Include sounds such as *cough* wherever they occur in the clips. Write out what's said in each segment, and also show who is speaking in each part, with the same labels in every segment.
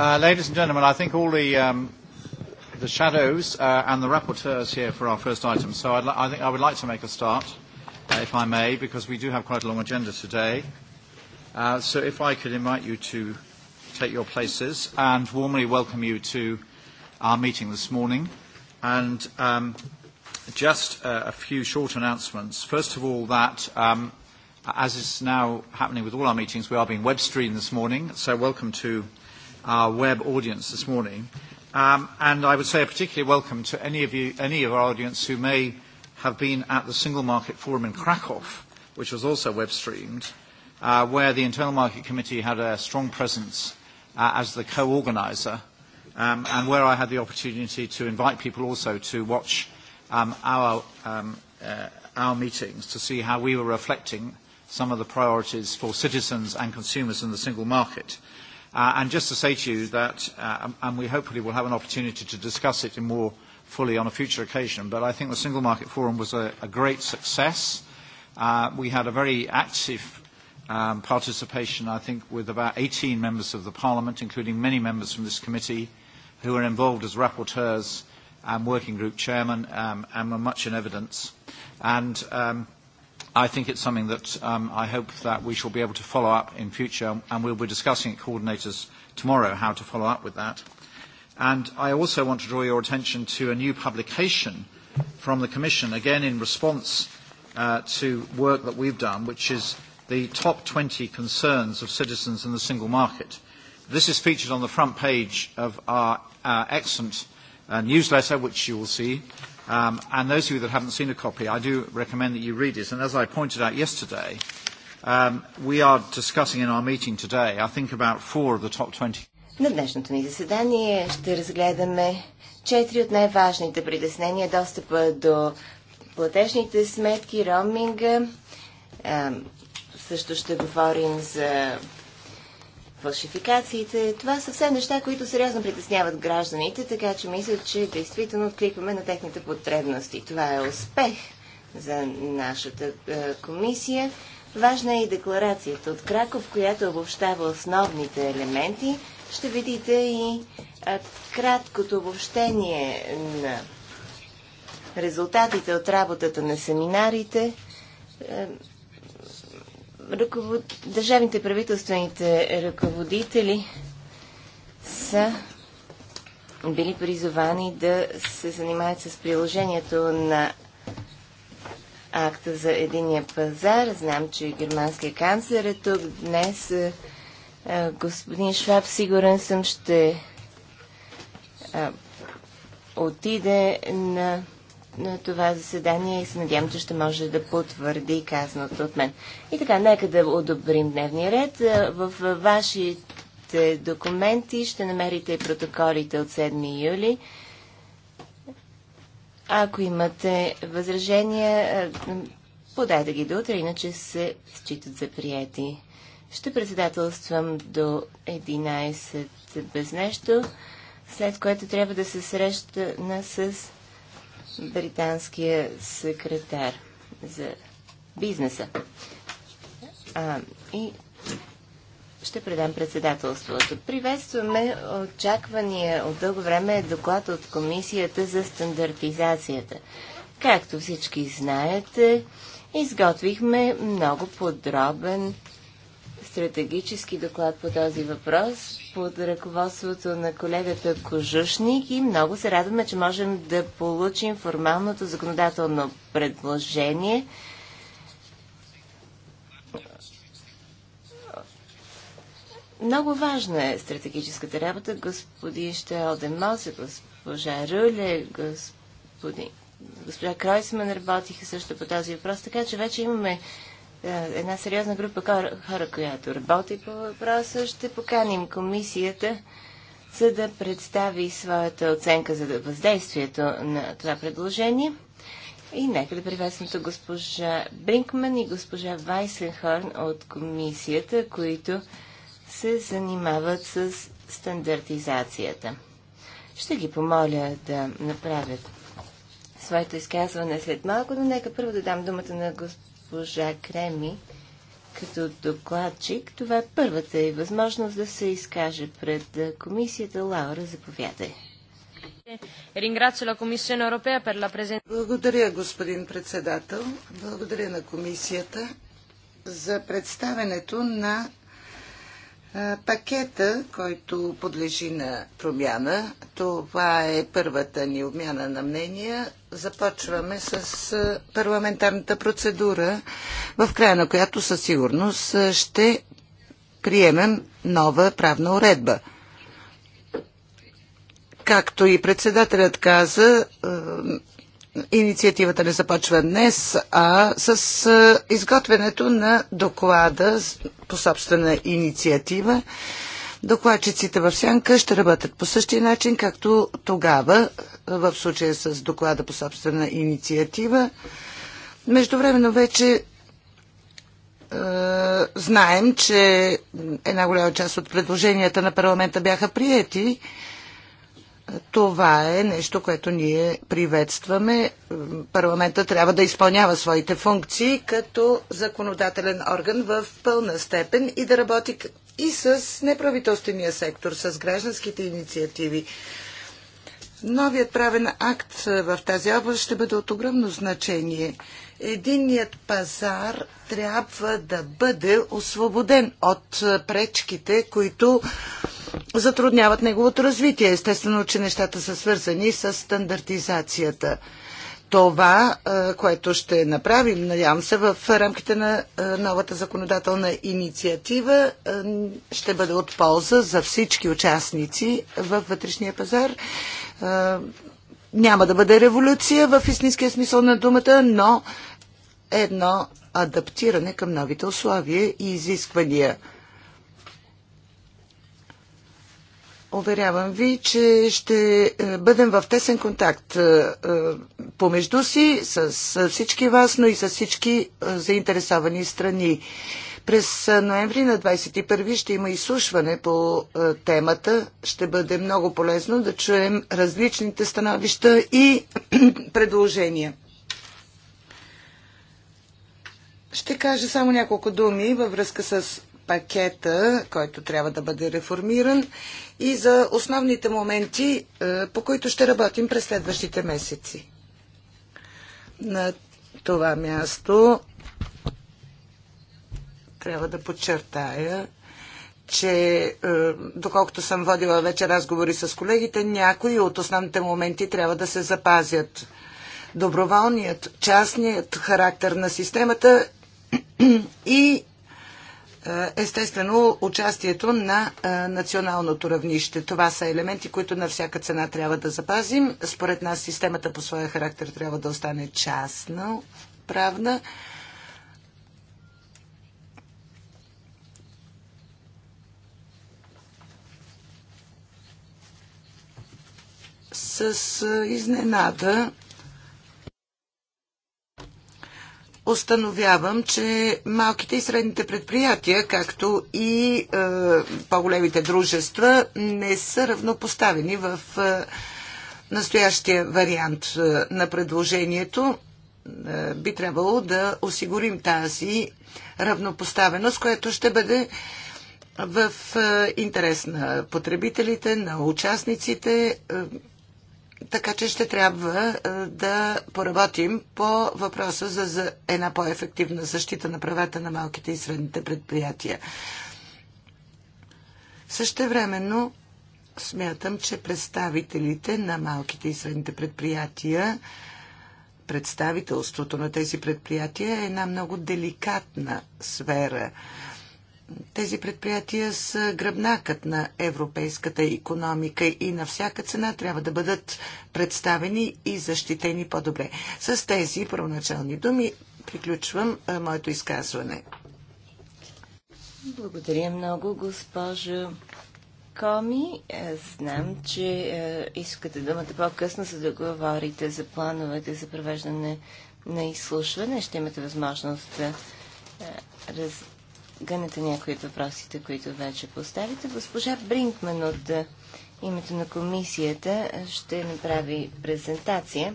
Speaker 1: Uh, ladies and gentlemen, I think all the, um, the shadows uh, and the rapporteurs here for our first item. So I'd I think I would like to make a start, uh, if I may, because we do have quite a long agenda today. Uh, so if I could invite you to take your places and warmly welcome you to our meeting this morning. And um, just uh, a few short announcements. First of all, that um, as is now happening with all our meetings, we are being web streamed this morning. So welcome to our web audience this morning. Um, and I would say a particular welcome to any of you, any of our audience who may have been at the Single Market Forum in Krakow, which was also web streamed, uh, where the Internal Market Committee had a strong presence uh, as the co-organizer, um, and where I had the opportunity to invite people also to watch um, our, um, uh, our meetings to see how we were reflecting some of the priorities for citizens and consumers in the single market. Uh, and just to say to you that, uh, and we hopefully will have an opportunity to discuss it in more fully on a future occasion, but I think the Single Market Forum was a, a great success. Uh, we had a very active um, participation, I think, with about 18 members of the Parliament, including many members from this committee, who were involved as rapporteurs and working group chairman um, and were much in evidence. And um, I think it's something that um, I hope that we shall be able to follow up in future, and we'll be discussing at coordinators tomorrow how to follow up with that. And I also want to draw your attention to a new publication from the Commission, again in response uh, to work that we've done, which is the top 20 concerns of citizens in the single market. This is featured on the front page of our uh, excellent uh, newsletter, which you will see, Um, and those of you that haven't seen a copy, I do recommend that you read it. And as I pointed out yesterday, um, we are discussing in our meeting today, I think about four of the top 20.
Speaker 2: На днешното ни заседание ще разгледаме четири от най-важните притеснения – достъпа до платежните сметки, роуминга. Също ще говорим за фалшификациите. Това са все неща, които сериозно притесняват гражданите, така че мисля, че действително откликваме на техните потребности. Това е успех за нашата е, комисия. Важна е и декларацията от Краков, която обобщава основните елементи. Ще видите и е, краткото обобщение на резултатите от работата на семинарите. Е, ръковод... държавните правителствените ръководители са били призовани да се занимават с приложението на акта за единия пазар. Знам, че германския канцлер е тук днес. Е, е, господин Шваб, сигурен съм, ще е, отиде на на това заседание и се надявам, че ще може да потвърди казаното от мен. И така, нека да одобрим дневния ред. Е, в вашите документи ще намерите протоколите от 7 юли. Ако имате възражения, е, подайте ги до утре, иначе се считат за приети. Ще председателствам до 11 без нещо, след което трябва да се срещна с британския секретар за бизнеса. А, и ще предам председателството. Приветстваме очаквания от дълго време доклад от Комисията за стандартизацията. Както всички знаете, изготвихме много подробен стратегически доклад по този въпрос под ръководството на колегата Кожушник и много се радваме, че можем да получим формалното законодателно предложение. Много важна е стратегическата работа. Господин Мос, госпожа Руле, господин, госпожа Кройсман работиха също по този въпрос, така че вече имаме е, една сериозна група хора, която работи по въпроса, ще поканим комисията, за да представи своята оценка за въздействието на това предложение. И нека да приветствам тук госпожа Бринкман и госпожа Вайсенхорн от комисията, които се занимават с стандартизацията. Ще ги помоля да направят своето изказване след малко, но нека първо да дам думата на госпожа госпожа Креми като докладчик. Това е първата и възможност да се изкаже пред комисията. Лаура, заповядай.
Speaker 3: Благодаря, господин председател. Благодаря на комисията за представенето на Пакета, който подлежи на промяна, това е първата ни обмяна на мнения. Започваме с парламентарната процедура, в края на която със сигурност ще приемем нова правна уредба. Както и председателят каза, инициативата не започва днес, а с изготвянето на доклада по собствена инициатива. Докладчиците в Сянка ще работят по същия начин, както тогава, в случая с доклада по собствена инициатива. Междувременно вече е, знаем, че една голяма част от предложенията на парламента бяха приети това е нещо, което ние приветстваме. Парламента трябва да изпълнява своите функции като законодателен орган в пълна степен и да работи и с неправителствения сектор, с гражданските инициативи. Новият правен акт в тази област ще бъде от огромно значение. Единният пазар трябва да бъде освободен от пречките, които затрудняват неговото развитие. Естествено, че нещата са свързани с стандартизацията. Това, което ще направим, надявам се, в рамките на новата законодателна инициатива, ще бъде от полза за всички участници в вътрешния пазар няма да бъде революция в истинския смисъл на думата, но едно адаптиране към новите условия и изисквания. Уверявам ви, че ще е, бъдем в тесен контакт е, е, помежду си, с всички вас, но и с всички заинтересовани страни. През ноември на 21 ще има изслушване по темата. Ще бъде много полезно да чуем различните становища и *clears throat* предложения. Ще кажа само няколко думи във връзка с пакета, който трябва да бъде реформиран и за основните моменти, е, по които ще работим през следващите месеци. На това място трябва да подчертая, че е, доколкото съм водила вече разговори с колегите, някои от основните моменти трябва да се запазят. Доброволният, частният характер на системата *clears throat* и е, естествено участието на е, националното равнище. Това са елементи, които на всяка цена трябва да запазим. Според нас системата по своя характер трябва да остане частна, правна. С е, изненада установявам, че малките и средните предприятия, както и е, по-големите дружества, не са равнопоставени в е, настоящия вариант е, на предложението. Е, би трябвало да осигурим тази равнопоставеност, което ще бъде в е, интерес на потребителите, на участниците. Е, така че ще трябва е, да поработим по въпроса за една по-ефективна защита на правата на малките и средните предприятия. Същевременно смятам, че представителите на малките и средните предприятия, представителството на тези предприятия е една много деликатна сфера. Тези предприятия са гръбнакът на европейската економика и на всяка цена трябва да бъдат представени и защитени по-добре. С тези първоначални думи приключвам моето изказване.
Speaker 2: Благодаря много, госпожо Коми. Е, знам, че е, искате думата по-късно, за да говорите за плановете за провеждане на изслушване. Ще имате възможност да е, раз гъната някои от въпросите, които вече поставите. Госпожа Бринкман от е, името на комисията ще направи презентация.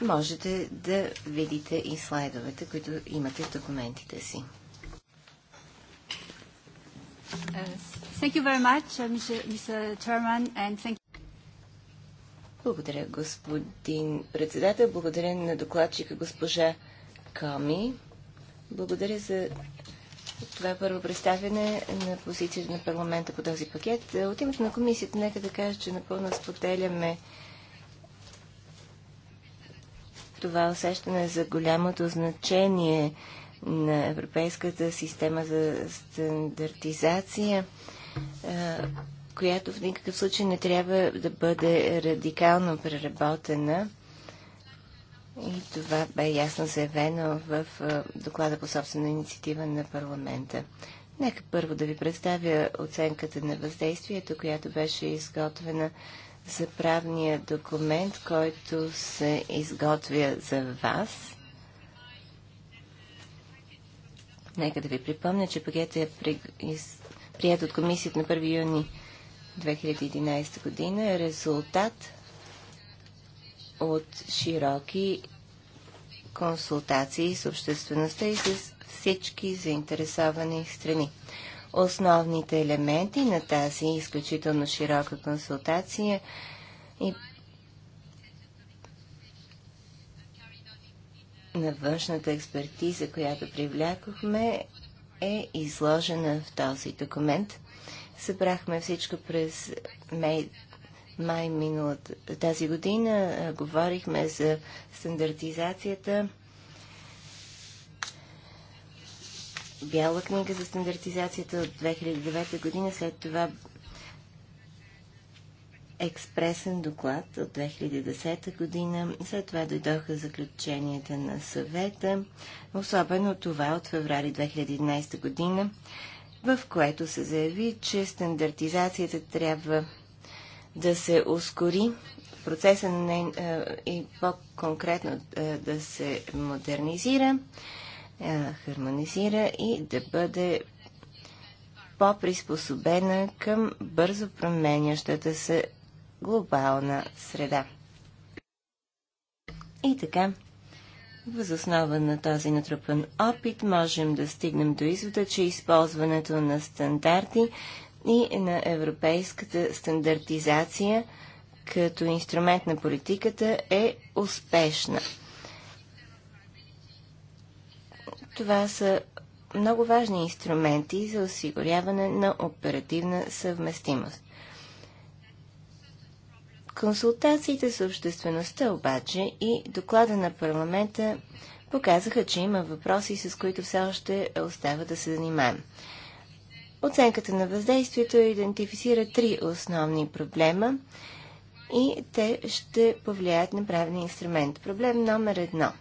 Speaker 2: Можете да видите и слайдовете, които имате в документите си. Е, uh, Благодаря, господин председател. Благодаря на докладчика госпожа Ками. Благодаря за това първо представяне на позицията на парламента по този пакет. Е, от името на комисията нека да кажа, че напълно споделяме това усещане за голямото значение на европейската система за стандартизация, е, която в никакъв случай не трябва да бъде радикално преработена и това бе ясно заявено в доклада по собствена инициатива на парламента. Нека първо да ви представя оценката на въздействието, която беше изготвена за правния документ, който се изготвя за вас. Нека да ви припомня, че пакетът е прият от комисията на 1 юни 2011 година. Резултат от широки консултации с обществеността и с всички заинтересовани страни. Основните елементи на тази изключително широка консултация и на външната експертиза, която привлякохме, е изложена в този документ. Събрахме всичко през май миналата тази година говорихме за стандартизацията. Бяла книга за стандартизацията от 2009 година, след това експресен доклад от 2010 година. След това дойдоха заключенията на съвета, особено това от феврари 2011 година, в което се заяви, че стандартизацията трябва да се ускори процеса на ней, е, и по-конкретно е, да се модернизира, е, хармонизира и да бъде по-приспособена към бързо променящата се глобална среда. И така, възоснова на този натрупан опит можем да стигнем до извода, че използването на стандарти и на европейската стандартизация като инструмент на политиката е успешна. Това са много важни инструменти за осигуряване на оперативна съвместимост. Консултациите с обществеността обаче и доклада на парламента показаха, че има въпроси, с които все още остава да се занимаем. Оценката на въздействието идентифицира три основни проблема и те ще повлияят на правния инструмент. Проблем номер едно.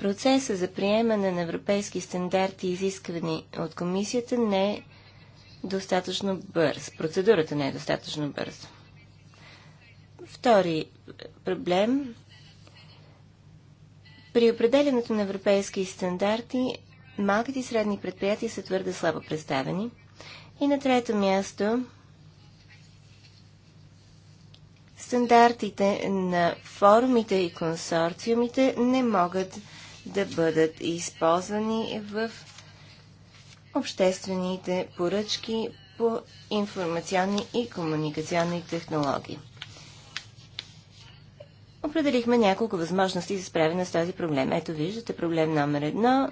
Speaker 2: Процеса за приемане на европейски стандарти, изисквани от комисията, не е достатъчно бърз. Процедурата не е достатъчно бърза. Втори проблем. При определенето на европейски стандарти малките и средни предприятия са твърде слабо представени. И на трето място стандартите на форумите и консорциумите не могат да бъдат използвани в обществените поръчки по информационни и комуникационни технологии. Определихме няколко възможности за справяне с този проблем. Ето виждате проблем номер едно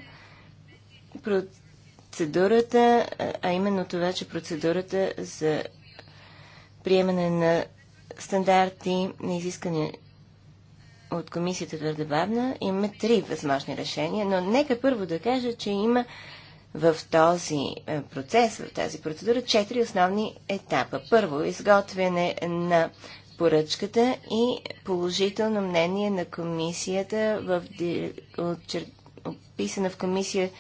Speaker 2: процедурата, а именно това, че процедурата за приемане на стандарти на изискане от комисията твърде бавна. Имаме три възможни решения, но нека първо да кажа, че има в този е, процес, в тази процедура, четири основни етапа. Първо, изготвяне на поръчката и положително мнение на комисията в, описана в комисия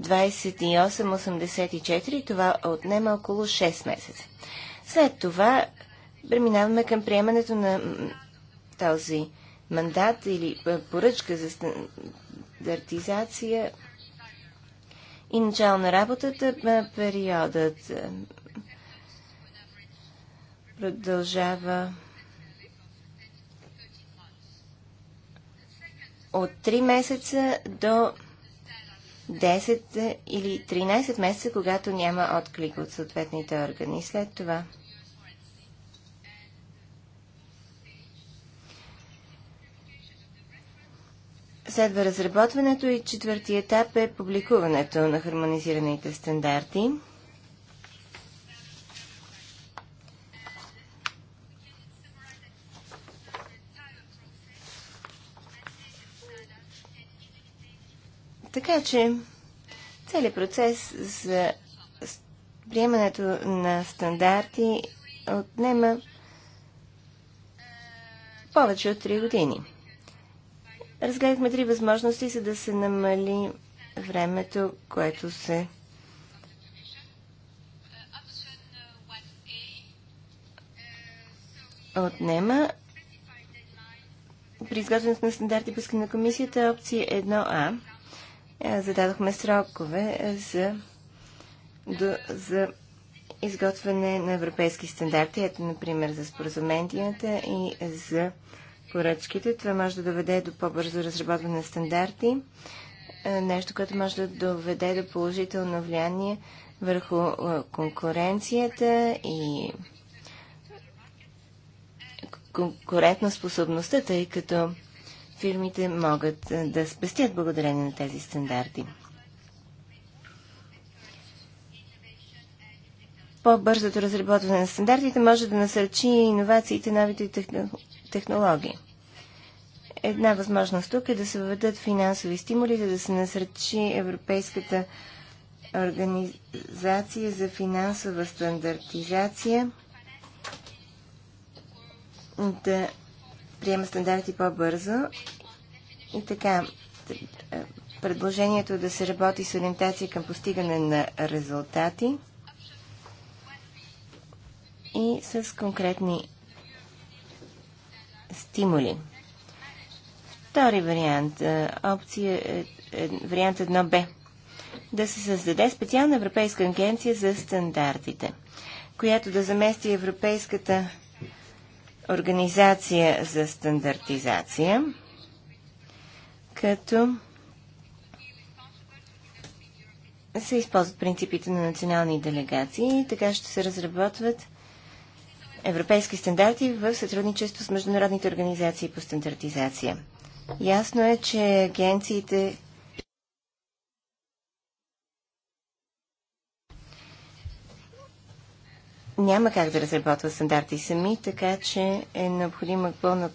Speaker 2: 2884. Това отнема около 6 месеца. След това преминаваме към приемането на този мандат или поръчка за стандартизация и начало на работата. Периодът продължава от 3 месеца до 10 или 13 месеца, когато няма отклик от съответните органи. След това Следва разработването и четвъртият етап е публикуването на хармонизираните стандарти. Така че целият процес за приемането на стандарти отнема повече от 3 години. Разгледахме три възможности, за да се намали времето, което се отнема. При изготвянето на стандарти пуска на комисията опция 1А е, зададохме срокове за, до, за изготвяне на европейски стандарти, ето например за споразуменията и за поръчките. Това може да доведе до по-бързо разработване на стандарти, е, нещо, което може да доведе до положително влияние върху е, конкуренцията и конкурентна способността, тъй като фирмите могат е, да спестят благодарение на тези стандарти. По-бързото разработване на стандартите може да насърчи иновациите новите технологии. Една възможност тук е да се въведат финансови стимули, за да се насърчи Европейската организация за финансова стандартизация да приема стандарти по-бързо. И така, предложението да се работи с ориентация към постигане на резултати и с конкретни стимули. Втори вариант, опция, е, е, вариант 1Б. Да се създаде специална европейска агенция за стандартите, която да замести Европейската организация за стандартизация, като се използват принципите на национални делегации и така ще се разработват европейски стандарти в сътрудничество с международните организации по стандартизация. Ясно е, че агенциите няма как да разработва стандарти сами, така че е необходимо пълно,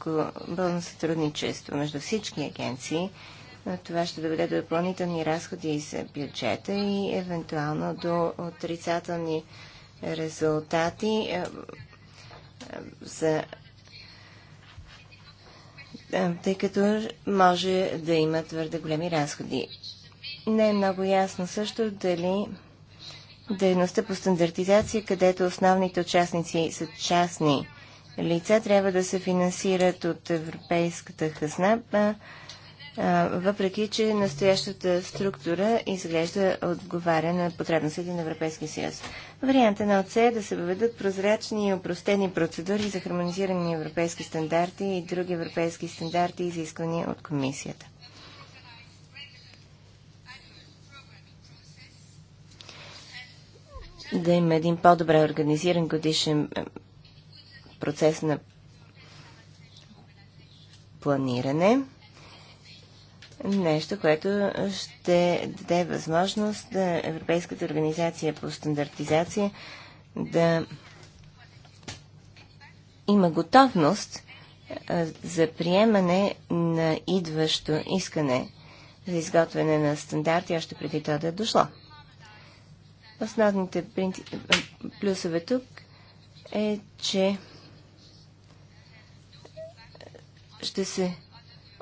Speaker 2: пълно сътрудничество между всички агенции. Това ще доведе до допълнителни разходи за бюджета и евентуално до отрицателни резултати за тъй като може да има твърде големи разходи. Не е много ясно също дали дейността по стандартизация, където основните участници са частни лица, трябва да се финансират от европейската хазна, въпреки че настоящата структура изглежда отговаря на потребностите на Европейския съюз. Варианта на ОЦ е да се въведат прозрачни и упростени процедури за хармонизирани европейски стандарти и други европейски стандарти, изисквани от комисията. да има един по-добре организиран годишен процес на планиране. Нещо, което ще даде възможност да Европейската организация по стандартизация да има готовност за приемане на идващо искане за изготвяне на стандарти, още преди това да е дошло. Основните плюсове тук е, че ще се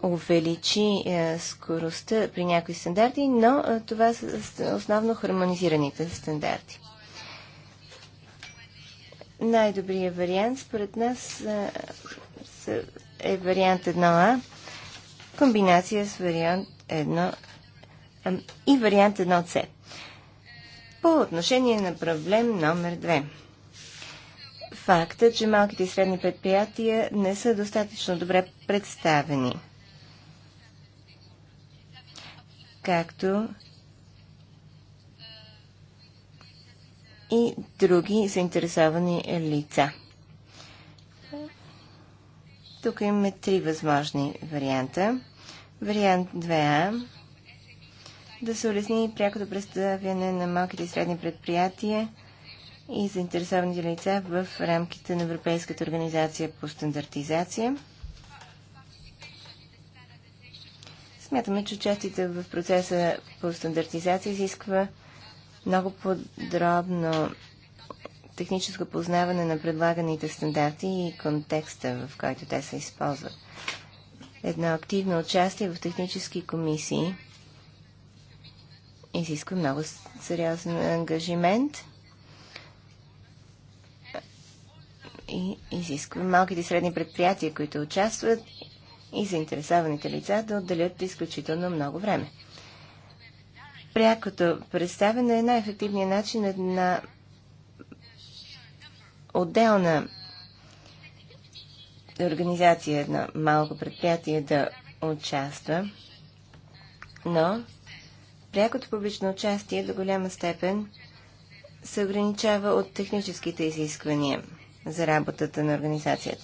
Speaker 2: увеличи е, скоростта при някои стандарти, но е, това са основно хармонизираните стандарти. Най-добрият вариант според нас е, е вариант 1А, комбинация с вариант 1 и вариант 1C. По отношение на проблем номер две. Факта, че малките и средни предприятия не са достатъчно добре представени. Както и други заинтересовани лица. Тук имаме три възможни варианта. Вариант 2А да се улесни прякото представяне на малките и средни предприятия и заинтересованите лица в рамките на Европейската организация по стандартизация. Смятаме, че участите в процеса по стандартизация изисква много подробно техническо познаване на предлаганите стандарти и контекста, в който те се използват. Едно активно участие в технически комисии – изисква много сериозен ангажимент и изисква малките и средни предприятия, които участват и заинтересованите лица да отделят изключително много време. Прякото представяне е най-ефективният начин на отделна организация, едно малко предприятие да участва, но Прякото публично участие до голяма степен се ограничава от техническите изисквания за работата на организацията.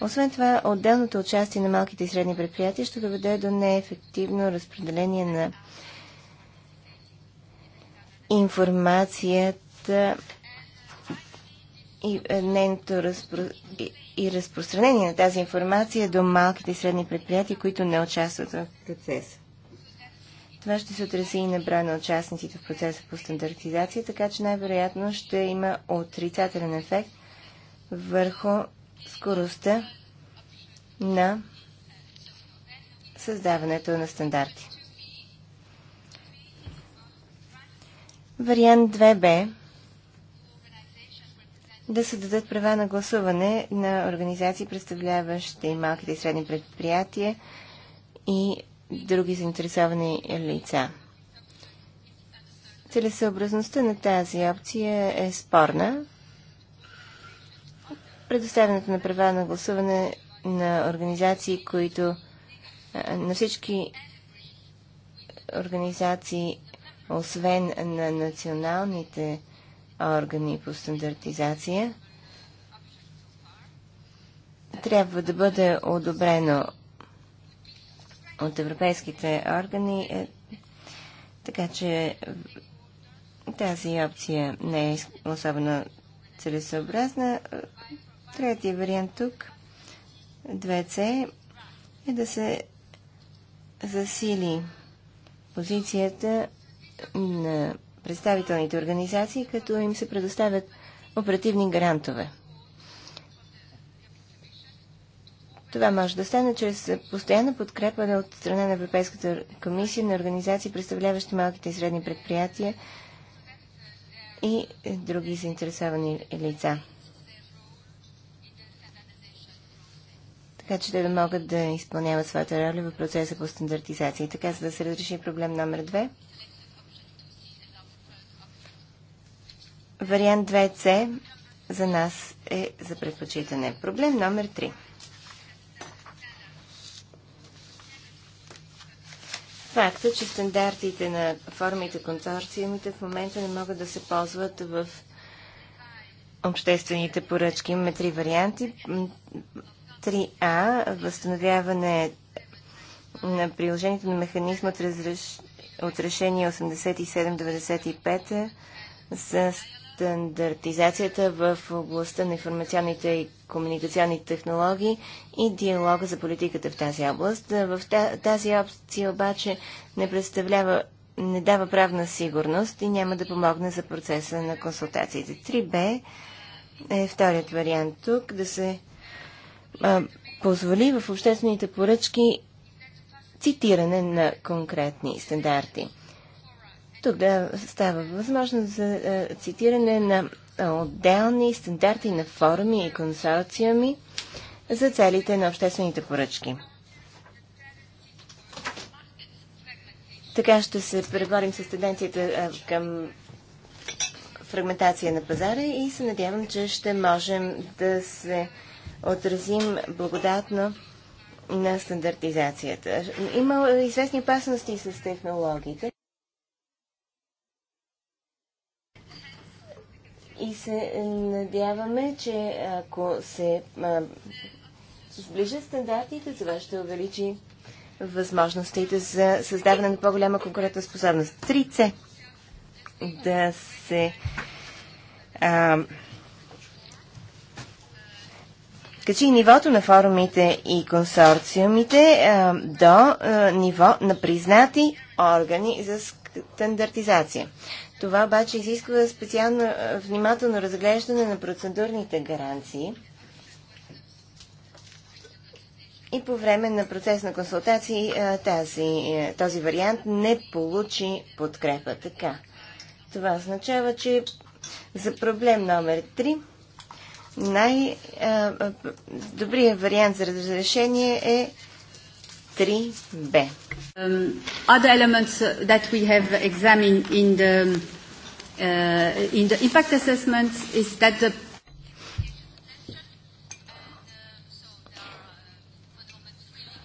Speaker 2: Освен това, отделното участие на малките и средни предприятия ще доведе до неефективно разпределение на информацията и, е, нейното разпро... и, и разпространение на тази информация до малките и средни предприятия, които не участват в процеса. Това ще се отрази и на броя на участниците в процеса по стандартизация, така че най-вероятно ще има отрицателен ефект върху скоростта на създаването на стандарти. Вариант 2б да се дадат права на гласуване на организации, представляващи малките и средни предприятия и други заинтересовани лица. Целесъобразността на тази опция е спорна. Предоставянето на права на гласуване на организации, които на всички организации, освен на националните органи по стандартизация, трябва да бъде одобрено от европейските органи, е, така че тази опция не е особено целесообразна. Третия вариант тук, 2C, е да се засили позицията на представителните организации, като им се предоставят оперативни грантове. Това може да стане чрез постоянна подкрепа от страна на Европейската комисия на организации, представляващи малките и средни предприятия и е, други заинтересовани лица. така че те да могат да изпълняват своята роля в процеса по стандартизация. така, за да се разреши проблем номер две. Вариант 2C за нас е за предпочитане. Проблем номер 3. факта, че стандартите на формите консорциумите в момента не могат да се ползват в обществените поръчки. Имаме три варианти. 3А – възстановяване на приложението на механизма от, разреш... от решение 8795 за стандартизацията в областта на информационните и комуникационни технологии и диалога за политиката в тази област. В тази опция обаче не представлява не дава правна сигурност и няма да помогне за процеса на консултациите. 3Б е вторият вариант тук да се а, позволи в обществените поръчки цитиране на конкретни стандарти. Тогава става възможност за е, цитиране на отделни стандарти на форуми и консорциуми за целите на обществените поръчки. Така ще се преборим с тенденцията е, към фрагментация на пазара и се надявам, че ще можем да се отразим благодатно на стандартизацията. Има известни опасности с технологиите. и се надяваме, че ако се сближат стандартите, това ще увеличи възможностите за създаване на по-голяма конкурентна способност. Трице Да се а, качи нивото на форумите и консорциумите а, до а, ниво на признати органи за стандартизация. Това обаче изисква специално внимателно разглеждане на процедурните гаранции и по време на процес на консултации тази, този вариант не получи подкрепа. Така. Това означава, че за проблем номер 3 най-добрият вариант за разрешение е 3b. Um, other elements uh, that we have examined in the, uh, in the impact assessment is that the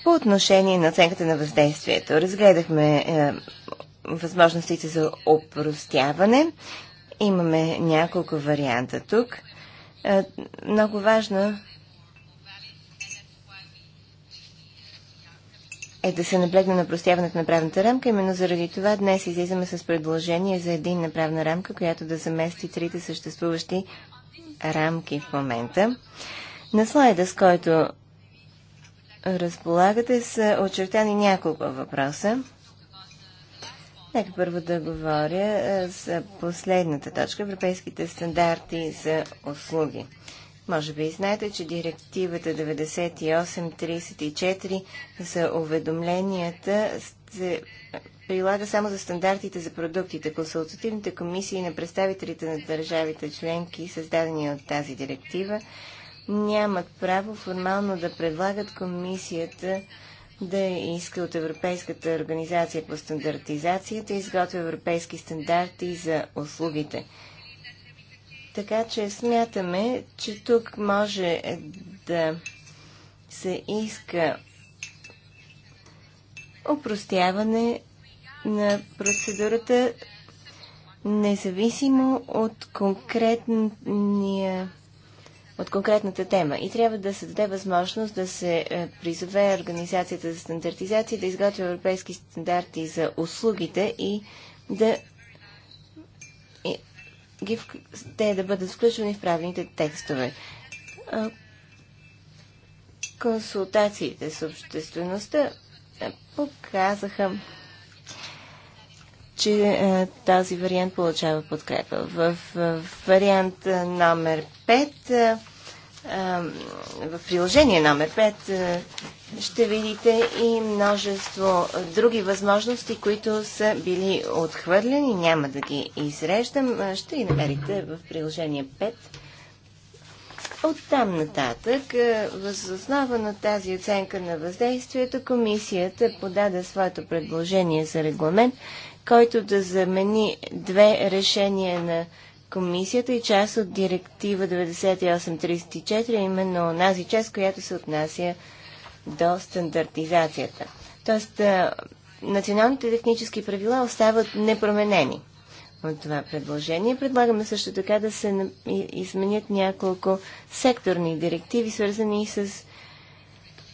Speaker 2: По отношение на оценката на въздействието, разгледахме е, възможностите за опростяване. Имаме няколко варианта тук. Е, много важно е да се наблегне на простяването на правната рамка. Именно заради това днес излизаме с предложение за един направна рамка, която да замести трите съществуващи рамки в момента. На слайда, с който разполагате, са очертани няколко въпроса. Нека първо да говоря за последната точка – европейските стандарти за услуги. Може би знаете, че директивата 9834 за уведомленията се прилага само за стандартите за продуктите. Консултативните комисии на представителите на държавите членки, създадени от тази директива, нямат право формално да предлагат комисията да иска от Европейската организация по стандартизацията да изготвя европейски стандарти за услугите. Така че смятаме, че тук може да се иска упростяване на процедурата, независимо от конкретния от конкретната тема и трябва да се даде възможност да се е, призове Организацията за стандартизация да изготвя европейски стандарти за услугите и да ги, те да бъдат включвани в правилните текстове. Консултациите с обществеността показаха, че а, този вариант получава подкрепа. В, в вариант номер 5 в приложение номер 5 ще видите и множество други възможности, които са били отхвърлени. Няма да ги изреждам. Ще ги намерите в приложение 5. От там нататък, възоснова на тази оценка на въздействието, комисията подаде своето предложение за регламент, който да замени две решения на комисията и част от директива 9834, именно тази част, която се отнася до стандартизацията. Тоест, националните технически правила остават непроменени от това предложение. Предлагаме също така да се изменят няколко секторни директиви, свързани с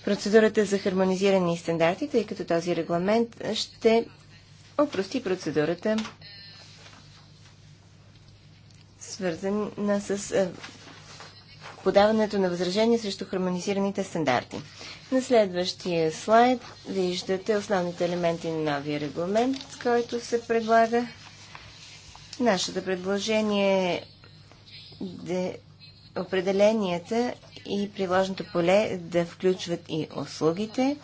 Speaker 2: процедурата за хармонизирани стандарти, тъй като този регламент ще опрости процедурата свързана с е, подаването на възражения срещу хармонизираните стандарти. На следващия слайд виждате основните елементи на новия регламент, който се предлага. Нашето предложение е да определенията и приложното поле да включват и услугите,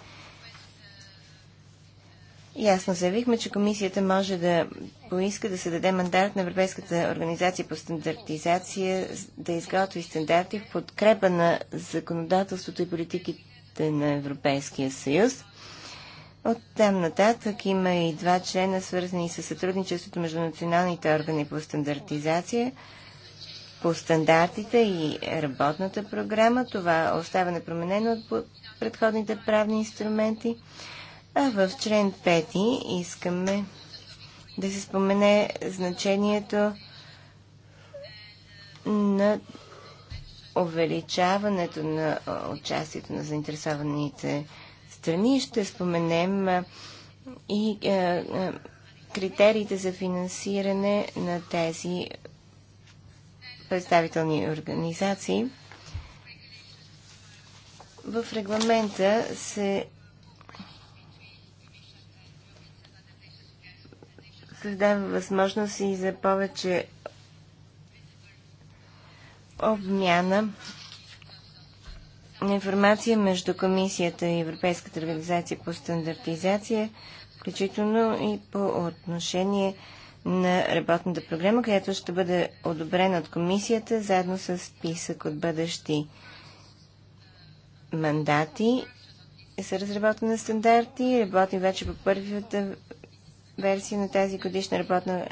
Speaker 2: ясно заявихме, че комисията може да поиска да се даде мандат на Европейската организация по стандартизация да изготви стандарти в подкрепа на законодателството и политиките на Европейския съюз. От там нататък има и два члена, свързани с сътрудничеството между националните органи по стандартизация, по стандартите и работната програма. Това остава непроменено от предходните правни инструменти. А в член 5 искаме да се спомене значението на увеличаването на участието на заинтересованите страни. Ще споменем и критериите за финансиране на тези представителни организации. В регламента се дава възможност и за повече обмяна на информация между Комисията и Европейската организация по стандартизация, включително и по отношение на работната програма, която ще бъде одобрена от комисията заедно с списък от бъдещи мандати. за разработване на стандарти, работим вече по първата версия на тази годишна работна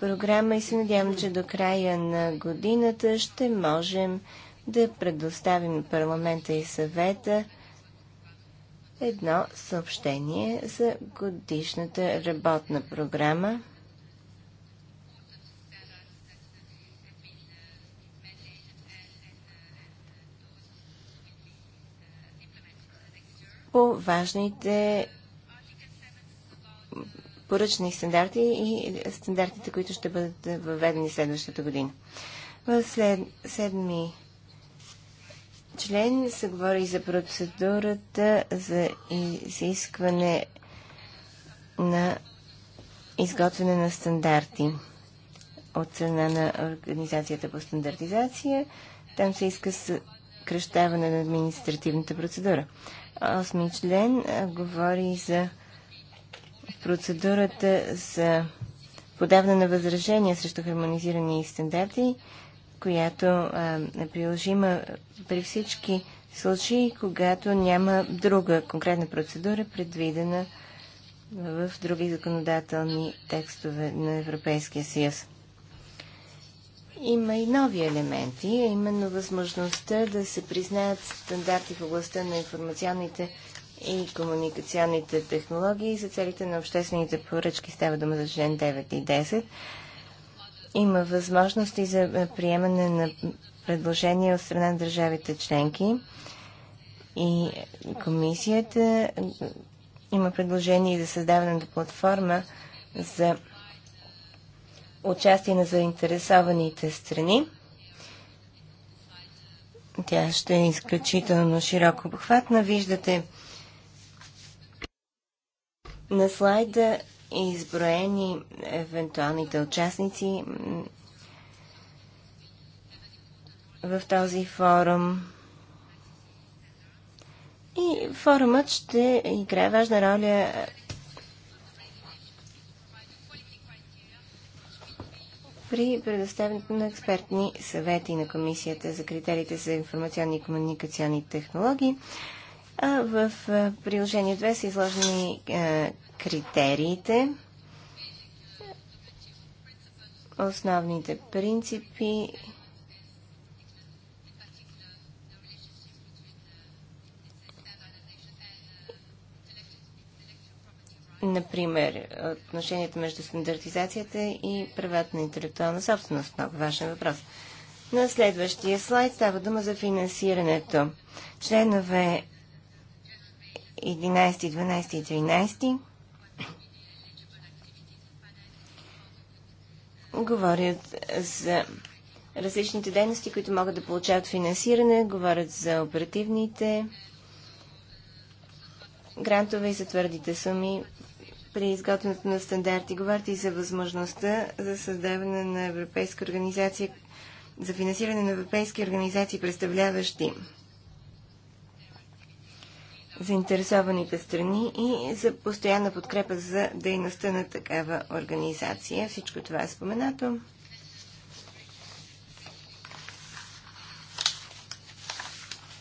Speaker 2: програма и се надявам, че до края на годината ще можем да предоставим на парламента и съвета едно съобщение за годишната работна програма. по важните поръчни стандарти и стандартите, които ще бъдат въведени следващата година. В след, седми член се говори за процедурата за изискване на изготвяне на стандарти от страна на Организацията по стандартизация. Там се иска съкръщаване на административната процедура. Осми член говори за процедурата за подаване на възражения срещу хармонизирани стандарти, която е приложима при всички случаи, когато няма друга конкретна процедура, предвидена в други законодателни текстове на Европейския съюз. Има и нови елементи, а именно възможността да се признаят стандарти в областта на информационните и комуникационните технологии за целите на обществените поръчки. Става дума за член 9 и 10. Има възможности за е, приемане на предложения от страна на държавите членки и комисията е, има предложение за създаване на платформа за участие на заинтересованите страни. Тя ще е изключително широко обхватна. Виждате на слайда изброени евентуалните участници в този форум. И форумът ще играе важна роля при предоставянето на експертни съвети на Комисията за критериите за информационни и комуникационни технологии в приложение 2 са изложени критериите, основните принципи Например, отношенията между стандартизацията и правата на интелектуална собственост. Много важен въпрос. На следващия слайд става дума за финансирането. Членове 11, 12 и 13 говорят за различните дейности, които могат да получават финансиране, говорят за оперативните грантове и за твърдите суми при изготвянето на стандарти. Говорят и за възможността за създаване на европейска организация, за финансиране на европейски организации, представляващи заинтересованите страни и за постоянна подкрепа за дейността на такава организация. Всичко това е споменато.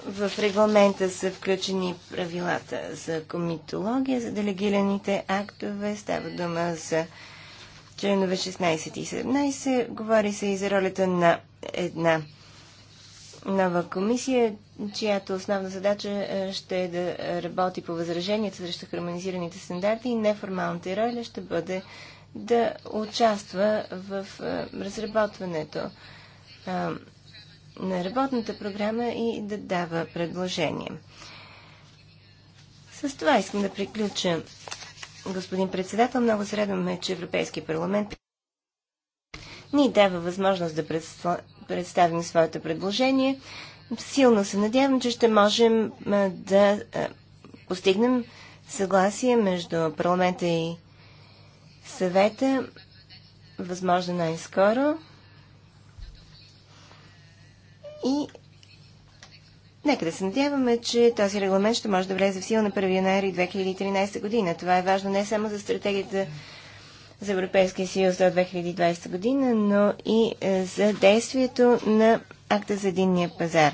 Speaker 2: В регламента са включени правилата за комитология, за делегираните актове. Става дума за членове 16 и 17. Говори се и за ролята на една нова комисия, чиято основна задача е, ще е да работи по възраженията срещу хармонизираните стандарти и неформалната роля ще бъде да участва в е, разработването е, на работната програма и да дава предложения. С това искам да приключа, господин председател. Много се радваме, че Европейския парламент ни дава възможност да представим своето предложение. Силно се надявам, че ще можем да постигнем съгласие между парламента и съвета, възможно най-скоро. И нека да се надяваме, че този регламент ще може да влезе в сила на 1 януари 2013 година. Това е важно не само за стратегията за Европейския съюз до 2020 година, но и е, за действието на акта за единния пазар.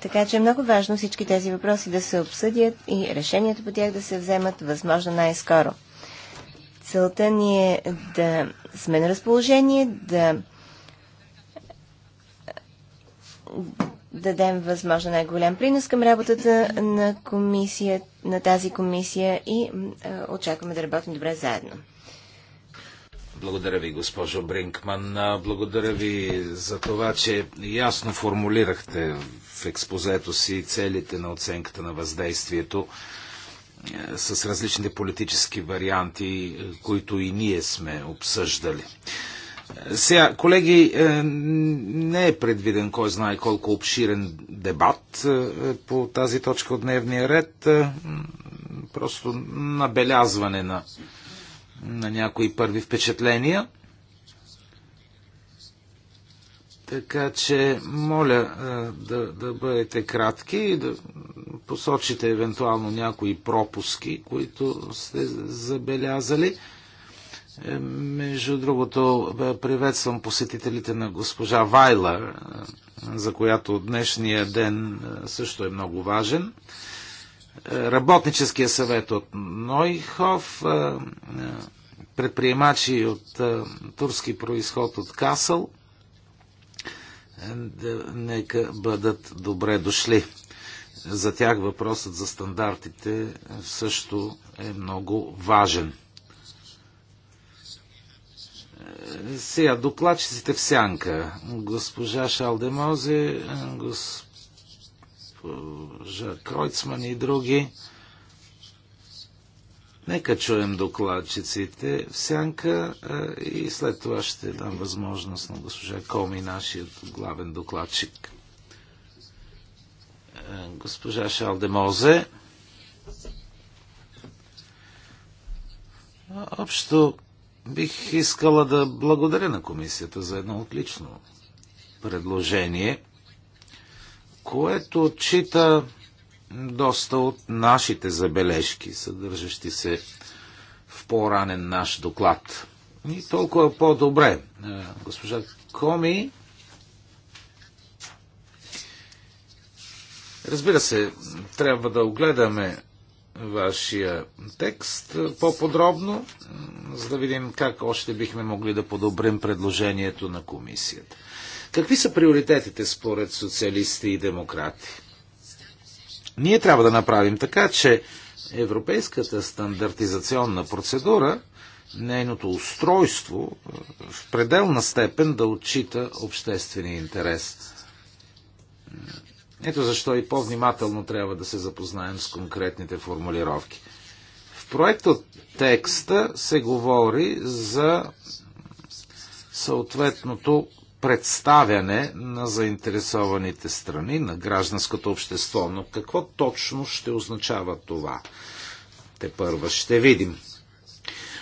Speaker 2: Така че е много важно всички тези въпроси да се обсъдят и решението по тях да се вземат възможно най-скоро. Целта ни е да сме на разположение, да дадем възможно най-голям принос към работата на, комисия, на тази комисия и очакваме да работим добре заедно.
Speaker 4: Благодаря ви, госпожо Бринкман. Благодаря ви за това, че ясно формулирахте в експозето си целите на оценката на въздействието е, с различните политически варианти, е, които и ние сме обсъждали. Е, сега, колеги, не е предвиден кой знае колко обширен дебат по тази точка от дневния ред. Просто набелязване на на някои първи впечатления. Така че, моля е, да, да бъдете кратки и да посочите евентуално някои пропуски, които сте забелязали. Е, между другото, е, приветствам посетителите на госпожа Вайлер, за която днешния ден също е много важен работническия съвет от Нойхов, е, е, предприемачи от е, турски происход от Касъл. Нека бъдат добре дошли. За тях въпросът за стандартите също е много важен. Сега, докладчиците в сянка. Госпожа Шалдемозе, господин госпожа Кройцман и други. Нека чуем докладчиците в сянка и след това ще дам възможност на госпожа Коми, нашият главен докладчик. Госпожа Шалдемозе. Общо бих искала да благодаря на комисията за едно отлично предложение което отчита доста от нашите забележки, съдържащи се в по-ранен наш доклад. И толкова по-добре. Госпожа Коми. Разбира се, трябва да огледаме вашия текст по-подробно, за да видим как още бихме могли да подобрим предложението на комисията. Какви са приоритетите според социалисти и демократи? Ние трябва да направим така, че европейската стандартизационна процедура, нейното устройство е, в пределна степен да отчита обществения интерес. Ето защо и по-внимателно трябва да се запознаем с конкретните формулировки. В проекта текста се говори за съответното представяне на заинтересованите страни, на гражданското общество. Но какво точно ще означава това? Те първа ще видим.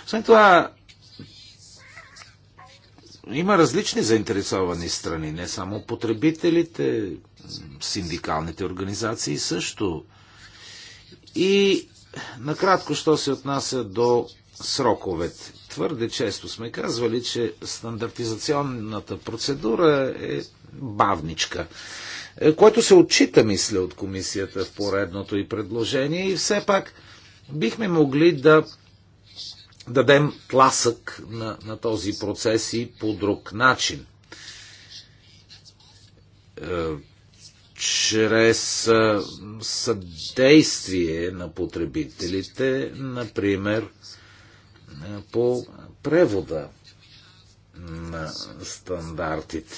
Speaker 4: След това има различни заинтересовани страни, не само потребителите, синдикалните организации също. И накратко, що се отнася до сроковете. Твърде често сме казвали, че стандартизационната процедура е бавничка, е, което се отчита, мисля, от комисията в поредното и предложение и все пак бихме могли да дадем тласък на, на този процес и по друг начин. Е, чрез е, съдействие на потребителите, например, по превода на стандартите.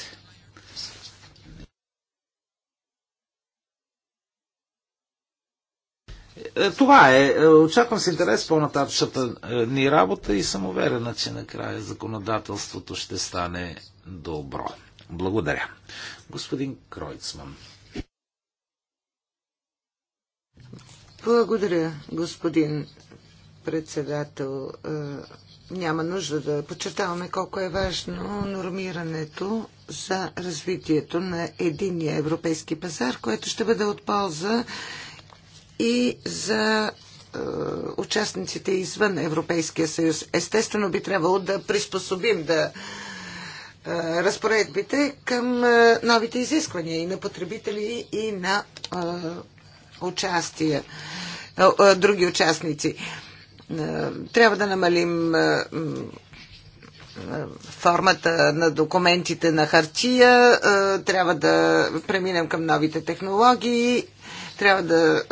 Speaker 4: Е, това е. е. Очаквам с интерес по-нататъчната е, ни работа и съм уверена, че накрая законодателството ще стане добро. Благодаря. Господин Кройцман.
Speaker 3: Благодаря, господин председател. Е, няма нужда да подчертаваме колко е важно нормирането за развитието на единия европейски пазар, което ще бъде от полза и за е, участниците извън Европейския съюз. Естествено би трябвало да приспособим да е, разпоредбите към новите изисквания и на потребители, и на участия, други участници. Е, трябва да намалим е, е, формата на документите на хартия, трябва да преминем към новите технологии, трябва да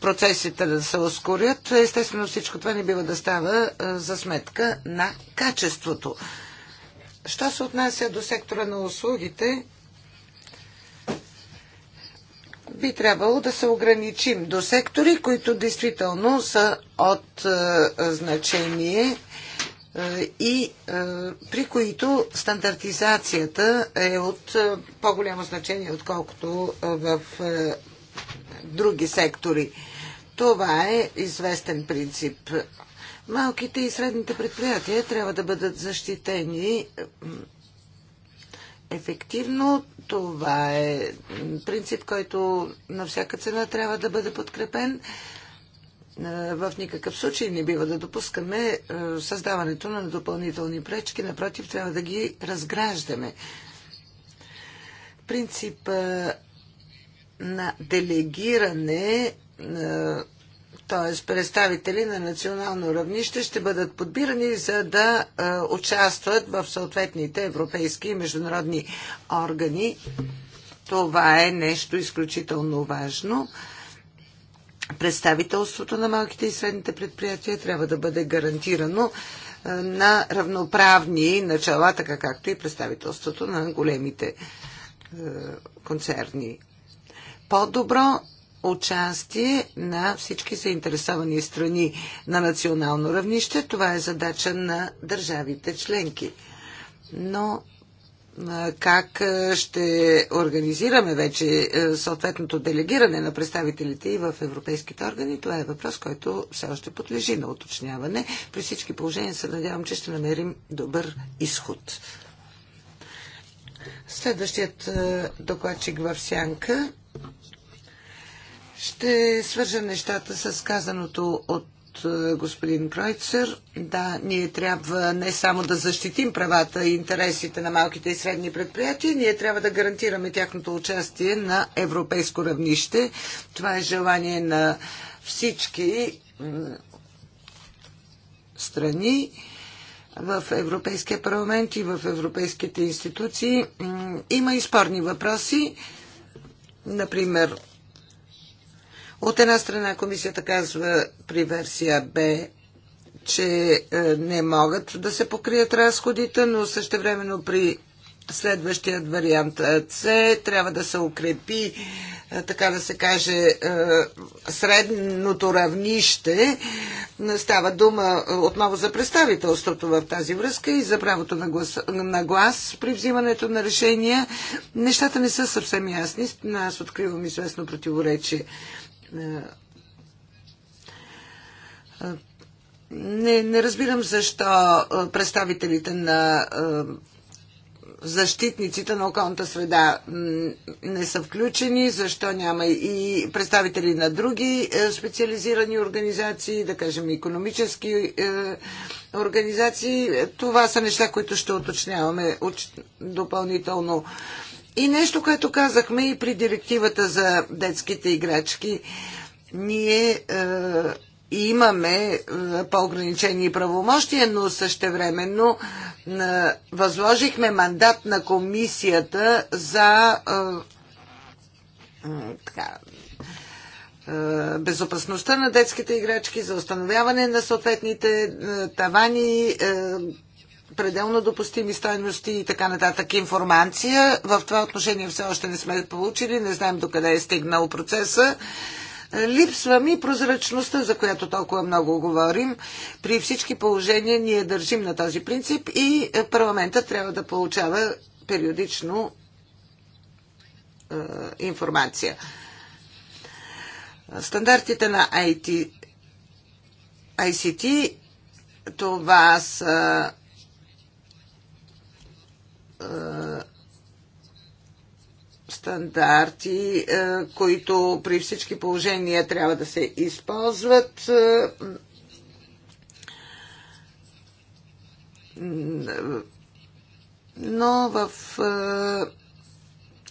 Speaker 3: процесите да се ускорят. Естествено всичко това не бива да става за сметка на качеството. Що се отнася до сектора на услугите, би трябвало да се ограничим до сектори, които действително са от е, значение е, и е, при които стандартизацията е от по-голямо значение, отколкото в други сектори. Това е известен принцип. Малките и средните предприятия трябва да бъдат защитени ефективно. Това е принцип, който на всяка цена трябва да бъде подкрепен. Е, в никакъв случай не бива да допускаме е, създаването на допълнителни пречки. Напротив, трябва да ги разграждаме. Принцип на делегиране е, т.е. представители на национално равнище ще бъдат подбирани за да участват в съответните европейски и международни органи. Това е нещо изключително важно. Представителството на малките и средните предприятия трябва да бъде гарантирано на равноправни начала, така както и представителството на големите концерни. По-добро участие на всички заинтересовани страни на национално равнище. Това е задача на държавите членки. Но как ще организираме вече съответното делегиране на представителите и в европейските органи, това е въпрос, който все още подлежи на уточняване. При всички положения се надявам, че ще намерим добър изход. Следващият докладчик в сянка ще свържа нещата с казаното от е, господин Кройцер. Да, ние трябва не само да защитим правата и интересите на малките и средни предприятия, ние трябва да гарантираме тяхното участие на европейско равнище. Това е желание на всички страни в Европейския парламент и в европейските институции. Има и спорни въпроси. Например, от една страна комисията казва при версия Б, че е, не могат да се покрият разходите, но същевременно при следващият вариант е, С трябва да се укрепи, е, така да се каже, средното равнище. Става дума отново за представителството в тази връзка и за правото на глас, на глас при взимането на решения. Нещата не са съвсем ясни. Аз откривам известно противоречие. Не, не разбирам защо представителите на защитниците на околната среда не са включени, защо няма и представители на други специализирани организации, да кажем економически организации. Това са неща, които ще уточняваме допълнително. И нещо, което казахме и при директивата за детските играчки, ние е, имаме е, по-ограничени правомощия, но същевременно е, възложихме мандат на комисията за е, така, е, безопасността на детските играчки, за установяване на съответните е, тавани, е, пределно допустими стойности и така нататък информация. В това отношение все още не сме получили, не знаем докъде е стигнал процеса. Липсва ми прозрачността, за която толкова много говорим. При всички положения ние държим на този принцип и парламента трябва да получава периодично е, информация. Стандартите на IT, ICT това са стандарти, които при всички положения трябва да се използват. Но в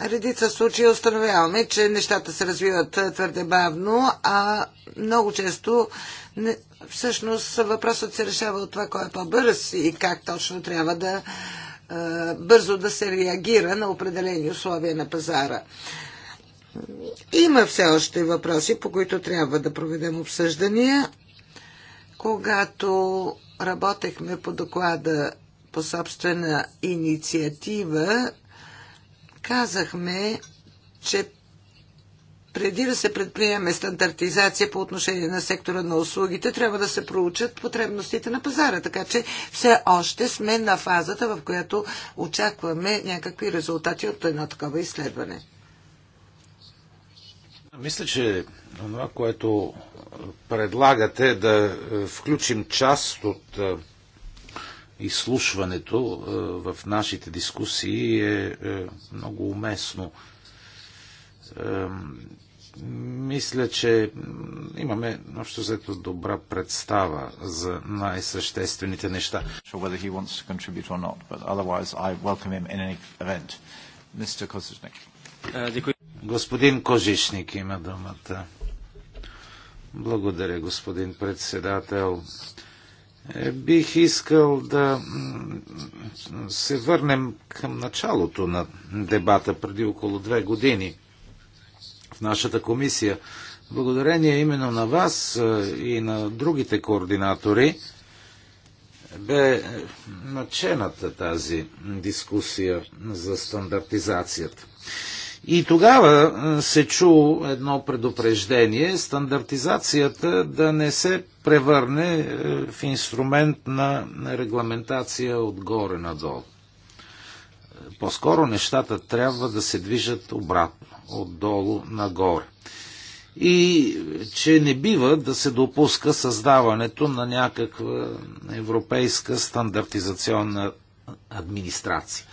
Speaker 3: редица случаи установяваме, че нещата се развиват твърде бавно, а много често всъщност въпросът се решава от това кой е по-бърз и как точно трябва да бързо да се реагира на определени условия на пазара. Има все още въпроси, по които трябва да проведем обсъждания. Когато работехме по доклада по собствена инициатива, казахме, че преди да се предприеме стандартизация по отношение на сектора на услугите, трябва да се проучат потребностите на пазара. Така че все още сме на фазата, в която очакваме някакви резултати от едно такова изследване.
Speaker 4: Мисля, че това, което предлагате е да е, включим част от е, изслушването в нашите дискусии е много уместно мисля, че имаме общо взето добра представа за най-съществените неща. Uh, господин Кожишник има думата. Благодаря, господин председател. Е, бих искал да се върнем към началото на дебата преди около две години – в нашата комисия. Благодарение именно на вас е, и на другите координатори бе е, начената тази дискусия за стандартизацията. И тогава е, се чу едно предупреждение стандартизацията да не се превърне в инструмент на регламентация отгоре надолу. По-скоро нещата трябва да се движат обратно, отдолу нагоре. И че не бива да се допуска създаването на някаква европейска стандартизационна администрация.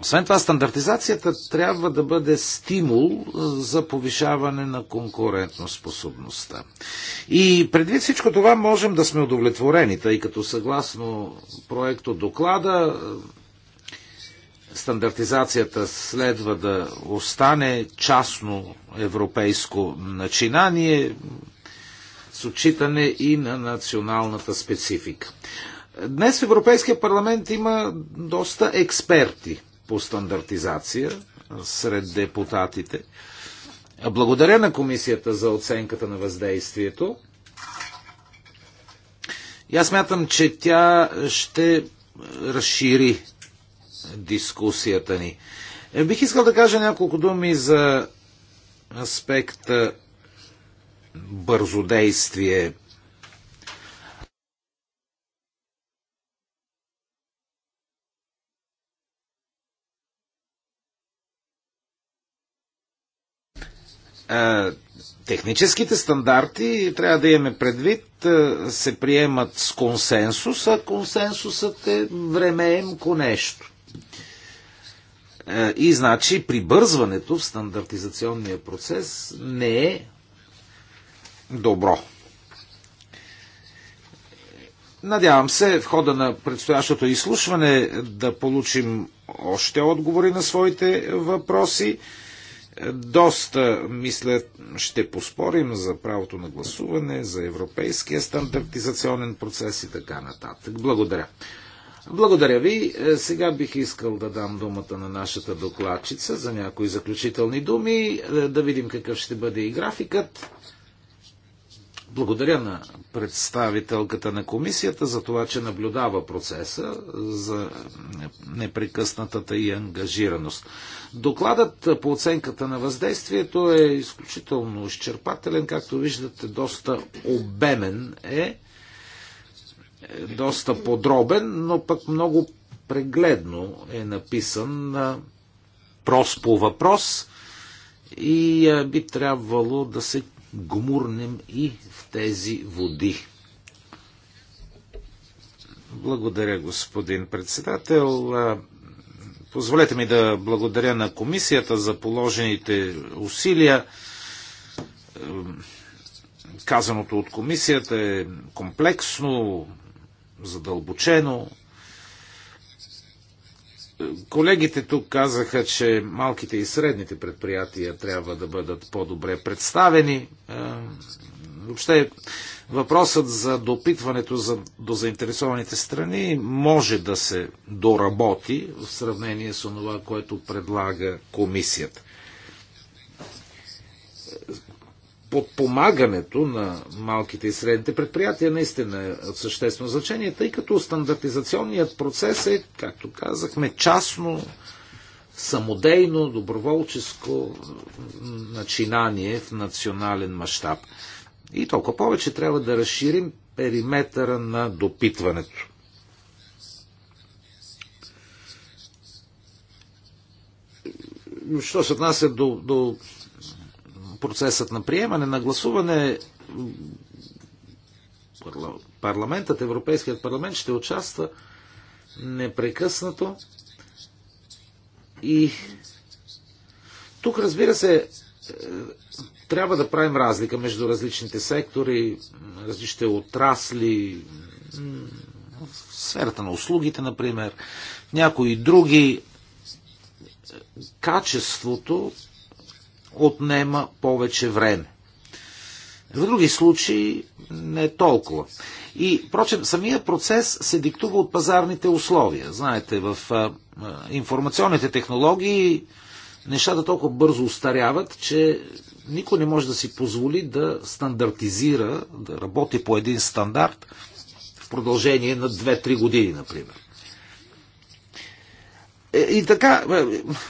Speaker 4: Освен това, стандартизацията трябва да бъде стимул за повишаване на конкурентоспособността. И предвид всичко това можем да сме удовлетворени, тъй като съгласно проекто доклада стандартизацията следва да остане частно европейско начинание с отчитане и на националната специфика. Днес в Европейския парламент има доста експерти по стандартизация сред депутатите. Благодаря на комисията за оценката на въздействието. И аз мятам, че тя ще разшири дискусията ни. Е, бих искал да кажа няколко думи за аспекта бързодействие. Е, техническите стандарти, трябва да имаме предвид, е, се приемат с консенсус, а консенсусът е времеемко нещо. Е, и значи прибързването в стандартизационния процес не е добро. Надявам се в хода на предстоящото изслушване да получим още отговори на своите въпроси. Доста, мисля, ще поспорим за правото на гласуване, за европейския стандартизационен процес и така нататък. Благодаря. Благодаря ви. Е, сега бих искал да дам думата на нашата докладчица за някои заключителни думи, е, да видим какъв ще бъде и графикът. Благодаря на представителката на комисията за това, че наблюдава процеса за непрекъснатата и ангажираност. Докладът по оценката на въздействието е изключително изчерпателен, както виждате, доста обемен е доста подробен, но пък много прегледно е написан прост по въпрос и би трябвало да се гмурнем и в тези води. Благодаря, господин председател. Позволете ми да благодаря на комисията за положените усилия. Казаното от комисията е комплексно, задълбочено. Колегите тук казаха, че малките и средните предприятия трябва да бъдат по-добре представени. Е, въобще въпросът за допитването за, до заинтересованите страни може да се доработи в сравнение с това, което предлага комисията подпомагането на малките и средните предприятия наистина е от съществено значение, тъй като стандартизационният процес е, както казахме, частно, самодейно, доброволческо начинание в национален мащаб. И толкова повече трябва да разширим периметъра на допитването. Що се отнася до, до процесът на приемане, на гласуване парламентът, Европейският парламент ще участва непрекъснато и тук, разбира се, е, трябва да правим разлика между различните сектори, различните отрасли, в сферата на услугите, например, някои други. Качеството отнема повече време. В други случаи не е толкова. И, впрочем, самия процес се диктува от пазарните условия. Знаете, в а, информационните технологии нещата толкова бързо устаряват, че никой не може да си позволи да стандартизира, да работи по един стандарт в продължение на 2-3 години, например. Е, и така, е,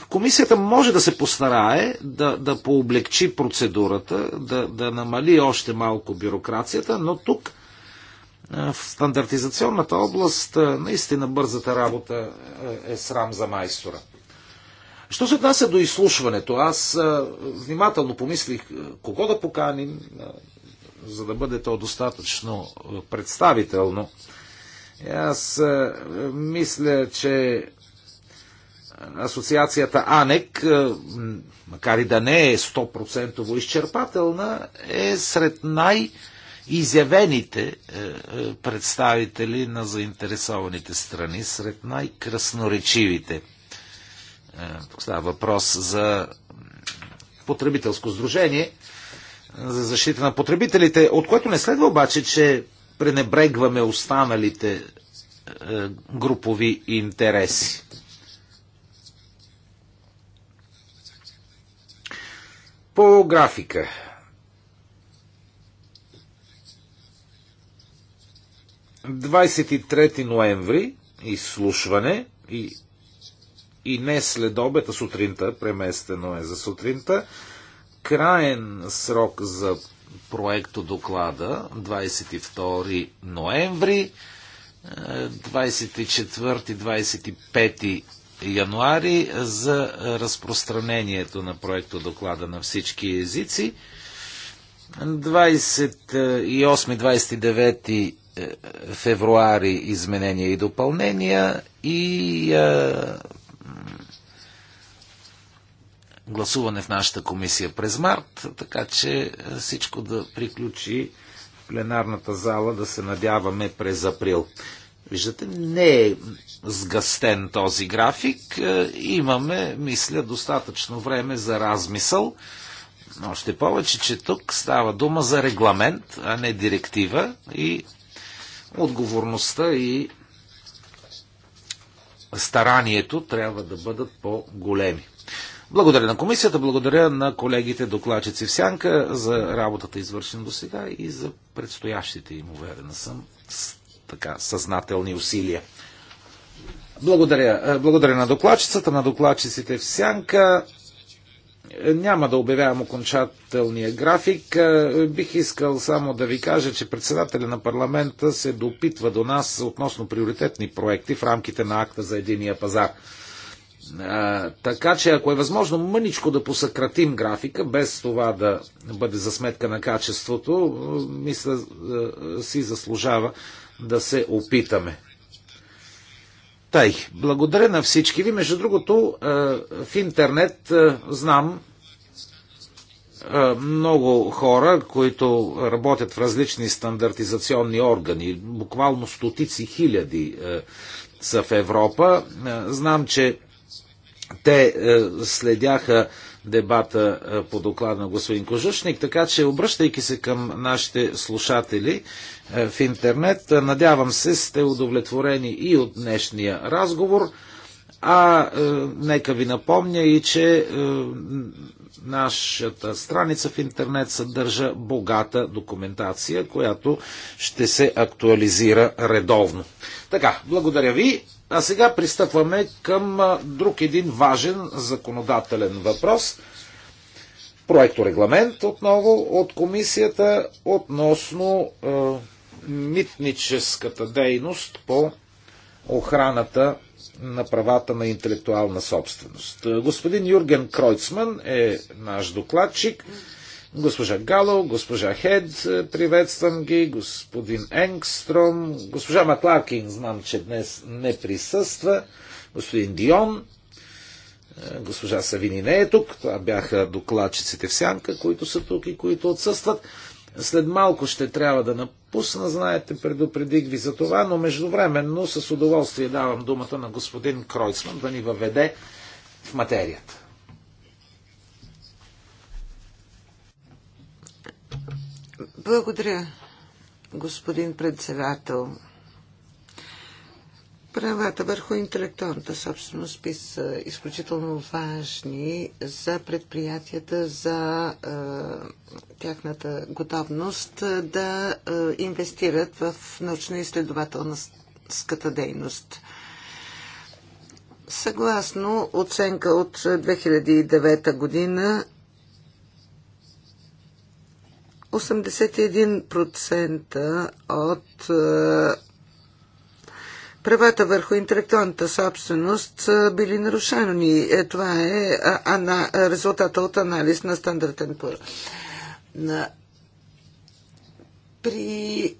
Speaker 4: комисията може да се постарае да, да пооблегчи процедурата, да, да намали още малко бюрокрацията, но тук е, в стандартизационната област наистина бързата работа е срам за майстора. Що се отнася до изслушването? Аз внимателно помислих кого да поканим, за да бъде то достатъчно представително. Аз мисля, че асоциацията АНЕК, е, макар и да не е 100% изчерпателна, е сред най- изявените е, е, представители на заинтересованите страни, сред най-красноречивите. Става въпрос за потребителско сдружение за защита на потребителите, от което не следва обаче, че пренебрегваме останалите групови интереси. По графика. Двадесет ноември изслушване и, и не след обета сутринта, преместено е за сутринта. Краен срок за проекто доклада 22 ноември, 24-25 януари за разпространението на проекто доклада на всички езици. 28-29 е, февруари изменения и допълнения и а, е, гласуване в нашата комисия през март, така че е, всичко да приключи в пленарната зала, да се надяваме през април. Виждате, не е сгъстен този график. Е, имаме, мисля, достатъчно време за размисъл. Още повече, че тук става дума за регламент, а не директива и отговорността и старанието трябва да бъдат по-големи. Благодаря на комисията, благодаря на колегите докладчици в Сянка за работата извършена до сега и за предстоящите им, уверена съм, с така съзнателни усилия. Благодаря. Е, благодаря на докладчицата, на докладчиците в Сянка. Е, няма да обявявам окончателния график. Е, бих искал само да ви кажа, че председателя на парламента се допитва до нас относно приоритетни проекти в рамките на акта за единия пазар. така че, ако е възможно мъничко да посъкратим графика, без това да бъде за сметка на качеството, мисля, си заслужава да се опитаме. Тай, благодаря на всички ви. Между другото, е, в интернет е, знам е, много хора, които работят в различни стандартизационни органи, буквално стотици хиляди са в Европа. Знам, че те следяха дебата по доклада на господин Кожушник, така че обръщайки се към нашите слушатели в интернет, надявам се сте удовлетворени и от днешния разговор, а нека ви напомня и, че нашата страница в интернет съдържа богата документация, която ще се актуализира редовно. Така, благодаря ви а сега пристъпваме към друг един важен законодателен въпрос. Проекторегламент отново от комисията относно е, митническата дейност по охраната на правата на интелектуална собственост. Господин Юрген Кройцман е наш докладчик. Госпожа Гало, госпожа Хед, е, приветствам ги, господин Енгстром, госпожа Макларкин, знам, че днес не присъства, господин Дион, е, госпожа Савини не е тук, това бяха докладчиците в сянка, които са тук и които отсъстват. След малко ще трябва да напусна, знаете, предупредих ви за това, но междувременно с удоволствие давам думата на господин Кройцман да ни въведе в материята.
Speaker 3: Благодаря, господин председател. Правата върху интелектуалната собственост са изключително важни за предприятията, за е, тяхната готовност да е, инвестират в научно-изследователската дейност. Съгласно оценка от 2009 година, 81% от е, правата върху интелектуалната собственост били нарушени. Е, това е, е ана, резултата от анализ на стандартен. пор. При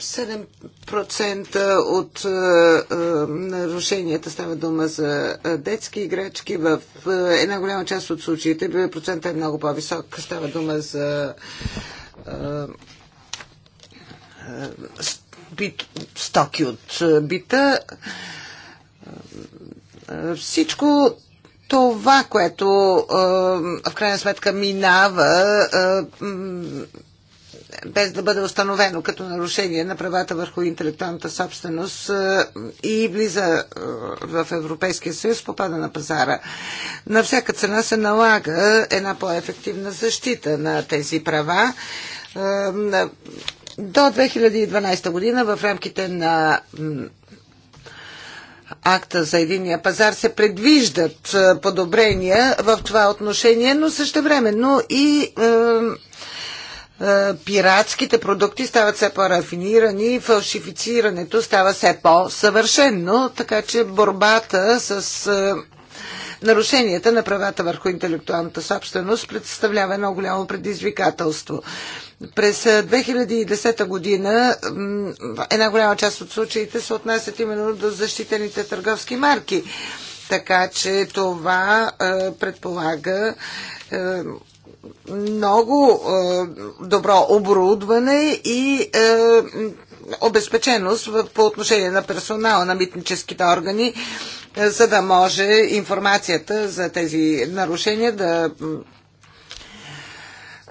Speaker 3: 7% от е, е, нарушенията става дума за е, детски играчки. В една голяма част от случаите процента е много по-висок. Става дума за стоки от бита. Всичко това, което в крайна сметка минава без да бъде установено като нарушение на правата върху интелектуалната собственост е, и влиза е, в Европейския съюз, попада на пазара. На всяка цена се налага една по-ефективна защита на тези права. Е, до 2012 година в рамките на акта за единия пазар се предвиждат подобрения в това отношение, но също времено и е, е, пиратските продукти стават все по-рафинирани, фалшифицирането става все по-съвършенно, така че борбата с е, нарушенията на правата върху интелектуалната собственост представлява едно голямо предизвикателство. През 2010 е, година една голяма част от случаите се отнасят именно до защитените търговски марки. Така че това предполага много е, добро оборудване и е, обезпеченост по отношение на персонала на митническите органи, е, за да може информацията за тези нарушения да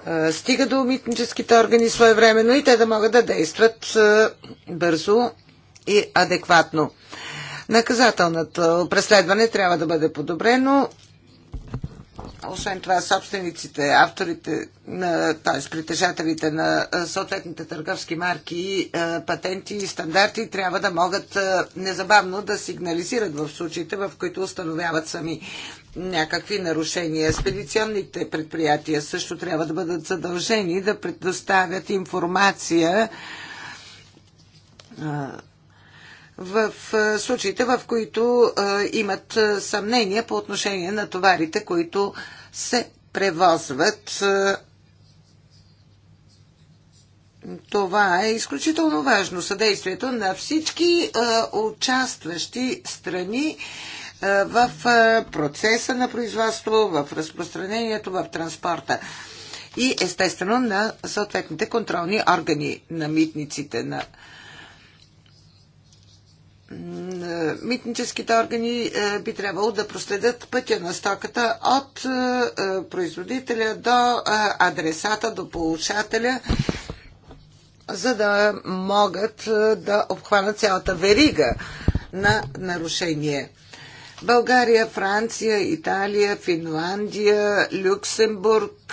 Speaker 3: е, стига до митническите органи своевременно и те да могат да действат е, бързо и адекватно. Наказателното преследване трябва да бъде подобрено освен това, собствениците, авторите, т.е. притежателите на съответните търговски марки, патенти и стандарти трябва да могат незабавно да сигнализират в случаите, в които установяват сами някакви нарушения. Спедиционните предприятия също трябва да бъдат задължени да предоставят информация в случаите, в които имат съмнения по отношение на товарите, които се превозват. Това е изключително важно. Съдействието на всички участващи страни в процеса на производство, в разпространението, в транспорта и естествено на съответните контролни органи на митниците на е, митническите органи е, би трябвало да проследят пътя на стоката от е, производителя до адресата, до получателя, за да могат да обхванат цялата верига на нарушение. България, Франция, Италия, Финландия, Люксембург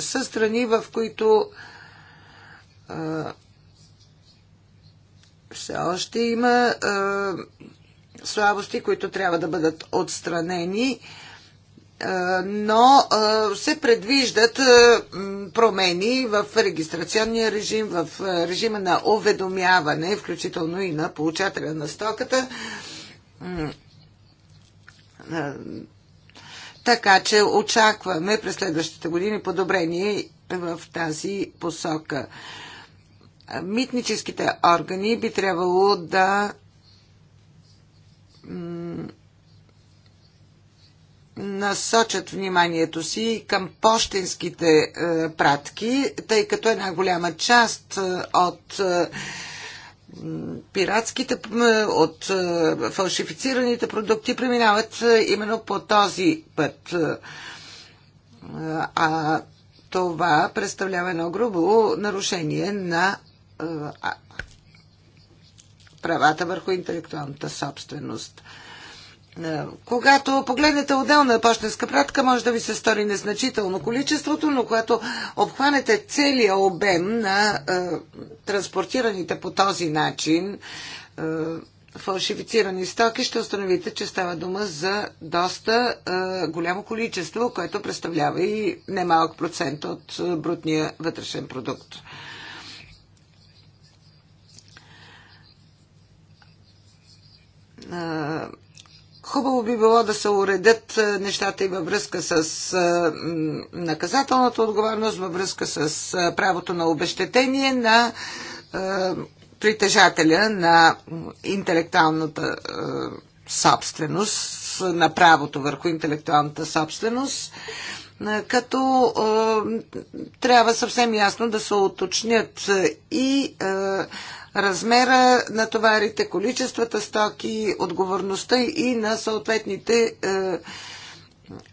Speaker 3: са страни, в които все още има слабости, които трябва да бъдат отстранени, но се предвиждат промени в регистрационния режим, в режима на уведомяване, включително и на получателя на стоката. Така че очакваме през следващите години подобрение в тази посока митническите органи би трябвало да насочат вниманието си към почтенските е, пратки, тъй като една голяма част е, от е, пиратските, от фалшифицираните продукти преминават именно по този път. а това представлява едно грубо нарушение на правата върху интелектуалната собственост. Когато погледнете отделна почтенска пратка, може да ви се стори незначително количеството, но когато обхванете целия обем на е, транспортираните по този начин е, фалшифицирани стоки, ще установите, че става дума за доста е, голямо количество, което представлява и немалък процент от брутния вътрешен продукт. Хубаво би било да се уредят нещата и във връзка с наказателната отговорност, във връзка с правото на обещетение на притежателя на интелектуалната собственост, на правото върху интелектуалната собственост, като трябва съвсем ясно да се уточнят и размера на товарите, количествата стоки, отговорността и на съответните е,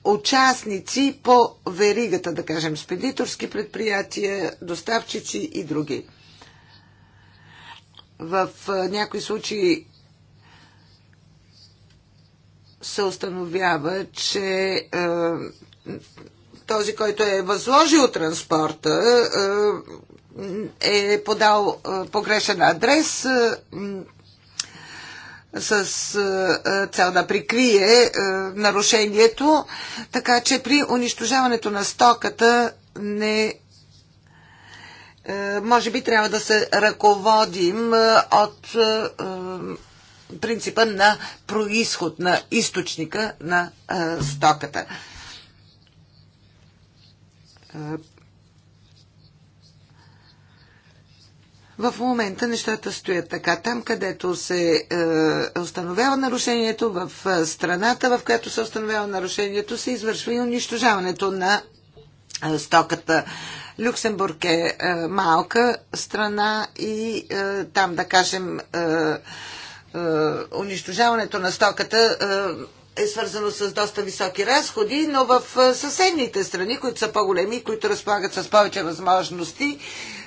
Speaker 3: участници по веригата, да кажем, спедиторски предприятия, доставчици и други. В е, някои случаи се установява, че е, този, който е възложил транспорта, е, е подал е, погрешен адрес е, с е, цел да прикрие нарушението, така че при унищожаването на стоката не може би трябва да се ръководим от принципа на происход, на източника на стоката. В момента нещата стоят така. Там, където се е, установява нарушението, в е, страната, в която се установява нарушението, се извършва и унищожаването на е, стоката. Люксембург е, е малка страна и е, там, да кажем, е, е, унищожаването на стоката. Е, е свързано с доста високи разходи, но в е, съседните страни, които са по-големи които разполагат с повече възможности,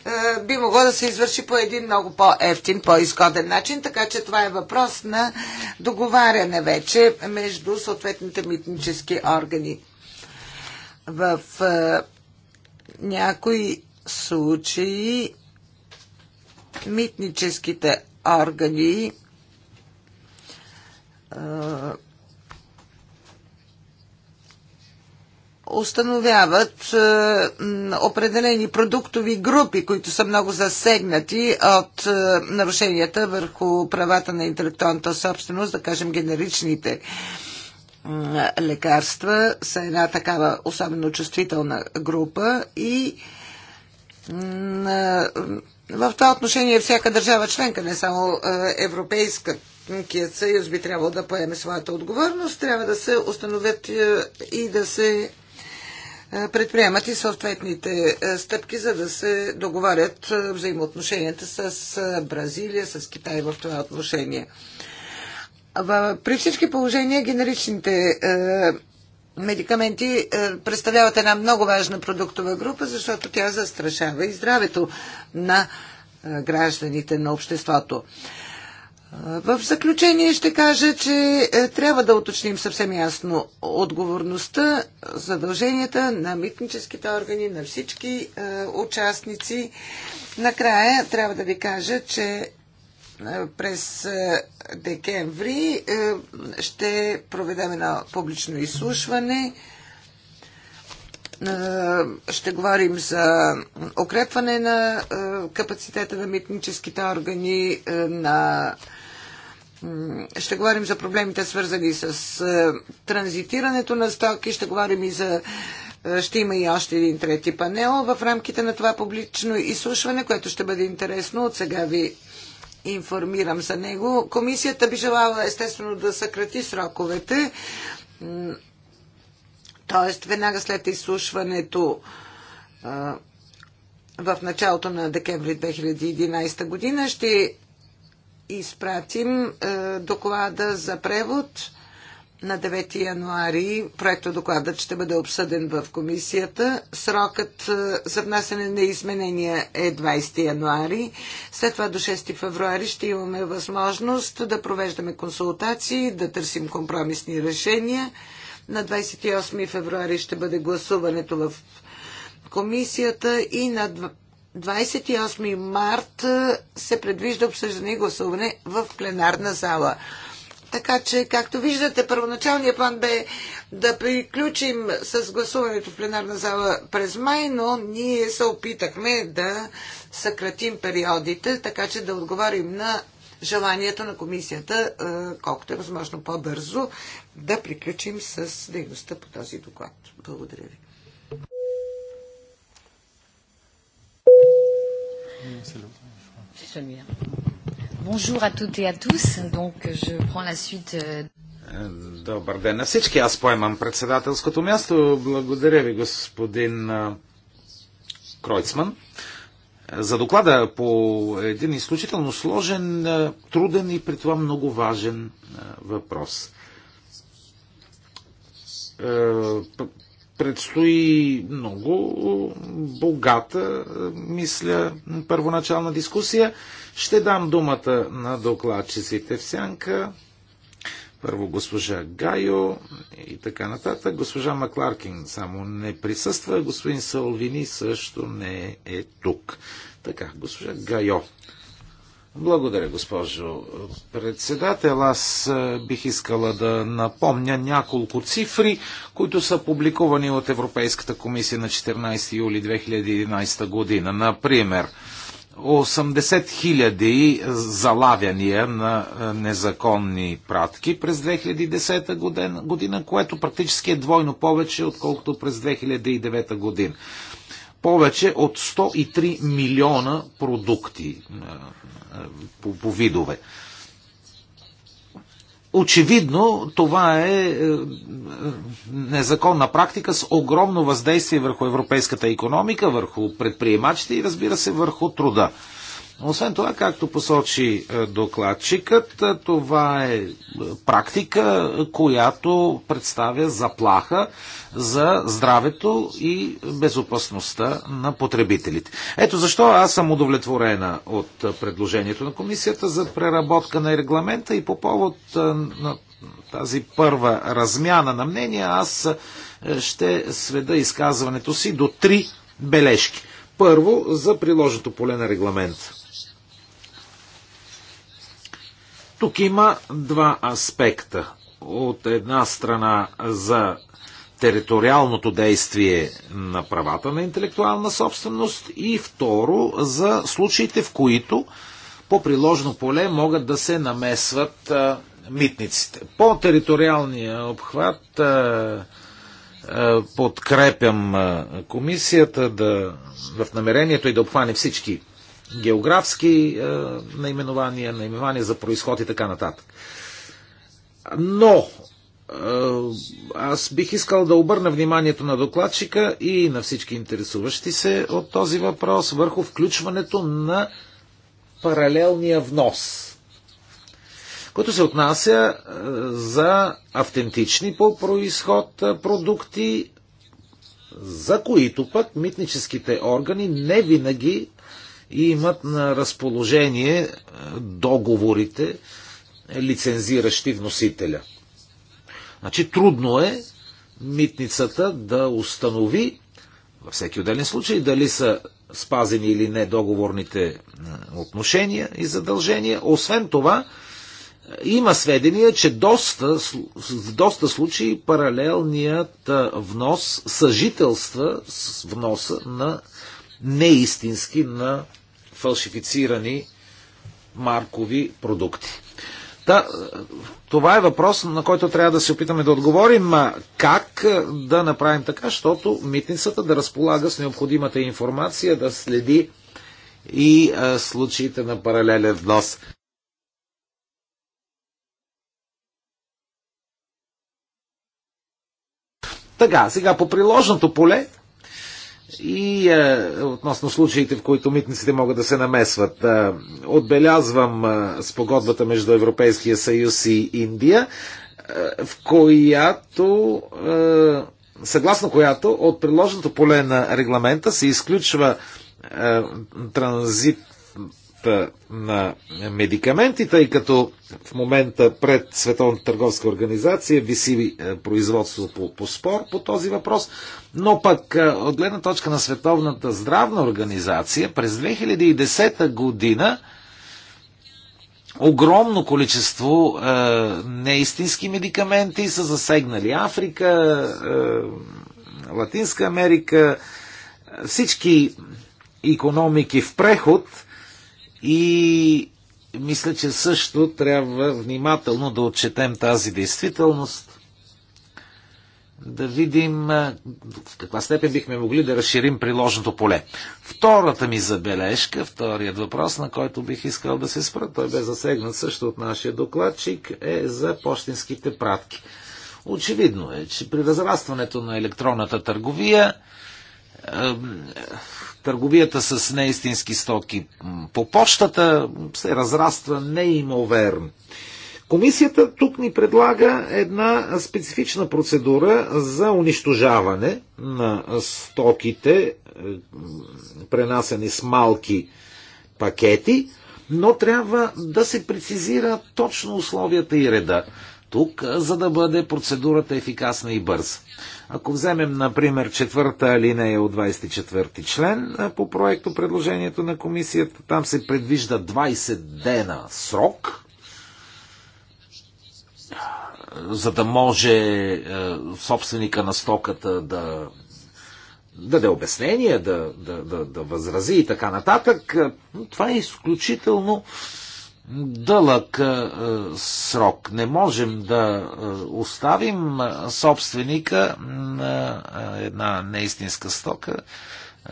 Speaker 3: е, би могло да се извърши по един много по-ефтин, по-изгоден начин, така че това е въпрос на договаряне вече между съответните митнически органи. В е, някои случаи митническите органи е, установяват е, определени продуктови групи, които са много засегнати от е, нарушенията върху правата на интелектуалната собственост, да кажем генеричните лекарства са една такава особено чувствителна група и е, в това отношение всяка държава членка, не само европейска, Кият съюз би трябвало да поеме своята отговорност. Трябва да се установят и да се е, предприемат и съответните е, стъпки, за да се договарят е, взаимоотношенията с Бразилия, с Китай в това отношение. При всички положения генеричните медикаменти представляват една много важна продуктова група, защото тя застрашава и здравето на гражданите на обществото. В заключение ще кажа, че е, трябва да уточним съвсем ясно отговорността, задълженията на митническите органи, на всички е, участници. Накрая трябва да ви кажа, че е, през декември ще проведем едно публично изслушване. Ще говорим за укрепване на капацитета на митническите органи, на ще говорим за проблемите свързани с е, транзитирането на стоки, ще говорим и за е, ще има и още един трети панел в рамките на това публично изслушване, което ще бъде интересно. От сега ви информирам за него. Комисията би желала естествено да съкрати сроковете, т.е. веднага след изслушването е, в началото на декември 2011 година ще изпратим е, доклада за превод на 9 януари. Проекто докладът ще бъде обсъден в комисията. Срокът е, за внасяне на изменения е 20 януари. След това до 6 февруари ще имаме възможност да провеждаме консултации, да търсим компромисни решения. На 28 февруари ще бъде гласуването в комисията и на 28 март се предвижда обсъждане и гласуване в пленарна зала. Така че, както виждате, първоначалният план бе да приключим с гласуването в пленарна зала през май, но ние се опитахме да съкратим периодите, така че да отговорим на желанието на комисията, колкото е възможно по-бързо, да приключим с дейността по този доклад. Благодаря ви. C'est celui-là. Bonjour à toutes et à
Speaker 4: tous. Donc, je prends la suite. Euh, Добър ден на всички. Аз поемам председателското място. Благодаря ви, господин Кройцман, за доклада по един изключително сложен, труден и при това много важен въпрос предстои много богата, мисля, първоначална дискусия. Ще дам думата на докладчиците в сянка. Първо госпожа Гайо и така нататък. Госпожа Макларкин само не присъства. Господин Салвини също не е тук. Така, госпожа Гайо. Благодаря, госпожо председател. Аз е, бих искала да напомня няколко цифри, които са публикувани от Европейската комисия на 14 юли 2011 година. Например, 80 хиляди залавяния на е, незаконни пратки през 2010 година, година, което практически е двойно повече, отколкото през 2009 година повече от 103 милиона продукти е, е, по, по видове. Очевидно, това е, е незаконна практика с огромно въздействие върху европейската економика, върху предприемачите и разбира се върху труда. Освен това, както посочи е, докладчикът, е, това е, е практика, която представя заплаха за здравето и безопасността на потребителите. Ето защо аз съм удовлетворена от предложението на комисията за преработка на регламента и по повод на тази първа размяна на мнения, аз ще сведа изказването си до три бележки. Първо, за приложното поле на регламента. Тук има два аспекта. От една страна за териториалното действие на правата на интелектуална собственост и второ за случаите, в които по приложно поле могат да се намесват а, митниците. По териториалния обхват а, а, подкрепям а, комисията да, в намерението и да обхване всички географски е, наименования, наименования за происход и така нататък. Но е, аз бих искал да обърна вниманието на докладчика и на всички интересуващи се от този въпрос върху включването на паралелния внос който се отнася е, за автентични по происход е, продукти, за които пък митническите органи не винаги и имат на разположение е, договорите, е, лицензиращи вносителя. Значи трудно е митницата да установи във всеки отделен случай дали са спазени или не договорните е, отношения и задължения. Освен това, има сведения, че доста, в доста случаи паралелният внос съжителства с вноса на неистински на фалшифицирани маркови продукти. Да, това е въпрос, на който трябва да се опитаме да отговорим. Как да направим така, защото митницата да разполага с необходимата информация, да следи и а, случаите на паралелен внос. Така, сега по приложното поле и е, относно случаите, в които митниците могат да се намесват. Е, отбелязвам е, спогодбата между Европейския съюз и Индия, е, в която, е, съгласно която от предложеното поле на регламента се изключва е, транзит на медикаменти, тъй като в момента пред Световната търговска организация виси е, производство по, по спор по този въпрос, но пък е, от гледна точка на Световната здравна организация през 2010 година огромно количество е, неистински медикаменти са засегнали Африка, е, Латинска Америка, всички економики в преход – и мисля, че също трябва внимателно да отчетем тази действителност, да видим в каква степен бихме могли да разширим приложното поле. Втората ми забележка, вторият въпрос, на който бих искал да се спра, той бе засегнат също от нашия докладчик, е за почтинските пратки. Очевидно е, че при разрастването на електронната търговия Търговията с неистински стоки по почтата се разраства неимоверно. Комисията тук ни предлага една специфична процедура за унищожаване на стоките, е, пренасени с малки пакети, но трябва да се прецизира точно условията и реда тук, за да бъде процедурата ефикасна и бърза. Ако вземем, например, четвърта алинея от 24 ти член по проекто предложението на комисията, там се предвижда 20 дена срок, за да може собственика на стоката да даде обяснение, да, да, да, да възрази и така нататък. Това е изключително дълъг срок. Не можем да оставим собственика на една неистинска стока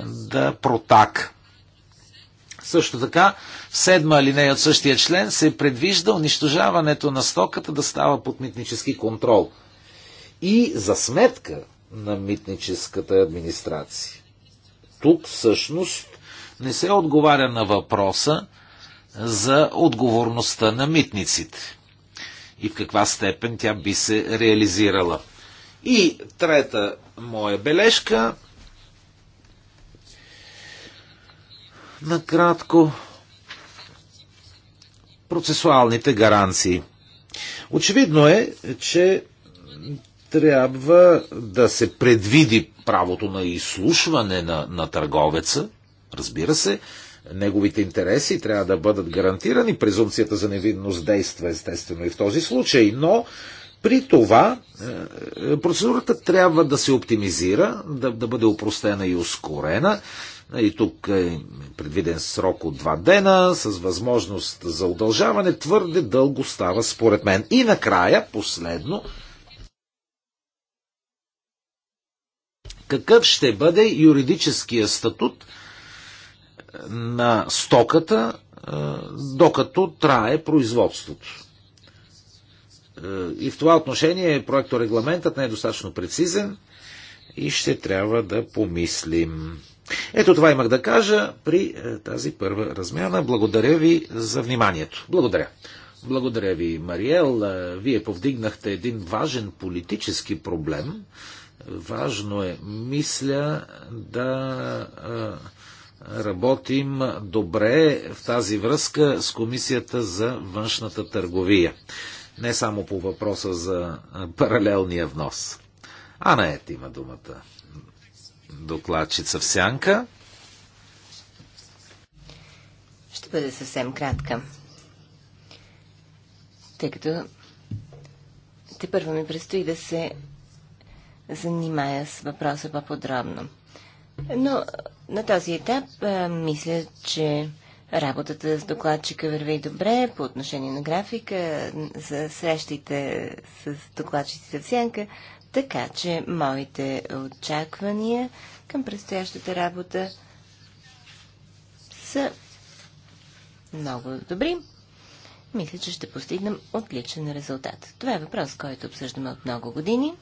Speaker 4: да протака. Също така, в седма алинея от същия член се предвижда унищожаването на стоката да става под митнически контрол. И за сметка на митническата администрация. Тук всъщност не се отговаря на въпроса за отговорността на митниците и в каква степен тя би се реализирала. И трета моя бележка. Накратко. Процесуалните гаранции. Очевидно е, че трябва да се предвиди правото на изслушване на, на търговеца, разбира се, неговите интереси трябва да бъдат гарантирани. Презумцията за невинност действа естествено и в този случай, но при това е, е, процедурата трябва да се оптимизира, да, да бъде упростена и ускорена. И тук е предвиден срок от два дена, с възможност за удължаване. Твърде дълго става, според мен. И накрая, последно, какъв ще бъде юридическия статут – на стоката, докато трае производството. И в това отношение проекторегламентът не е достатъчно прецизен и ще трябва да помислим. Ето това имах да кажа при е, тази първа размяна. Благодаря ви за вниманието. Благодаря. Благодаря ви, Мариел. Е, вие повдигнахте един важен политически проблем. Важно е, мисля, да е, работим добре в тази връзка с Комисията за външната търговия. Не само по въпроса за паралелния внос. А не,
Speaker 2: ето има думата.
Speaker 4: Докладчица в сянка.
Speaker 2: Ще бъде съвсем кратка. Тъй като те първо ми предстои да се занимая с въпроса по-подробно. Но на този етап а, мисля, че работата с докладчика върви добре по отношение на графика, за срещите с докладчиците в сянка, така че моите очаквания към предстоящата работа са много добри. Мисля, че ще постигнем отличен резултат. Това е въпрос, който обсъждаме от много години.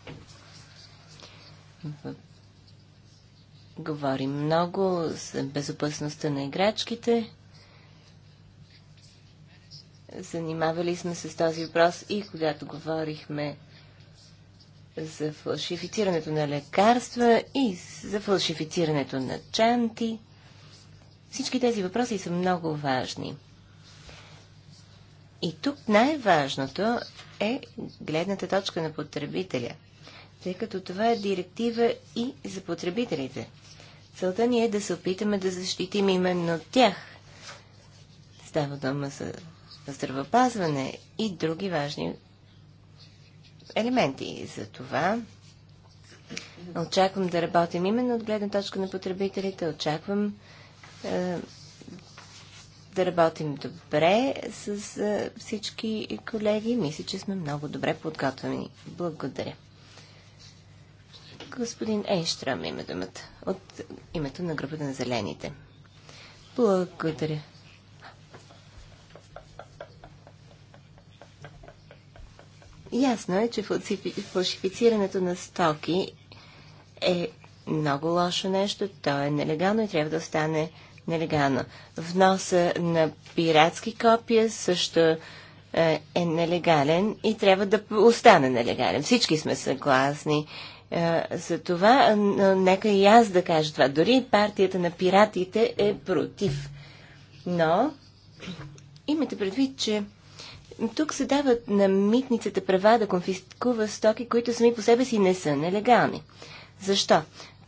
Speaker 2: Говорим много за безопасността на играчките. Занимавали сме се с този въпрос и когато говорихме за фалшифицирането на лекарства и за фалшифицирането на чанти. Всички тези въпроси са много важни. И тук най-важното е гледната точка на потребителя, тъй като това е директива и за потребителите. Целта ни е да се опитаме да защитим именно тях. Става дума за здравопазване и други важни елементи. За това очаквам да работим именно от гледна точка на потребителите. Очаквам е, да работим добре с е, всички колеги. Мисля, че сме много добре подготвени. Благодаря. Господин Ейнштрам има думата от името на групата на зелените. Благодаря. Ясно е, че фалшифицирането на стоки е много лошо нещо. То е нелегално и трябва да остане нелегално. Вноса на пиратски копия също е, е нелегален и трябва да остане нелегален. Всички сме съгласни, е, за това, нека и аз да кажа това. Дори партията на пиратите е против. Но имате предвид, че тук се дават на митницата права да конфискува стоки, които сами по себе си не са нелегални. Защо?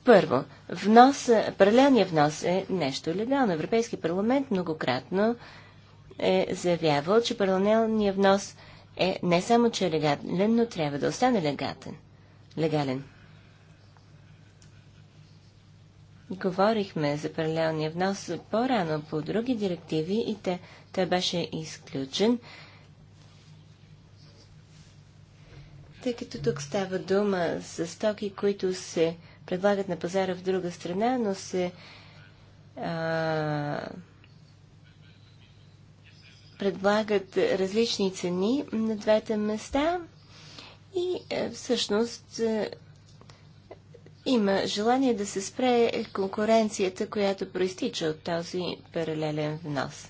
Speaker 2: Първо, внос, паралелният внос е нещо легално. Европейски парламент многократно е заявявал, че паралелният внос е не само, че е легален, но трябва да остане легатен. легален. говорихме за паралелния внос по-рано по други директиви и те, той беше изключен, тъй като тук става дума за стоки, които се предлагат на пазара в друга страна, но се а, предлагат различни цени на двете места и всъщност има желание да се спре конкуренцията, която проистича от този паралелен внос.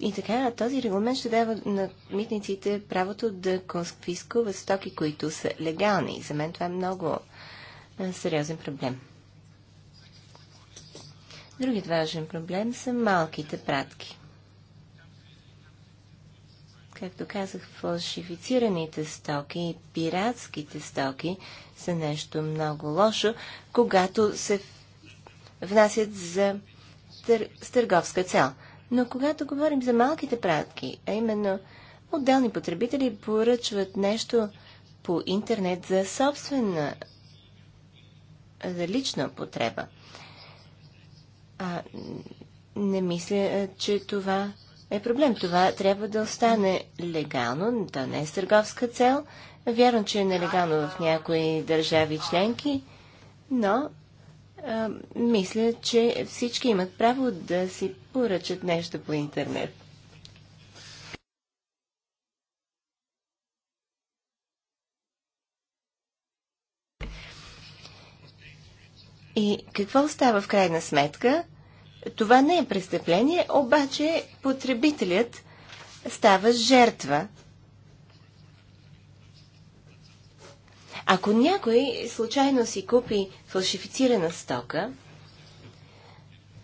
Speaker 2: И така, този регламент ще дава на митниците правото да конфискуват стоки, които са легални. За мен това е много сериозен проблем. Другият важен проблем са малките пратки както казах, фалшифицираните стоки и пиратските стоки са нещо много лошо, когато се внасят за тър... с търговска цел. Но когато говорим за малките пратки, а именно отделни потребители поръчват нещо по интернет за собствена, за лична потреба. А, не мисля, че това е проблем. Това трябва да остане легално, да не е с търговска цел. Вярно, че е нелегално в някои държави членки, но а, мисля, че всички имат право да си поръчат нещо по интернет. И какво става в крайна сметка? Това не е престъпление, обаче потребителят става жертва. Ако някой случайно си купи фалшифицирана стока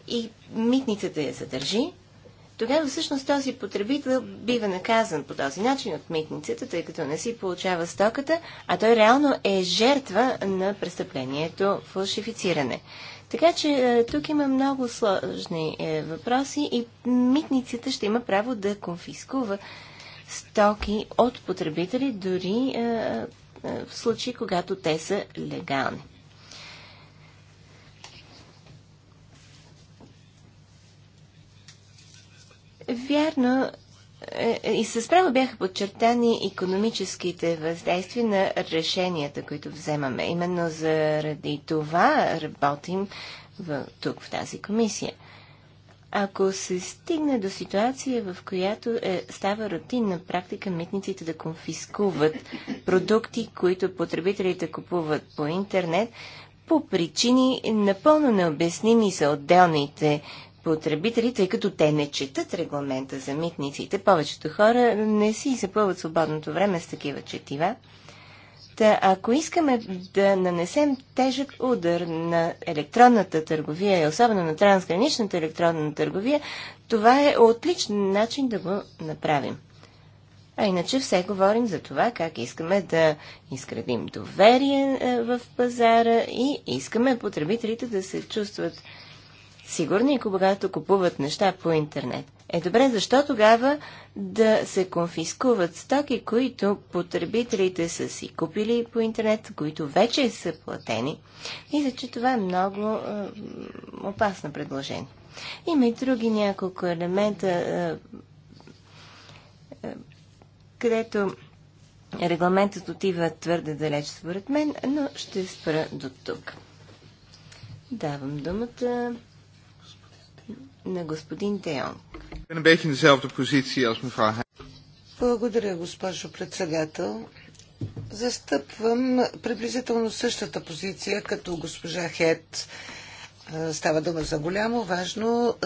Speaker 2: и митницата я задържи, тогава всъщност този потребител бива наказан по този начин от митницата, тъй като не си получава стоката, а той реално е жертва на престъплението фалшифициране. Така че е, тук има много сложни е, въпроси и митницата ще има право да конфискува стоки от потребители, дори е, в случаи, когато те са легални. Вярно е, е, и с право бяха подчертани економическите въздействия на решенията, които вземаме. Именно заради това работим в, тук, в тази комисия. Ако се стигне до ситуация, в която е, става рутинна практика митниците да конфискуват продукти, които потребителите купуват по интернет, по причини напълно необясними за отделните потребители, тъй като те не четат регламента за митниците. Повечето хора не си запълват свободното време с такива четива. Та, ако искаме да нанесем тежък удар на електронната търговия и особено на трансграничната електронна търговия, това е отличен начин да го направим. А иначе все говорим за това как искаме да изградим доверие е, в пазара и искаме потребителите да се чувстват сигурни, когато купуват неща по интернет. Е добре, защо тогава да се конфискуват стоки, които потребителите са си купили по интернет, които вече са платени? Мисля, че това е много е, опасно предложение. Има и други няколко елемента, е, е, където регламентът отива твърде далеч според мен, но ще спра до тук. Давам думата на господин Деон. Благодаря, госпожо
Speaker 3: председател. Застъпвам приблизително същата позиция като госпожа Хет. Става дума за голямо, важно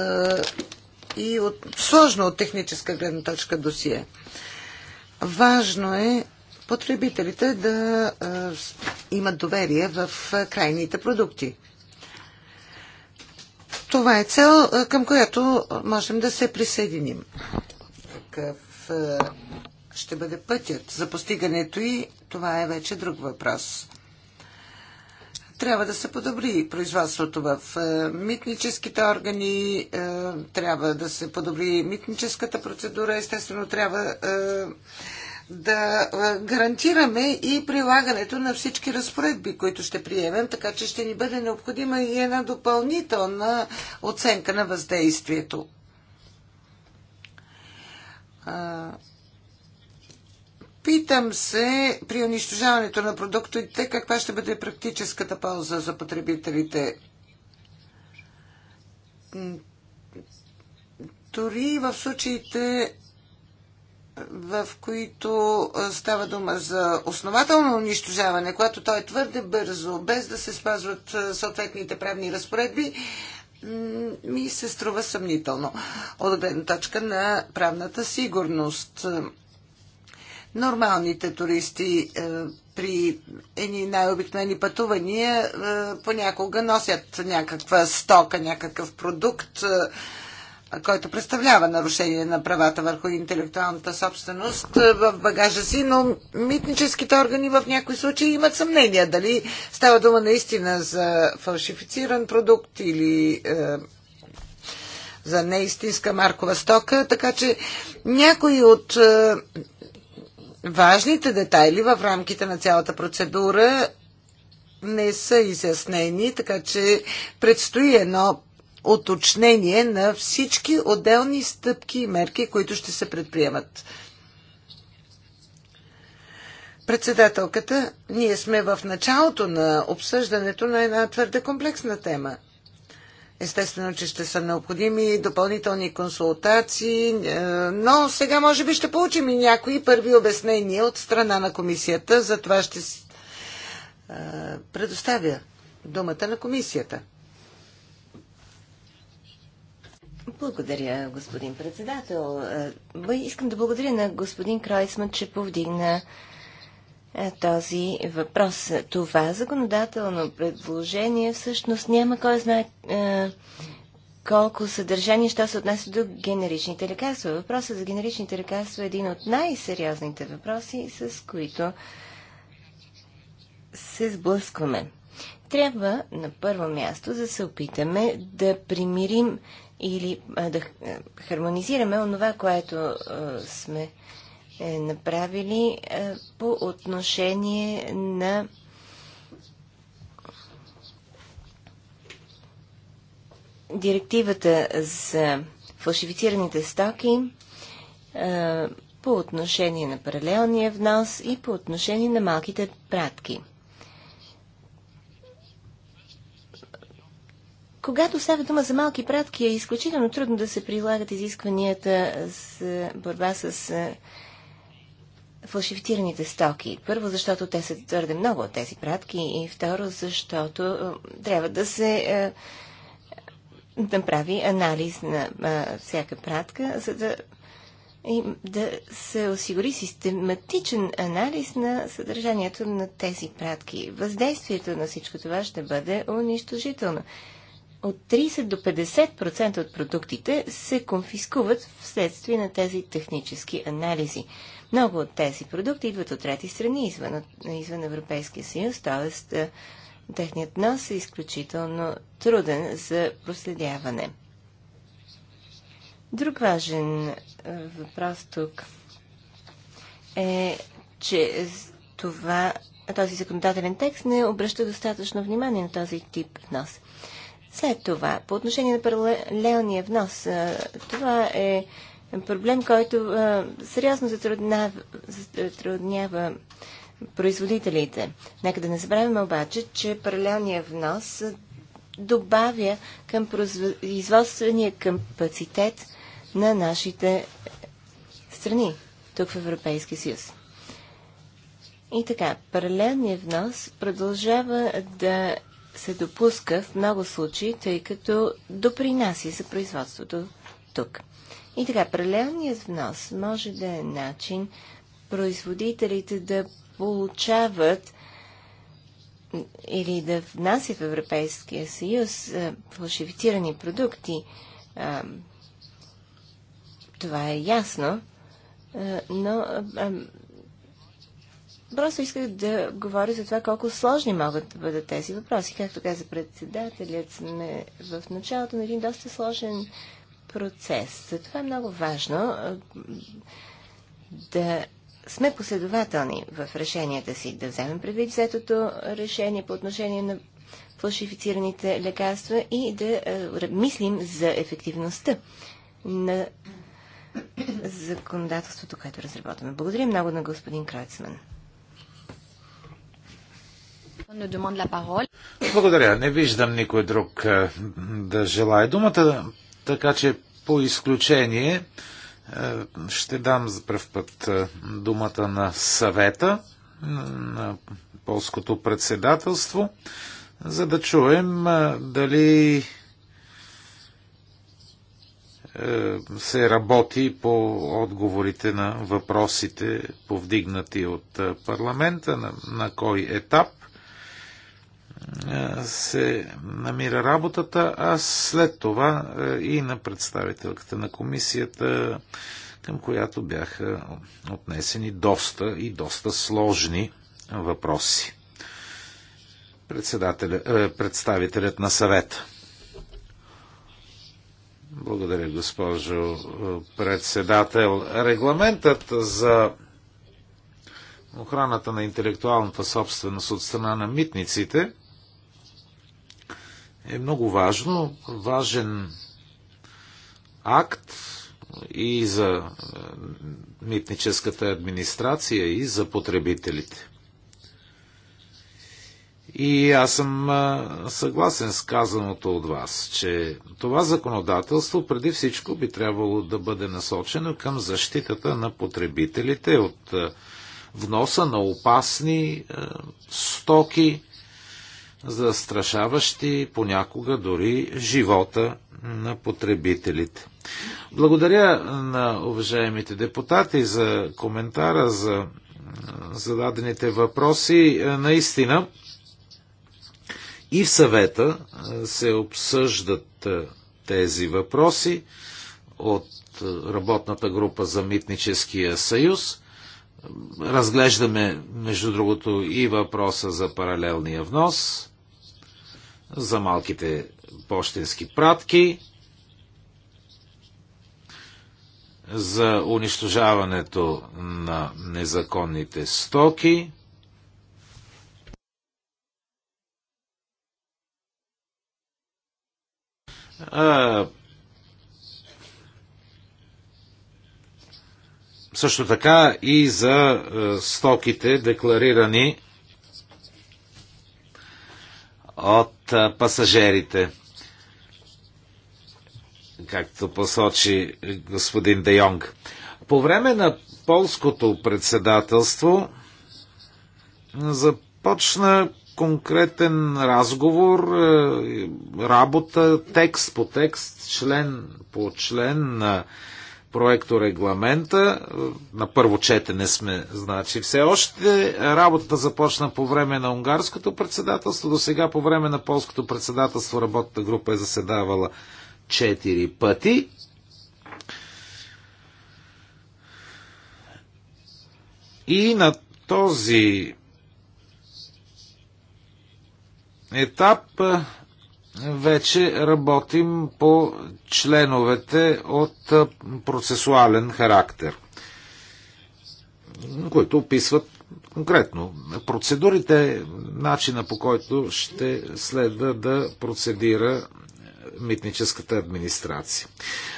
Speaker 3: и от, сложно от техническа гледна точка досие. Важно е потребителите да имат доверие в крайните продукти. Това е цел, към която можем да се присъединим. Какъв ще бъде пътят за постигането и това е вече друг въпрос. Трябва да се подобри производството в митническите органи, трябва да се подобри митническата процедура, естествено трябва да гарантираме и прилагането на всички разпоредби, които ще приемем, така че ще ни бъде необходима и една допълнителна оценка на въздействието. Питам се при унищожаването на продуктите каква ще бъде практическата полза за потребителите. Дори в случаите в които става дума за основателно унищожаване, което той е твърде бързо, без да се спазват съответните правни разпоредби, ми се струва съмнително от гледна точка на правната сигурност. Нормалните туристи при едни най-обикновени пътувания понякога носят някаква стока, някакъв продукт, който представлява нарушение на правата върху интелектуалната собственост е, в багажа си, но митническите органи в някои случаи имат съмнение дали става дума наистина за фалшифициран продукт или е, за неистинска маркова стока, така че някои от е, важните детайли в рамките на цялата процедура не са изяснени, така че предстои едно Оточнение на всички отделни стъпки и мерки, които ще се предприемат. Председателката, ние сме в началото на обсъждането на една твърде комплексна тема. Естествено, че ще са необходими допълнителни консултации, е, но сега може би ще получим и някои първи обяснения от страна на комисията. За това ще е, предоставя
Speaker 2: думата на комисията. Благодаря, господин председател. Е, искам да благодаря на господин Кройсман, че повдигна е, този въпрос. Това законодателно предложение всъщност няма кой знае е, колко съдържание, що се отнася до генеричните лекарства. Въпросът за генеричните лекарства е един от най-сериозните въпроси, с които се сблъскваме. Трябва на първо място да се опитаме да примирим или а, да хармонизираме онова, което а, сме е, направили а, по отношение на директивата за фалшифицираните стоки по отношение на паралелния внос и по отношение на малките пратки. Когато става дума за малки пратки, е изключително трудно да се прилагат изискванията с борба с е, фалшифицираните стоки. Първо, защото те са твърде много от тези пратки и второ, защото е, трябва да се е, направи анализ на всяка пратка, за да, и, да се осигури систематичен анализ на съдържанието на тези пратки. Въздействието на всичко това ще бъде унищожително от 30 до 50% от продуктите се конфискуват вследствие на тези технически анализи. Много от тези продукти идват от трети страни извън, извън Европейския съюз, т.е. Е, техният нос е изключително труден за проследяване. Друг важен е, въпрос тук е, че това, този законодателен текст не обръща достатъчно внимание на този тип нос. След това, по отношение на паралелния внос, това е проблем, който сериозно затруднява, производителите. Нека да не забравяме обаче, че паралелния внос добавя към производствения капацитет на нашите страни тук в Европейския съюз. И така, паралелният внос продължава да се допуска в много случаи, тъй като допринася за производството тук. И така, паралелният внос може да е начин производителите да получават или да внася в Европейския съюз фалшифицирани продукти. това е ясно, но Просто исках да говоря за това колко сложни могат да бъдат тези въпроси. Както каза председателят, сме в началото на един доста сложен процес. Затова е много важно да сме последователни в решенията си, да вземем предвид взетото решение по отношение на фалшифицираните лекарства и да мислим за ефективността на законодателството, което разработваме. Благодаря много на господин Кройцман.
Speaker 4: Благодаря. Не виждам никой друг е, да желая думата, така че по изключение е, ще дам за пръв път е, думата на съвета, на полското председателство, за да чуем дали се работи по отговорите на въпросите, повдигнати от парламента, на, на кой етап – се намира работата, а след това и на представителката на комисията, към която бяха отнесени доста и доста сложни въпроси. представителят на съвета. Благодаря, госпожо председател. Регламентът за охраната на интелектуалната собственост от страна на митниците – е много важно, важен акт и за е, митническата администрация, и за потребителите. И аз съм е, съгласен с казаното от вас, че това законодателство преди всичко би трябвало да бъде насочено към защитата на потребителите от е, вноса на опасни стоки, застрашаващи понякога дори живота на потребителите. Благодаря на уважаемите депутати за коментара, за зададените въпроси. Наистина и в съвета се обсъждат тези въпроси от работната група за Митническия съюз. Разглеждаме, между другото, и въпроса за паралелния внос за малките почтенски пратки, за унищожаването на незаконните стоки, а, също така и за е, стоките, декларирани от пасажерите. Както посочи господин Де Йонг. По време на полското председателство започна конкретен разговор, е, работа, текст по текст, член по член на проекто регламента. На първо четене сме, значи, все още. Работата започна по време на унгарското председателство. До сега по време на полското председателство работната група е заседавала 4 пъти. И на този етап вече работим по членовете от процесуален характер, които описват конкретно процедурите, начина по който ще следва да процедира митническата администрация.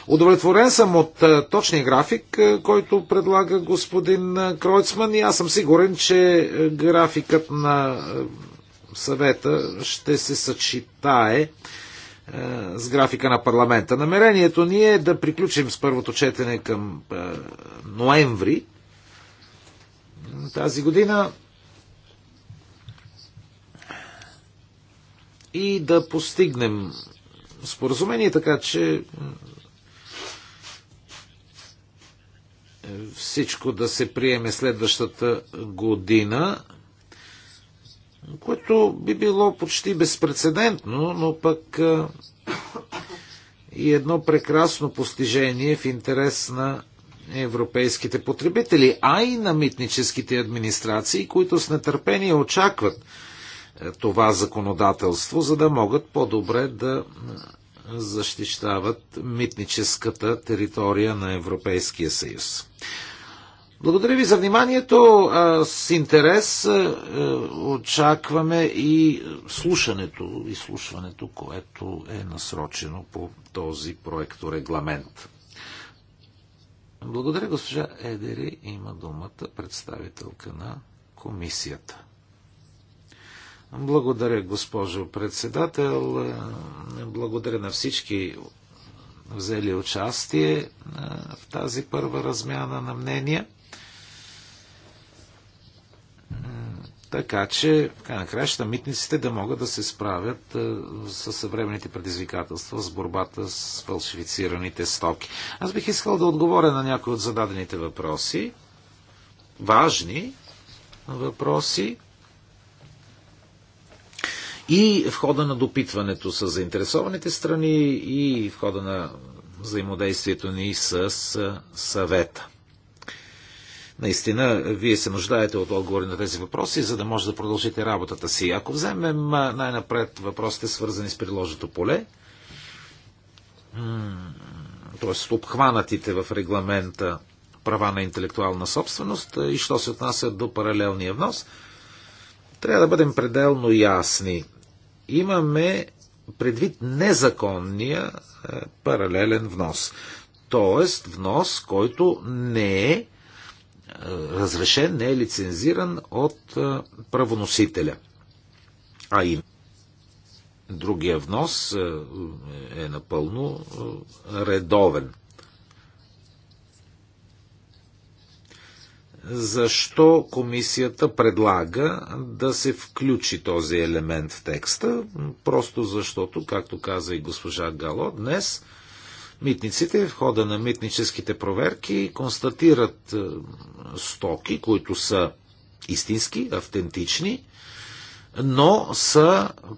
Speaker 4: Удовлетворен съм от точния график, който предлага господин Кройцман и аз съм сигурен, че графикът на съвета ще се съчетае е, с графика на парламента. Намерението ни е да приключим с първото четене към е, ноември тази година и да постигнем споразумение, така че е, всичко да се приеме следващата година което би било почти безпредседентно, но пък и едно прекрасно постижение в интерес на европейските потребители, а и на митническите администрации, които с нетърпение очакват това законодателство, за да могат по-добре да защищават митническата територия на Европейския съюз. Благодаря ви за вниманието. С интерес е, очакваме и слушането, изслушването, което е насрочено по този проекто регламент. Благодаря, госпожа Едери. Има думата представителка на комисията. Благодаря, госпожо председател. Благодаря на всички взели участие в тази първа размяна на мнения. така че, в край на краща, митниците да могат да се справят е, с съвременните предизвикателства с борбата с фалшифицираните стоки. Аз бих искал да отговоря на някои от зададените въпроси. Важни въпроси. И в хода на допитването с заинтересованите страни, и в хода на взаимодействието ни с е, съвета. Наистина, вие се нуждаете от отговори на тези въпроси, за да може да продължите работата си. Ако вземем най-напред въпросите, свързани с приложното поле, т.е. обхванатите в регламента права на интелектуална собственост и що се отнася до паралелния внос, трябва да бъдем пределно ясни. Имаме предвид незаконния паралелен внос. Тоест внос, който не е разрешен, не е лицензиран от правоносителя. А и другия внос е напълно редовен. Защо комисията предлага да се включи този елемент в текста? Просто защото, както каза и госпожа Гало, днес Митниците в хода на митническите проверки констатират е, стоки, които са истински, автентични, но са е,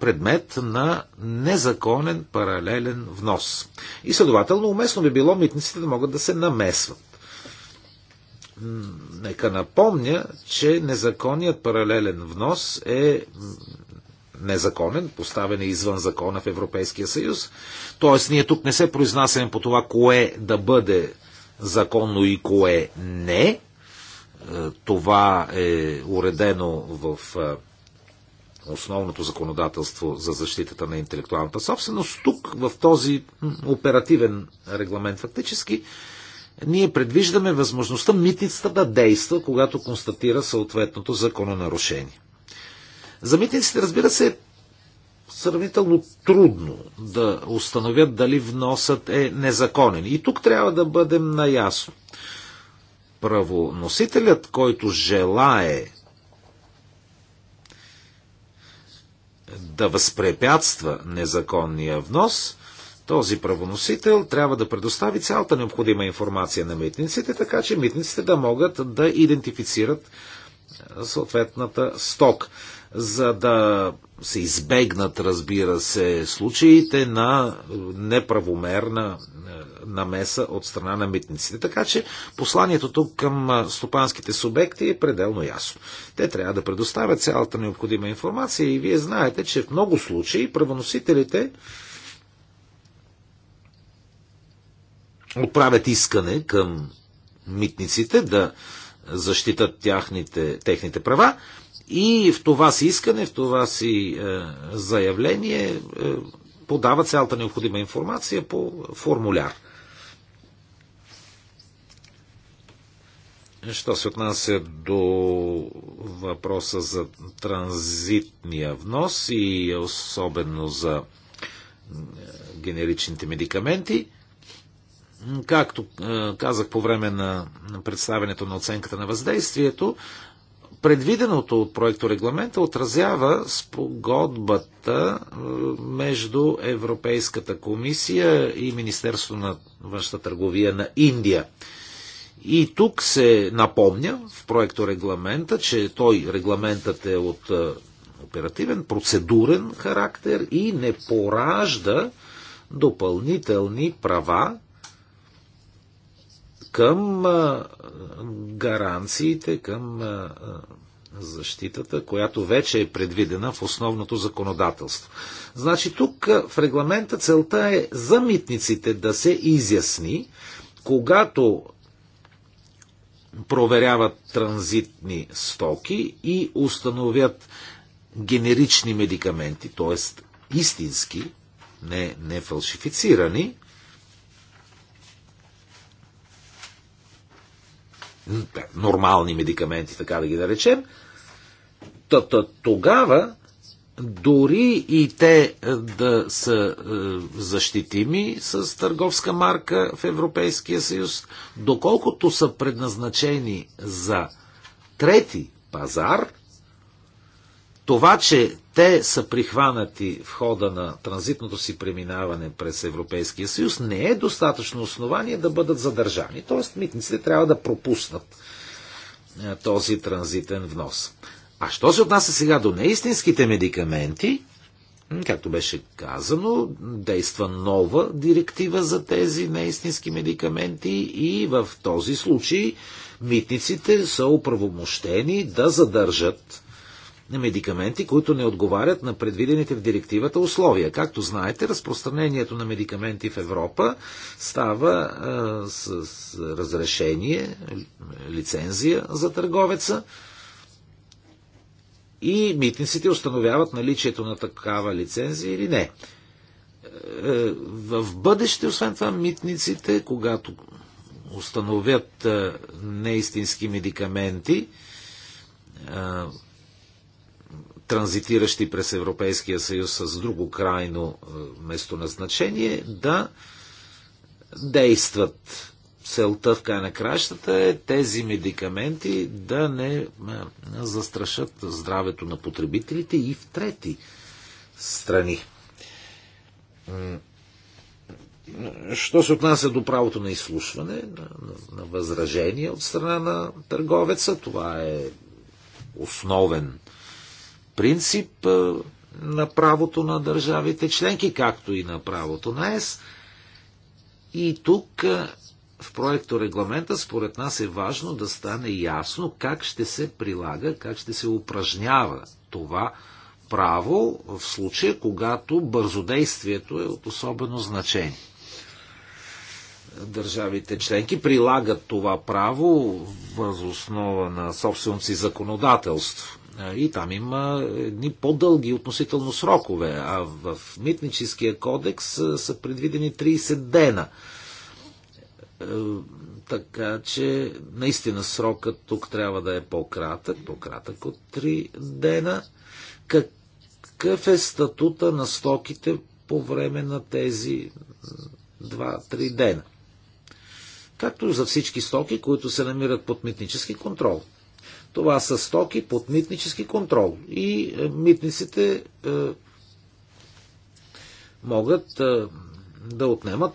Speaker 4: предмет на незаконен паралелен внос. И следователно уместно би било митниците да могат да се намесват. Нека напомня, че незаконният паралелен внос е незаконен, поставен е извън закона в Европейския съюз. Тоест, ние тук не се произнасяме по това, кое да бъде законно и кое не. Е, това е уредено в е, основното законодателство за защитата на интелектуалната собственост. Тук, в този оперативен регламент фактически, ние предвиждаме възможността митницата да действа, когато констатира съответното закононарушение. За митниците, разбира се, е сравнително трудно да установят дали вносът е незаконен. И тук трябва да бъдем наясно. Правоносителят, който желае да възпрепятства незаконния внос, този правоносител трябва да предостави цялата необходима информация на митниците, така че митниците да могат да идентифицират съответната сток за да се избегнат, разбира се, случаите на неправомерна е, намеса от страна на митниците. Така че посланието тук към е, стопанските субекти е пределно ясно. Те трябва да предоставят цялата необходима информация и вие знаете, че в много случаи правоносителите отправят искане към митниците да защитат тяхните, техните права и в това си искане, в това си е, заявление е, подава цялата необходима информация по формуляр. Що се отнася до въпроса за транзитния внос и особено за е, генеричните медикаменти, както е, казах по време на представенето на оценката на въздействието, Предвиденото от проекто регламента отразява спогодбата е, между Европейската комисия и Министерството на външната търговия на Индия. И тук се напомня в проекто регламента, че той, регламентът е от е, оперативен, процедурен характер и не поражда допълнителни права към гаранциите, към защитата, която вече е предвидена в основното законодателство. Значи тук в регламента целта е за митниците да се изясни, когато проверяват транзитни стоки и установят генерични медикаменти, т.е. истински, не, не фалшифицирани, нормални медикаменти, така да ги да речем, тогава дори и те е, да са е, защитими с търговска марка в Европейския съюз, доколкото са предназначени за трети пазар, това, че те са прихванати в хода на транзитното си преминаване през Европейския съюз, не е достатъчно основание да бъдат задържани. Тоест, митниците трябва да пропуснат е, този транзитен внос. А що се отнася сега до неистинските медикаменти, както беше казано, действа нова директива за тези неистински медикаменти и в този случай митниците са оправомощени да задържат на медикаменти, които не отговарят на предвидените в директивата условия. Както знаете, разпространението на медикаменти в Европа става а, с, с разрешение, лицензия за търговеца и митниците установяват наличието на такава лицензия или не. Е, в бъдеще, освен това, митниците, когато установят е, неистински медикаменти, е, транзитиращи през Европейския съюз с друго крайно е, местоназначение, да действат. Целта в край на кращата е тези медикаменти да не е, застрашат здравето на потребителите и в трети страни. Що се отнася до правото на изслушване, на, на, на възражение от страна на търговеца, това е основен принцип на правото на държавите членки, както и на правото на ЕС. И тук в проекто регламента според нас е важно да стане ясно как ще се прилага, как ще се упражнява това право в случая, когато бързодействието е от особено значение. Държавите членки прилагат това право въз основа на собственото си законодателство. И там има едни по-дълги относително срокове, а в митническия кодекс са предвидени 30 дена. Е, така че наистина срокът тук трябва да е по-кратък, по-кратък от 3 дена. Какъв е статута на стоките по време на тези 2-3 дена? Както за всички стоки, които се намират под митнически контрол – това са стоки под митнически контрол. И е, митниците е, могат е, да отнемат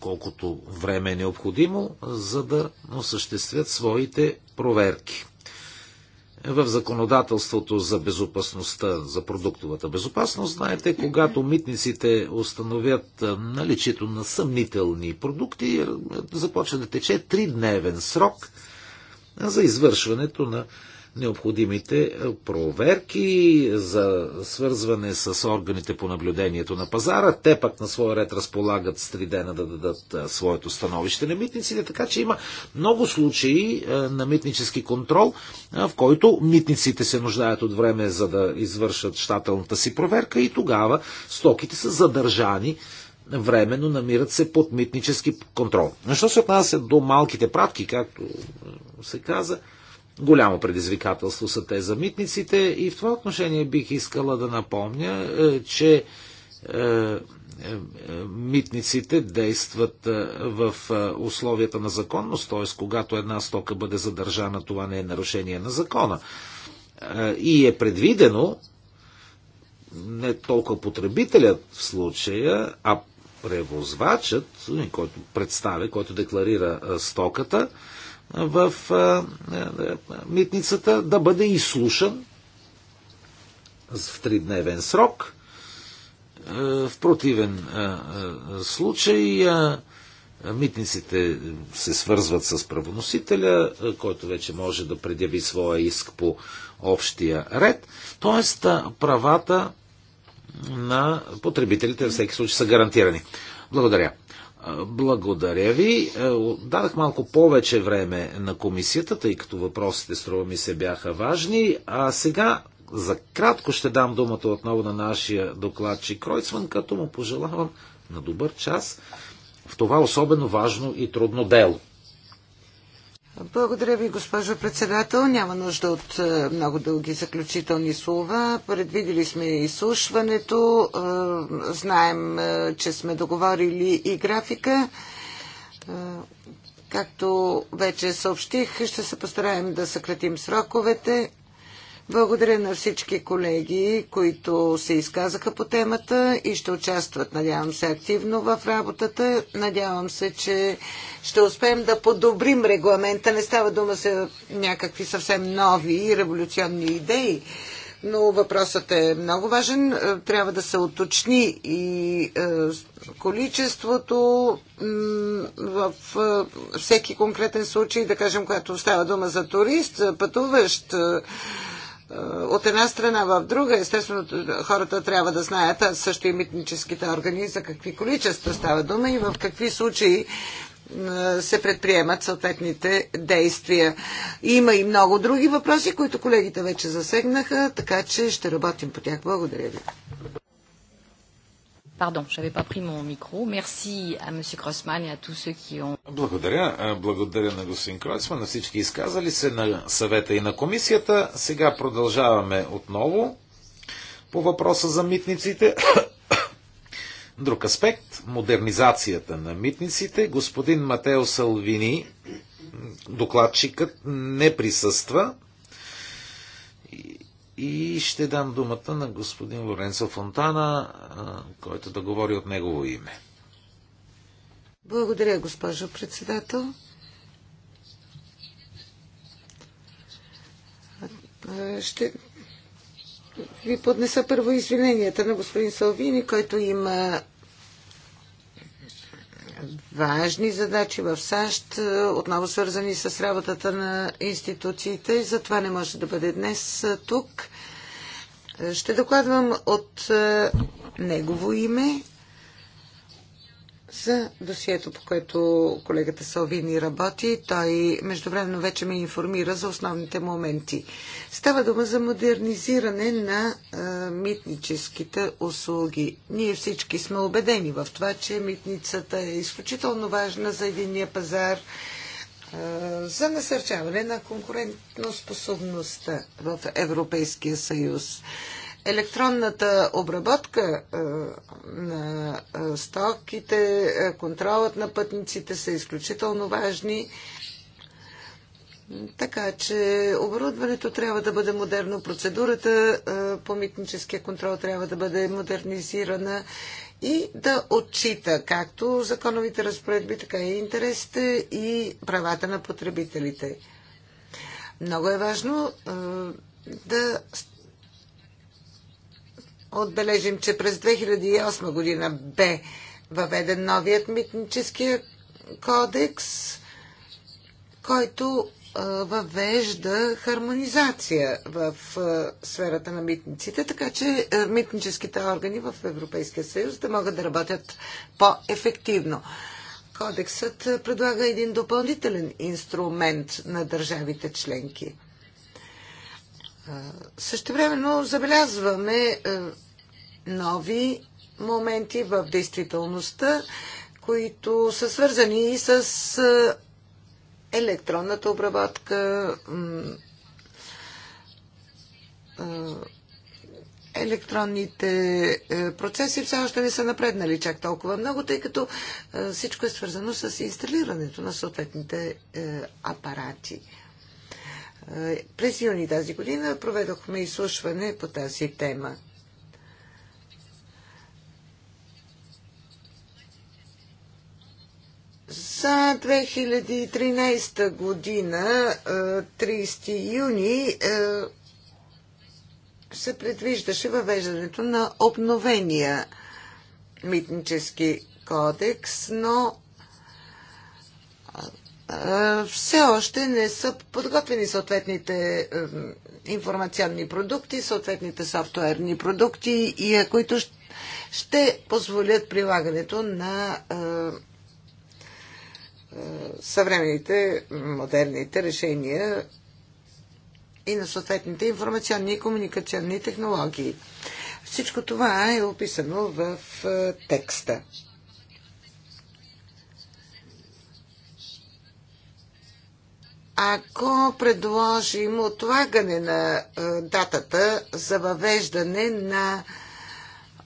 Speaker 4: колкото време е необходимо, за да осъществят своите проверки. В законодателството за безопасността, за продуктовата безопасност, знаете, когато митниците установят е, наличието на съмнителни продукти, е, започва да тече тридневен срок – за извършването на необходимите е, проверки за свързване с органите по наблюдението на пазара. Те пък на своя ред разполагат с три дена да дадат е, своето становище на митниците, така че има много случаи е, на митнически контрол, в който митниците се нуждаят от време за да извършат щателната си проверка и тогава стоките са задържани временно намират се под митнически контрол. Що се отнася до малките пратки, както е, се каза, голямо предизвикателство са те за митниците и в това отношение бих искала да напомня, е, че е, митниците действат в условията на законност, т.е. когато една стока бъде задържана, това не е нарушение на закона. И е предвидено не толкова потребителят в случая, а превозвачът, който представя, който декларира стоката в митницата, да бъде изслушан в тридневен срок. В противен случай митниците се свързват с правоносителя, който вече може да предяви своя иск по общия ред. Тоест правата на потребителите, във всеки случай са гарантирани. Благодаря. Благодаря ви. Дадах малко повече време на комисията, тъй като въпросите, струва ми се, бяха важни. А сега за кратко ще дам думата отново на нашия докладчик Кройцман, като му пожелавам на добър час в това особено важно и трудно дело. Благодаря ви, госпожо председател.
Speaker 3: Няма нужда от е, много дълги заключителни слова. Предвидели сме изслушването. Е, знаем, е, че сме договорили и графика. Както вече съобщих, ще се постараем да съкратим сроковете. Благодаря на всички колеги, които се изказаха по темата и ще участват, надявам се, активно в работата. Надявам се, че ще успеем да подобрим регламента. Не става дума за някакви съвсем нови и революционни идеи но въпросът е много важен. Трябва да се уточни и е, количеството в е, всеки конкретен случай, да кажем, когато става дума за турист, пътуващ е, от една страна в друга. Естествено, хората трябва да знаят, а също и митническите органи, за какви количества става дума и в какви случаи се предприемат съответните действия. Има и много други въпроси, които колегите вече засегнаха, така че ще работим по тях. Благодаря ви.
Speaker 1: Пардон, j'avais pas pris mon micro. Merci à M. Кросман
Speaker 2: и à tous ceux qui ont...
Speaker 4: Благодаря. Е, благодаря на господин Кросман, на всички изказали се, на съвета и на комисията. Сега продължаваме отново по въпроса за митниците. *coughs* Друг аспект – модернизацията на митниците. Господин Матео Салвини, докладчикът, не присъства. И ще дам думата на господин Лоренцо Фонтана, който да говори от негово име.
Speaker 3: Благодаря, госпожо председател. Ще ви поднеса първо извиненията на господин Салвини, който има важни задачи в САЩ, е, отново свързани с работата на институциите. Затова не може да бъде днес е, тук. Е, ще докладвам от негово име за досието, по което колегата Салвини работи. Той междувременно вече ме информира за основните моменти. Става дума за модернизиране на а, митническите услуги. Ние всички сме убедени в това, че митницата е изключително важна за единния пазар, а, за насърчаване на конкурентоспособността в Европейския съюз. А, електронната обработка е, на е, стоките, е, контролът на пътниците са изключително важни. Така че оборудването трябва да бъде модерно, процедурата по митническия контрол трябва да бъде модернизирана и да отчита както законовите разпоредби, така и интересите и правата на потребителите. Много е важно да отбележим, че през 2008 година бе въведен новият митническия кодекс, който въвежда хармонизация в сферата на митниците, така че митническите органи в Европейския съюз да могат да работят по-ефективно. Кодексът предлага един допълнителен инструмент на държавите членки. Същевременно забелязваме нови моменти в действителността, които са свързани и с електронната обработка, електронните е, процеси все още не са напреднали чак толкова много, тъй като е, всичко е свързано с инсталирането на съответните е, апарати. През юни тази година проведохме изслушване по тази тема. За 2013 година, 30 е, юни, е, се предвиждаше въвеждането на обновения митнически кодекс, но е, все още не са подготвени съответните информационни продукти, съответните софтуерни продукти, които ще позволят прилагането на съвременните, модерните решения и на съответните информационни и комуникационни технологии. Всичко това е описано в е, текста. Ако предложим отлагане на е, датата за въвеждане на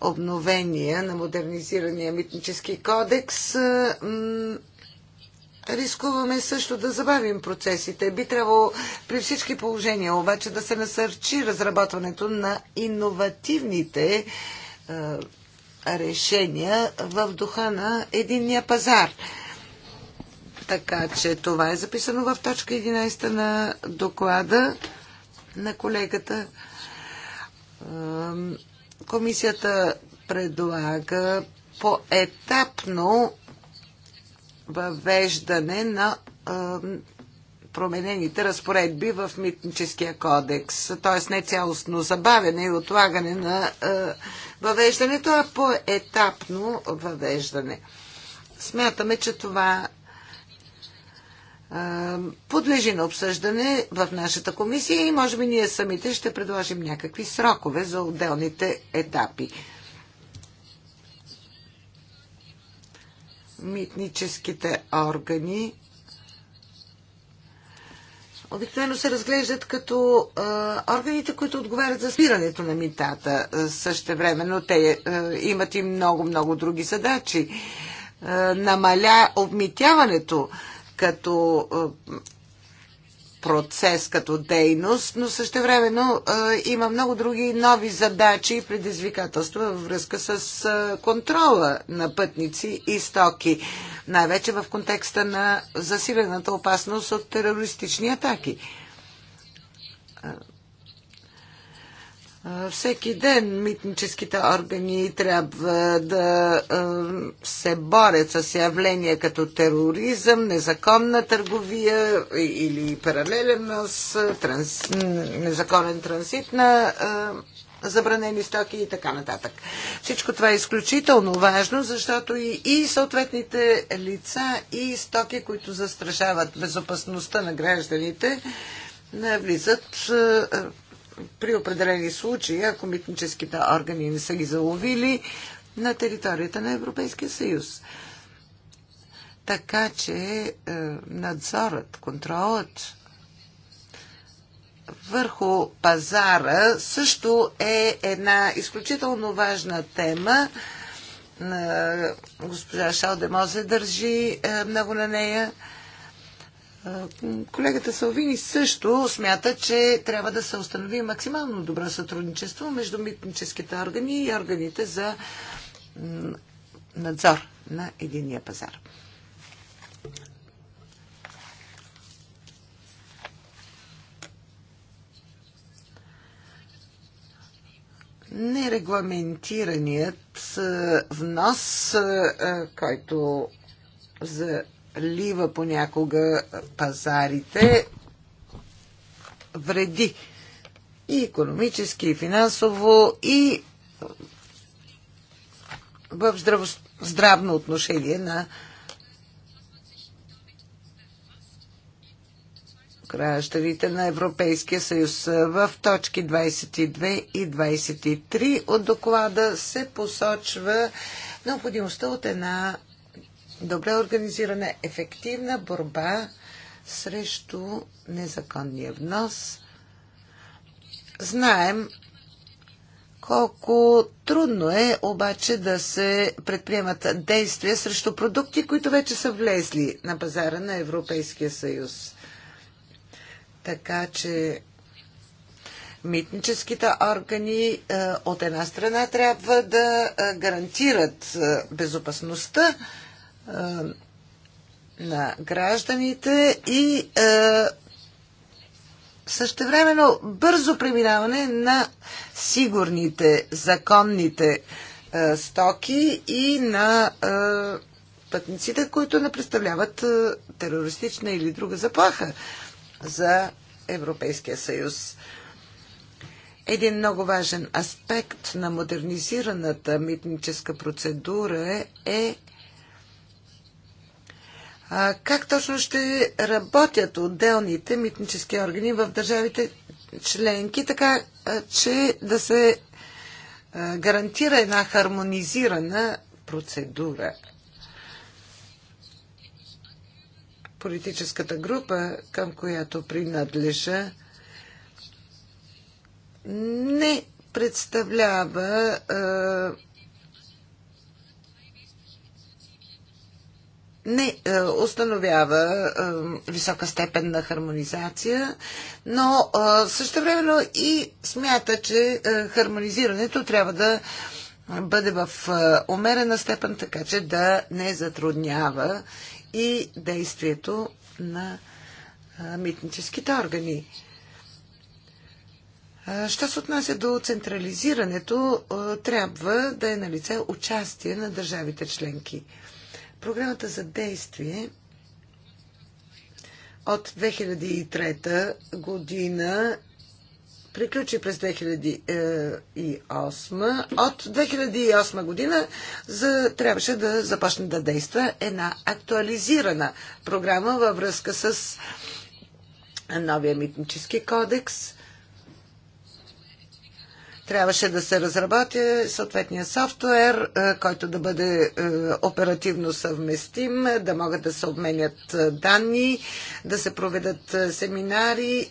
Speaker 3: обновения на модернизирания митнически кодекс, рискуваме също да забавим процесите. Би трябвало при всички положения обаче да се насърчи разработването на иновативните решения в духа на единния пазар. Така че това е записано в точка 11 на доклада на колегата. Комисията предлага поетапно въвеждане на променените разпоредби в митническия кодекс. Т.е. не цялостно забавяне и отлагане на въвеждането, а по-етапно въвеждане. Смятаме, че това подлежи на обсъждане в нашата комисия и може би ние самите ще предложим някакви срокове за отделните етапи. митническите органи обикновено се разглеждат като а, органите, които отговарят за спирането на митата. Също време, но те а, имат и много-много други задачи. А, намаля обмитяването като а, процес като дейност, но същевременно има много други нови задачи и предизвикателства във връзка с контрола на пътници и стоки, най-вече в контекста на засилената опасност от терористични атаки. Всеки ден митническите органи трябва да се борят с явления като тероризъм, незаконна търговия или паралеленост, транс, незаконен транзит на забранени стоки и така нататък. Всичко това е изключително важно, защото и, и съответните лица и стоки, които застрашават безопасността на гражданите, влизат при определени случаи, ако митническите органи не са ги заловили на територията на Европейския съюз. Така че е, надзорът, контролът върху пазара също е една изключително важна тема. Е, госпожа Шалдемозе държи е, много на нея. Колегата Салвини също смята, че трябва да се установи максимално добро сътрудничество между митническите органи и органите за надзор на единия пазар. Нерегламентираният внос, който за Лива, понякога пазарите, вреди и економически, и финансово, и в здраво, здравно отношение на гражданите на Европейския съюз. В точки 22 и 23 от доклада се посочва необходимостта от една добре организирана, ефективна борба срещу незаконния внос. Знаем колко трудно е обаче да се предприемат действия срещу продукти, които вече са влезли на пазара на Европейския съюз. Така че митническите органи е, от една страна трябва да е, гарантират е, безопасността е, на гражданите и е, същевременно бързо преминаване на сигурните, законните е, стоки и на е, пътниците, които не представляват е, терористична или друга заплаха за Европейския съюз. Един много важен аспект на модернизираната митническа процедура е а как точно ще работят отделните митнически органи в държавите членки, така че да се гарантира една хармонизирана процедура? Политическата група, към която принадлежа, не представлява не е, установява е, висока степен на хармонизация, но е, също времено и смята, че хармонизирането трябва да бъде в умерена степен, така че да не затруднява и действието на митническите органи. Що се отнася до централизирането, трябва да е на лице участие на държавите членки – Програмата за действие от 2003 година приключи през 2008. От 2008 година за, трябваше да започне да действа една актуализирана програма във връзка с новия митнически кодекс трябваше да се разработи съответния софтуер, е, който да бъде е, оперативно съвместим, да могат да се обменят е, данни, да се проведат семинари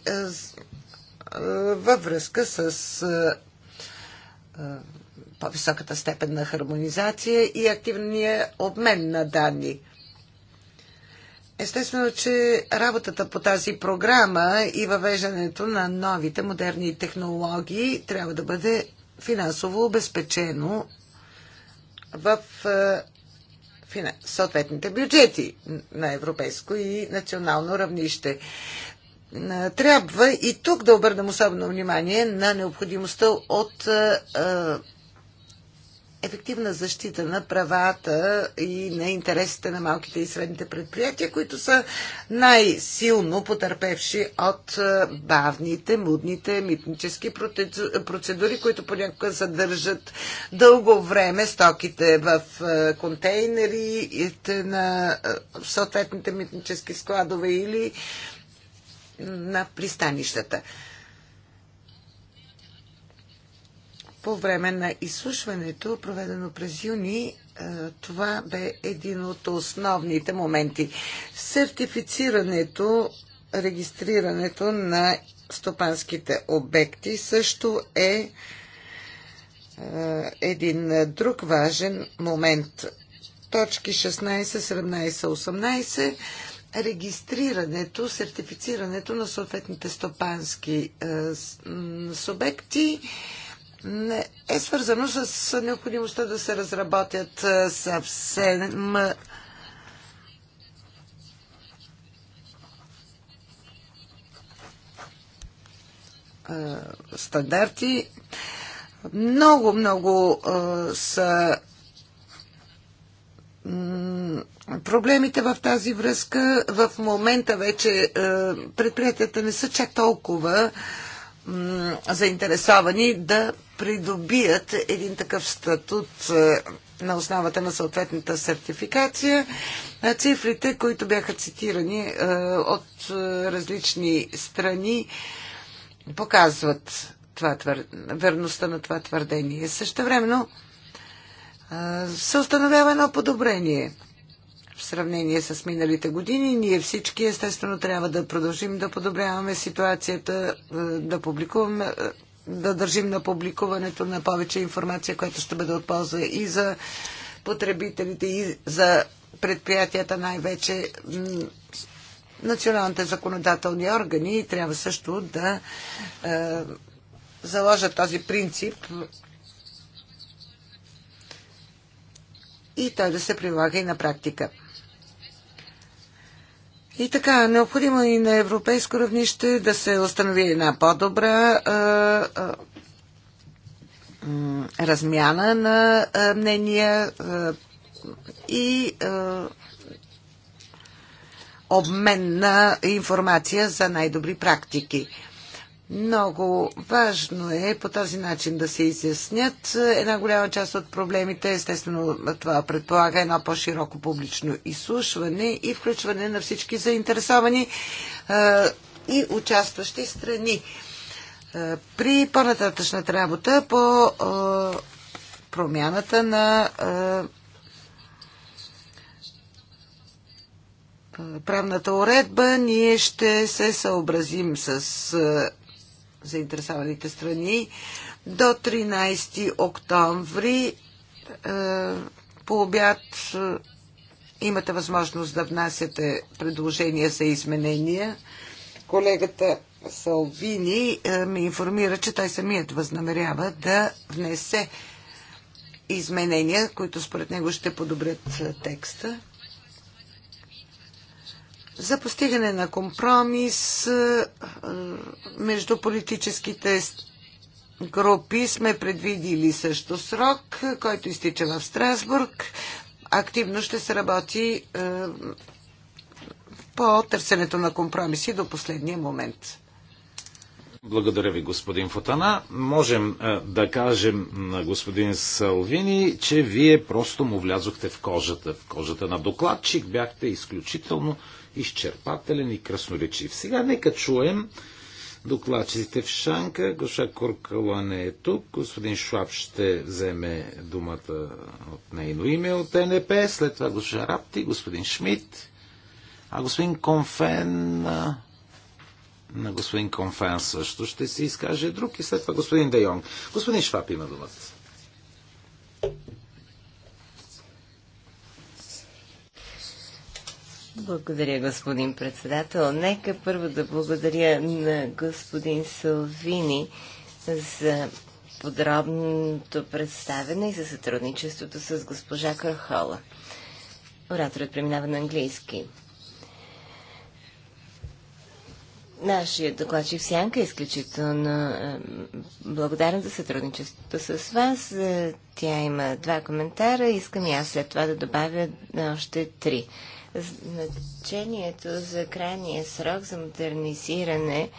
Speaker 3: във връзка с по-високата степен на хармонизация и активния обмен на данни. Естествено, че работата по тази програма и въвеждането на новите модерни технологии трябва да бъде финансово обезпечено в е, съответните бюджети на европейско и национално равнище. Е, трябва и тук да обърнем особено внимание на необходимостта от е, ефективна защита на правата и на интересите на малките и средните предприятия, които са най-силно потърпевши от е, бавните, мудните митнически процедури, които понякога задържат дълго време стоките в е, контейнери на е, съответните митнически складове или на пристанищата. по време на изслушването, проведено през юни, е, това бе един от основните моменти. Сертифицирането, регистрирането на стопанските обекти също е, е един друг важен момент. Точки 16, 17, 18 регистрирането, сертифицирането на съответните стопански е, субекти не е свързано с необходимостта да се разработят съвсем стандарти. Много, много са проблемите в тази връзка. В момента вече предприятията не са чак толкова заинтересовани да придобият един такъв статут е, на основата на съответната сертификация. Е, цифрите, които бяха цитирани е, от различни страни, показват това верността на това твърдение. Също времено се установява едно подобрение – в сравнение с миналите години. Ние всички естествено трябва да продължим да подобряваме ситуацията, е, да публикуваме е, да държим на публикуването на повече информация, която ще бъде от полза и за потребителите, и за предприятията най-вече националните законодателни органи и трябва също да е, заложат този принцип и той да се прилага и на практика. И така, необходимо е и на европейско равнище да се установи една по-добра размяна на а, мнения а, и а, обмен на информация за най-добри практики. Много важно е по този начин да се изяснят една голяма част от проблемите. Естествено, това предполага едно по-широко публично изслушване и включване на всички заинтересовани е, и участващи страни. Е, при по-нататъчната работа по е, промяната на правната уредба, ние ще се съобразим с заинтересованите страни. До 13 октомври е, по обяд е, имате възможност да внасяте предложения за изменения. Колегата Салвини е, ме информира, че той самият възнамерява да внесе изменения, които според него ще подобрят текста за постигане на компромис между политическите групи сме предвидили също срок, който изтича в Страсбург. Активно ще се работи по търсенето на компромиси до последния момент.
Speaker 4: Благодаря ви, господин Фотана. Можем е, да кажем на господин Салвини, че вие просто му влязохте в кожата. В кожата на докладчик бяхте изключително изчерпателен и красноречив. Сега нека чуем докладчиците в Шанка. Гоша Куркала не е тук. Господин Шваб ще вземе думата от нейно име от НП. След това Гоша Рапти, господин Шмидт. А господин Конфен... На господин Конфен също ще се изкаже друг и след това господин Дейонг. Господин Шваб има думата.
Speaker 2: Благодаря, господин председател. Нека първо да благодаря на господин Салвини за подробното представене и за сътрудничеството с госпожа Кархола. Ораторът преминава на английски. Нашият докладчик Сянка е изключително е, благодарен за сътрудничеството с вас. Е, тя има два коментара. Искам и аз след това да добавя още три. Значението за крайния срок за модернизиране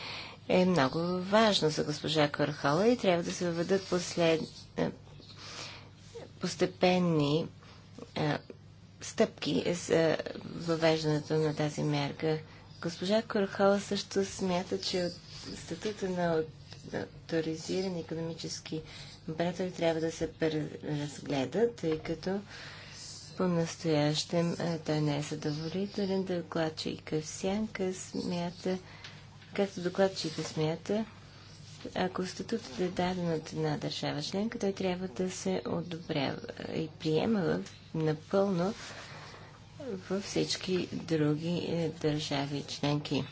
Speaker 2: е много важно за госпожа Кархола и трябва да се въведат послед... Е, постепенни е, стъпки за въвеждането на тази мерка. Госпожа Кархола също смята, че от статута на авторизиран економически оператори трябва да се преразгледа, тъй като по-настоящем той не е задоволителен. Докладчика в сянка смята, както докладчика смята, ако статутът е даден от една държава членка, той трябва да се одобрява и приема в, напълно във всички други е, държави членки.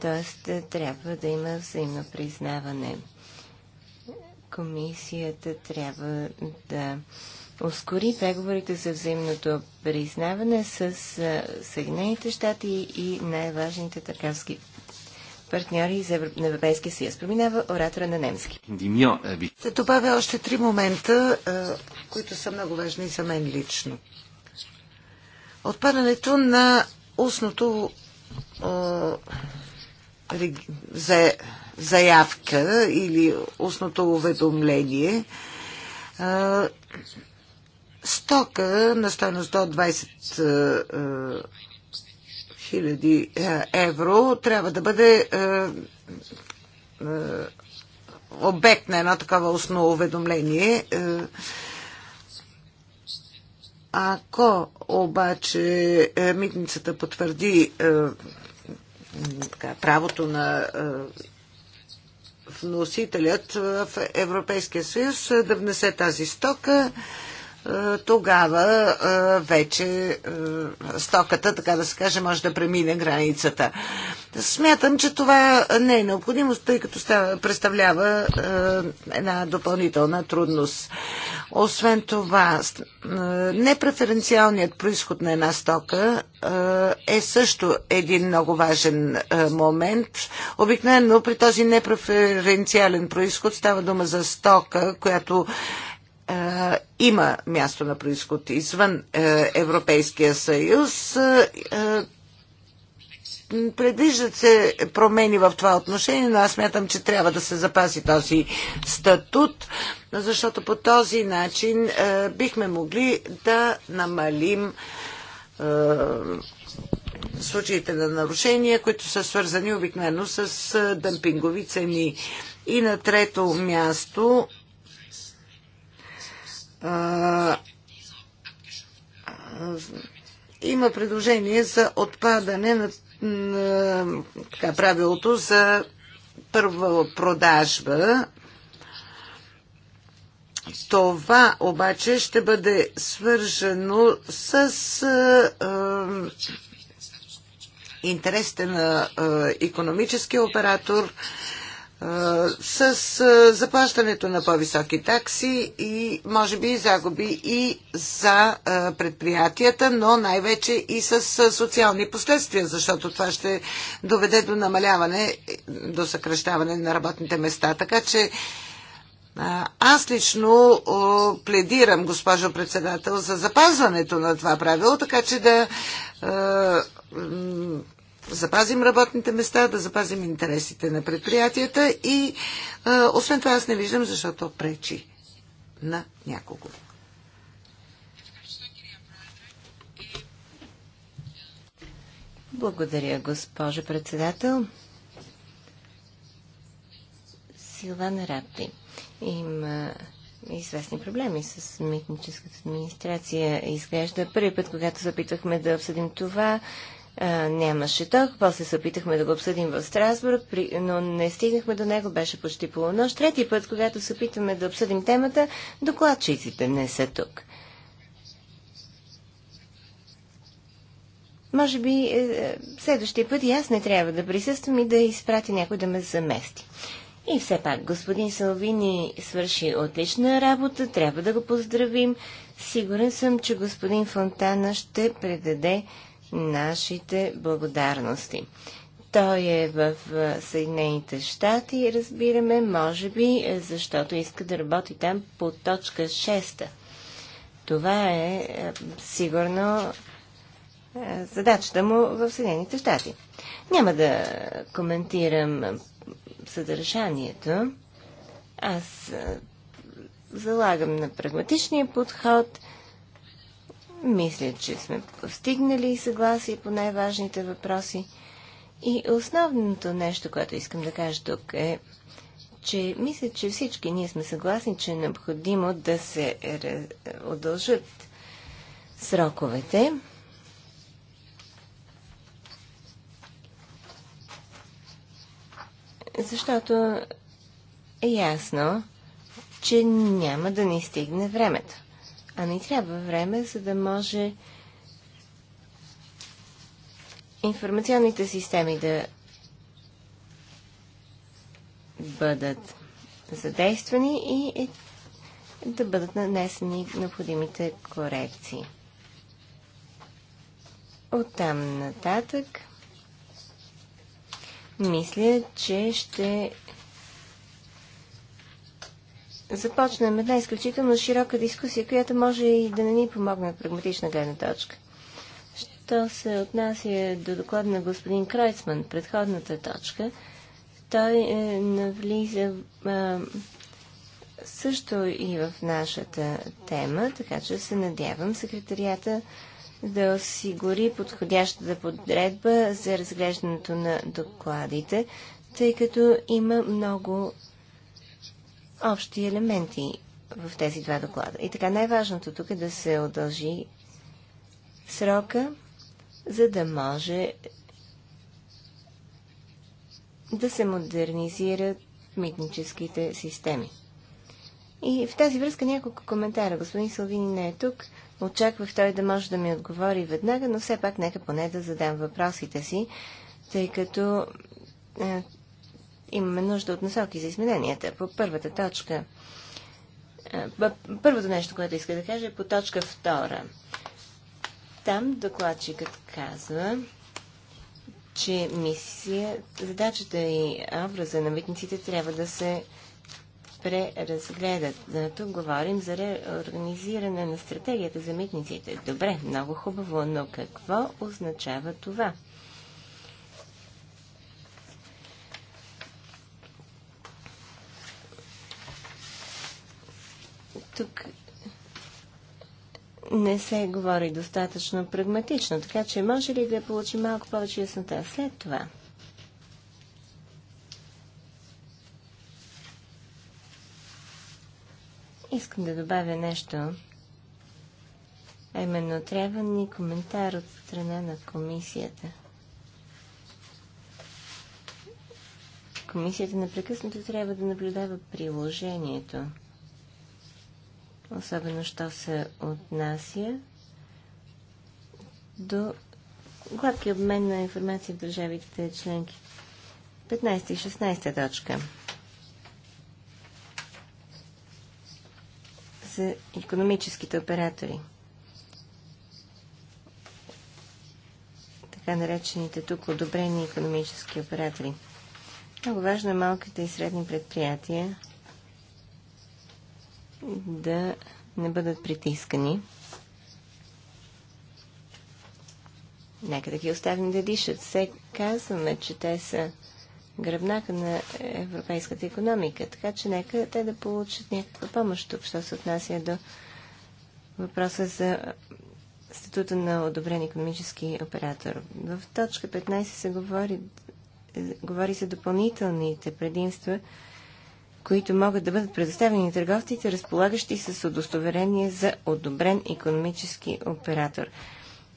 Speaker 2: Тоест, е, трябва да има взаимно признаване. Комисията трябва да ускори преговорите за взаимното признаване с Съединените щати и най-важните търговски партньори за на Европейския съюз. Проминава оратора на немски. Е, Ще добавя още три момента,
Speaker 3: които са много важни за мен лично. Отпадането на устното за, заявка или устното уведомление стока на стойност до 20 е, е, хиляди е, евро трябва да бъде обект на едно такова основно уведомление. Ако обаче митницата потвърди така, правото на вносителят в Европейския съюз да внесе тази стока, е, тогава е, вече е, стоката, така да се каже, може да премине границата. Смятам, че това не е необходимо, тъй като представлява една допълнителна трудност. Освен това, непреференциалният происход на една стока е също един много важен момент. Обикновено при този непреференциален происход става дума за стока, която има място на происход извън е, Европейския съюз. Е, е, предвиждат се промени в това отношение, но аз мятам, че трябва да се запази този статут, защото по този начин бихме могли да намалим случаите на нарушения, които са свързани обикновено с дъмпингови цени. И на трето място а, има предложение за отпадане на, на така, правилото за първа продажба. Това обаче ще бъде свържено с а, интересите на а, економическия оператор, а, с заплащането на по-високи такси и може би загуби и за предприятията, но най-вече и с социални последствия, защото това ще доведе до намаляване, до съкръщаване на работните места. Така че аз лично пледирам, госпожо председател, за запазването на това правило, така че да запазим работните места, да запазим интересите на предприятията и а, е, освен това аз не виждам защото пречи на някого.
Speaker 2: Благодаря, госпожо председател. Силвана Рапти. Има известни проблеми с митническата администрация. Изглежда първи път, когато запитахме да обсъдим това, а, нямаше ток. После се опитахме да го обсъдим в Страсбург, при... но не стигнахме до него, беше почти полунощ. Трети път, когато се опитваме да обсъдим темата, докладчиците не са тук. Може би е, е следващия път и аз не трябва да присъствам и да изпрати някой да ме замести. И все пак, господин Салвини свърши отлична работа, трябва да го поздравим. Сигурен съм, че господин Фонтана ще предаде нашите благодарности. Той е в Съединените щати, разбираме, може би, е, защото иска да работи там по точка 6. Това е, е сигурно е, задачата му в Съединените щати. Няма да коментирам съдържанието. Аз залагам на прагматичния подход – мисля, че сме постигнали съгласие по най-важните въпроси. И основното нещо, което искам да кажа тук е, че мисля, че всички ние сме съгласни, че е необходимо да се удължат сроковете. Защото е ясно, че няма да ни стигне времето. А не трябва време, за да може информационните системи да бъдат задействани и да бъдат нанесени необходимите корекции. От там нататък мисля, че ще започнем една изключително широка дискусия, която може и да не ни помогне от прагматична гледна точка. Що се отнася до доклада на господин Крайцман, предходната точка, той е, навлиза е, също и в нашата тема, така че се надявам секретарията да осигури подходящата подредба за разглеждането на докладите, тъй като има много общи елементи в тези два доклада. И така най-важното тук е да се удължи срока, за да може да се модернизират митническите системи. И в тази връзка няколко коментара. Господин Салвини не е тук. Очаквах той да може да ми отговори веднага, но все пак нека поне да задам въпросите си, тъй като е, имаме нужда от насоки за измененията. По първата точка, първото нещо, което иска да кажа е по точка втора. Там докладчикът казва, че мисия, задачата и образа на митниците трябва да се преразгледат. Тук говорим за реорганизиране на стратегията за митниците. Добре, много хубаво, но какво означава това? Тук не се говори достатъчно прагматично, така че може ли да получи малко повече яснота след това? Искам да добавя нещо. А именно, трябва ни коментар от страна на комисията. Комисията непрекъснато трябва да наблюдава приложението особено що се отнася до гладки обмен на информация в държавите членки. 15 и 16 точка. За економическите оператори. Така наречените тук одобрени економически оператори. Много важно е малките и средни предприятия да не бъдат притискани. Нека да ги оставим да дишат. Все казваме, че те са гръбнака на европейската економика, така че нека те да получат някаква помощ тук, що се отнася до въпроса за статута на одобрен економически оператор. В точка 15 се говори, говори за допълнителните предимства които могат да бъдат предоставени търговците, разполагащи с удостоверение за одобрен економически оператор.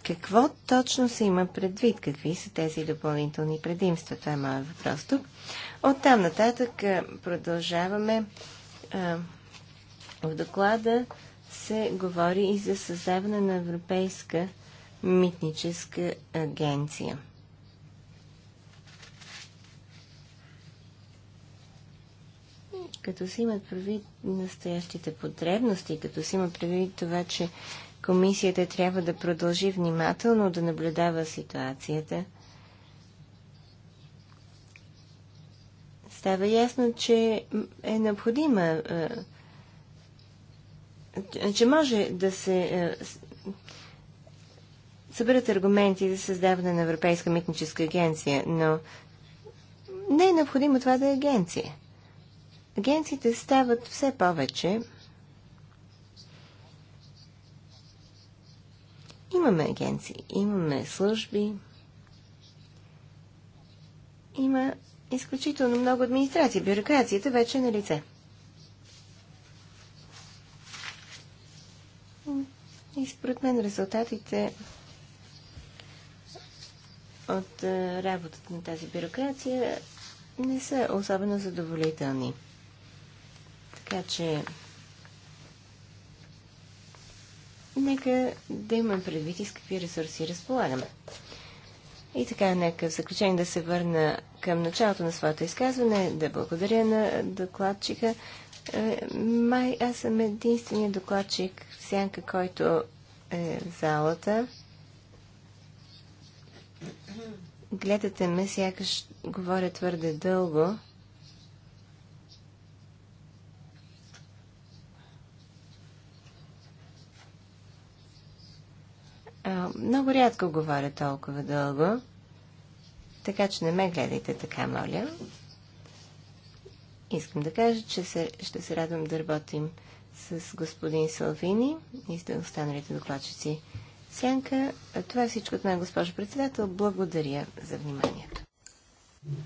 Speaker 2: Какво точно се има предвид? Какви са тези допълнителни предимства? Това е моят въпрос тук. От там нататък продължаваме. В доклада се говори и за създаване на Европейска митническа агенция. като си имат прави настоящите потребности, като си имат предвид това, че комисията трябва да продължи внимателно да наблюдава ситуацията, става ясно, че е необходима, е, че може да се е, съберат аргументи за създаване на Европейска митническа агенция, но не е необходимо това да е агенция. Агенциите стават все повече. Имаме агенции, имаме служби, има изключително много администрация. Бюрокрацията вече е на лице. И според мен резултатите от е, работата на тази бюрокрация не са особено задоволителни. Така че нека да имам предвид и с какви ресурси разполагаме. И така, нека в заключение да се върна към началото на своето изказване, да благодаря на докладчика. Е, май, аз съм единственият докладчик в сянка, който е в залата. Гледате ме, сякаш говоря твърде дълго. Много рядко говоря толкова дълго, така че не ме гледайте така, моля. Искам да кажа, че се, ще се радвам да работим с господин Салвини и с останалите докладчици. Сянка, това е всичко от мен, госпожо председател. Благодаря за вниманието.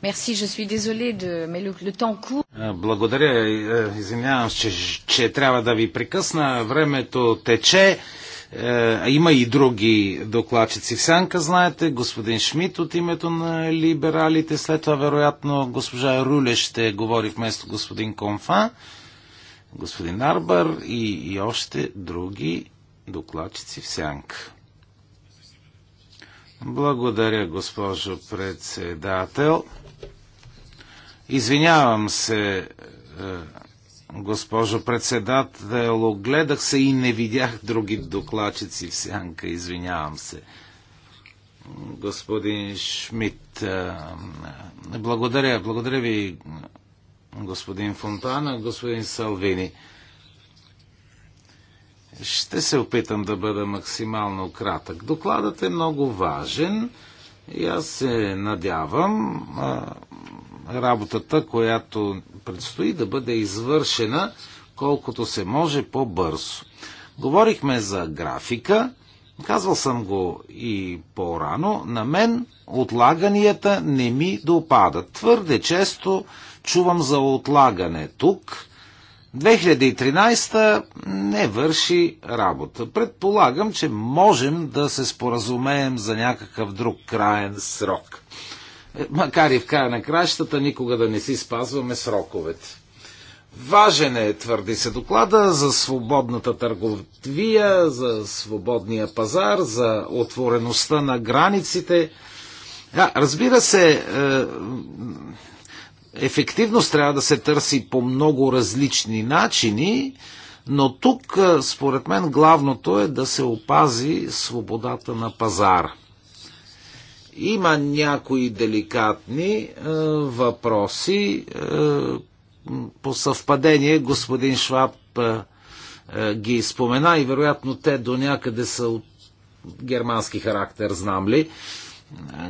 Speaker 2: Merci, je suis désolé de... Mais le, le temps
Speaker 4: court. Благодаря. Е, извинявам се, че, че трябва да ви прекъсна. Времето тече. Е, има и други докладчици в сянка, знаете, господин Шмидт от името на либералите, след това вероятно госпожа Руле ще говори вместо господин Конфа, господин Арбър и, и още други докладчици в сянка. Благодаря, госпожо председател. Извинявам се е, госпожо председател. Гледах се и не видях други докладчици в сянка, извинявам се. Господин Шмидт, благодаря, благодаря ви, господин Фонтана, господин Салвини. Ще се опитам да бъда максимално кратък. Докладът е много важен и аз се надявам работата, която предстои да бъде извършена колкото се може по-бързо. Говорихме за графика, казвал съм го и по-рано, на мен отлаганията не ми допадат. Твърде често чувам за отлагане тук. 2013 не върши работа. Предполагам, че можем да се споразумеем за някакъв друг краен срок. Е, макар и в края на кращата, никога да не си спазваме сроковете. Важен е, твърди се доклада, за свободната търговия, за свободния пазар, за отвореността на границите. А, разбира се, е, ефективност трябва да се търси по много различни начини, но тук, е, според мен, главното е да се опази свободата на пазара. Има някои деликатни е, въпроси. Е, по съвпадение господин Шваб е, е, ги спомена и вероятно те до някъде са от германски характер, знам ли. Е,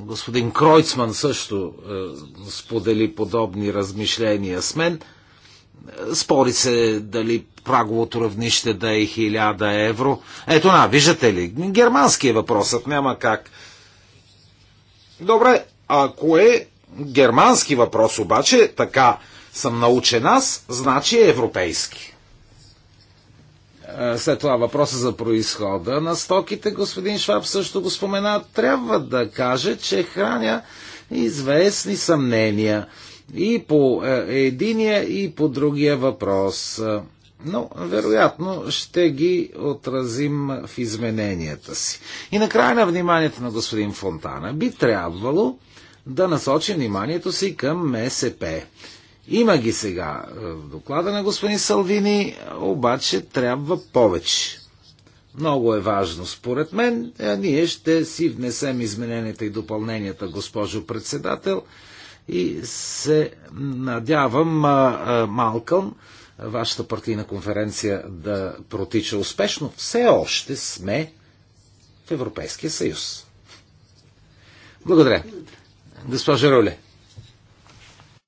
Speaker 4: господин Кройцман също е, сподели подобни размишления с мен. Е, спори се дали праговото равнище да е 1000 евро. Ето на, виждате ли, германски е въпросът, няма как Добре, ако е германски въпрос обаче, така съм научен аз, значи е европейски. Е, след това въпроса за происхода на стоките, господин Шваб също го спомена. Трябва да каже, че храня известни съмнения и по е, единия, и по другия въпрос но вероятно ще ги отразим в измененията си. И накрая на вниманието на господин Фонтана би трябвало да насочи вниманието си към МСП. Има ги сега в доклада на господин Салвини, обаче трябва повече. Много е важно, според мен. Ние ще си внесем измененията и допълненията, госпожо председател, и се надявам, малкам вашата партийна конференция да протича успешно, все още сме в Европейския съюз. Благодаря. Госпожа Роле.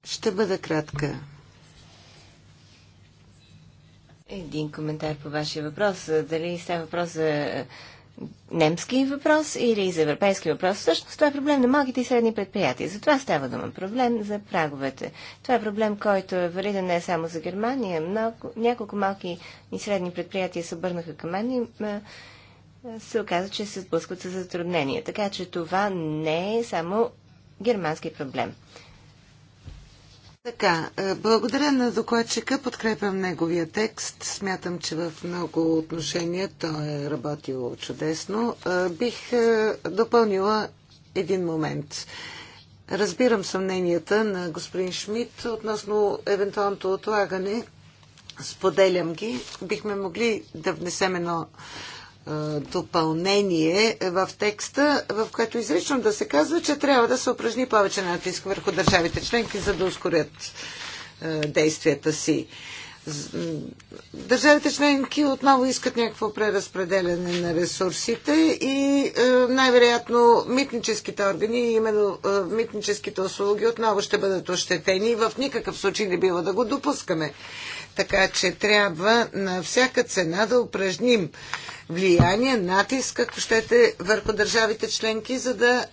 Speaker 4: Ще бъда кратка.
Speaker 2: Един коментар по вашия въпрос. Дали става въпрос за немски въпрос или за европейски въпрос. Всъщност това е проблем на малките и средни предприятия. За това става дума. Проблем за праговете. Това е проблем, който е валиден не само за Германия. Много, няколко малки и средни предприятия се обърнаха към мен и се оказа, че се сблъскват с затруднения. Така че това не е само германски проблем. Така, е, благодаря на
Speaker 3: докладчика, подкрепям неговия текст. Смятам, че в много отношения той е работил чудесно. Е, бих е, допълнила един момент. Разбирам съмненията на господин Шмидт относно евентуалното отлагане. Споделям ги. Бихме могли да внесем едно допълнение в текста, в което изрично да се казва, че трябва да се упражни повече натиск върху държавите членки, за да ускорят действията си. Държавите членки отново искат някакво преразпределяне на ресурсите и най-вероятно митническите органи и именно митническите услуги отново ще бъдат ощетени и в никакъв случай не бива да го допускаме. Така че трябва на всяка цена да упражним влияние, натиск, ако щете, върху държавите членки, за да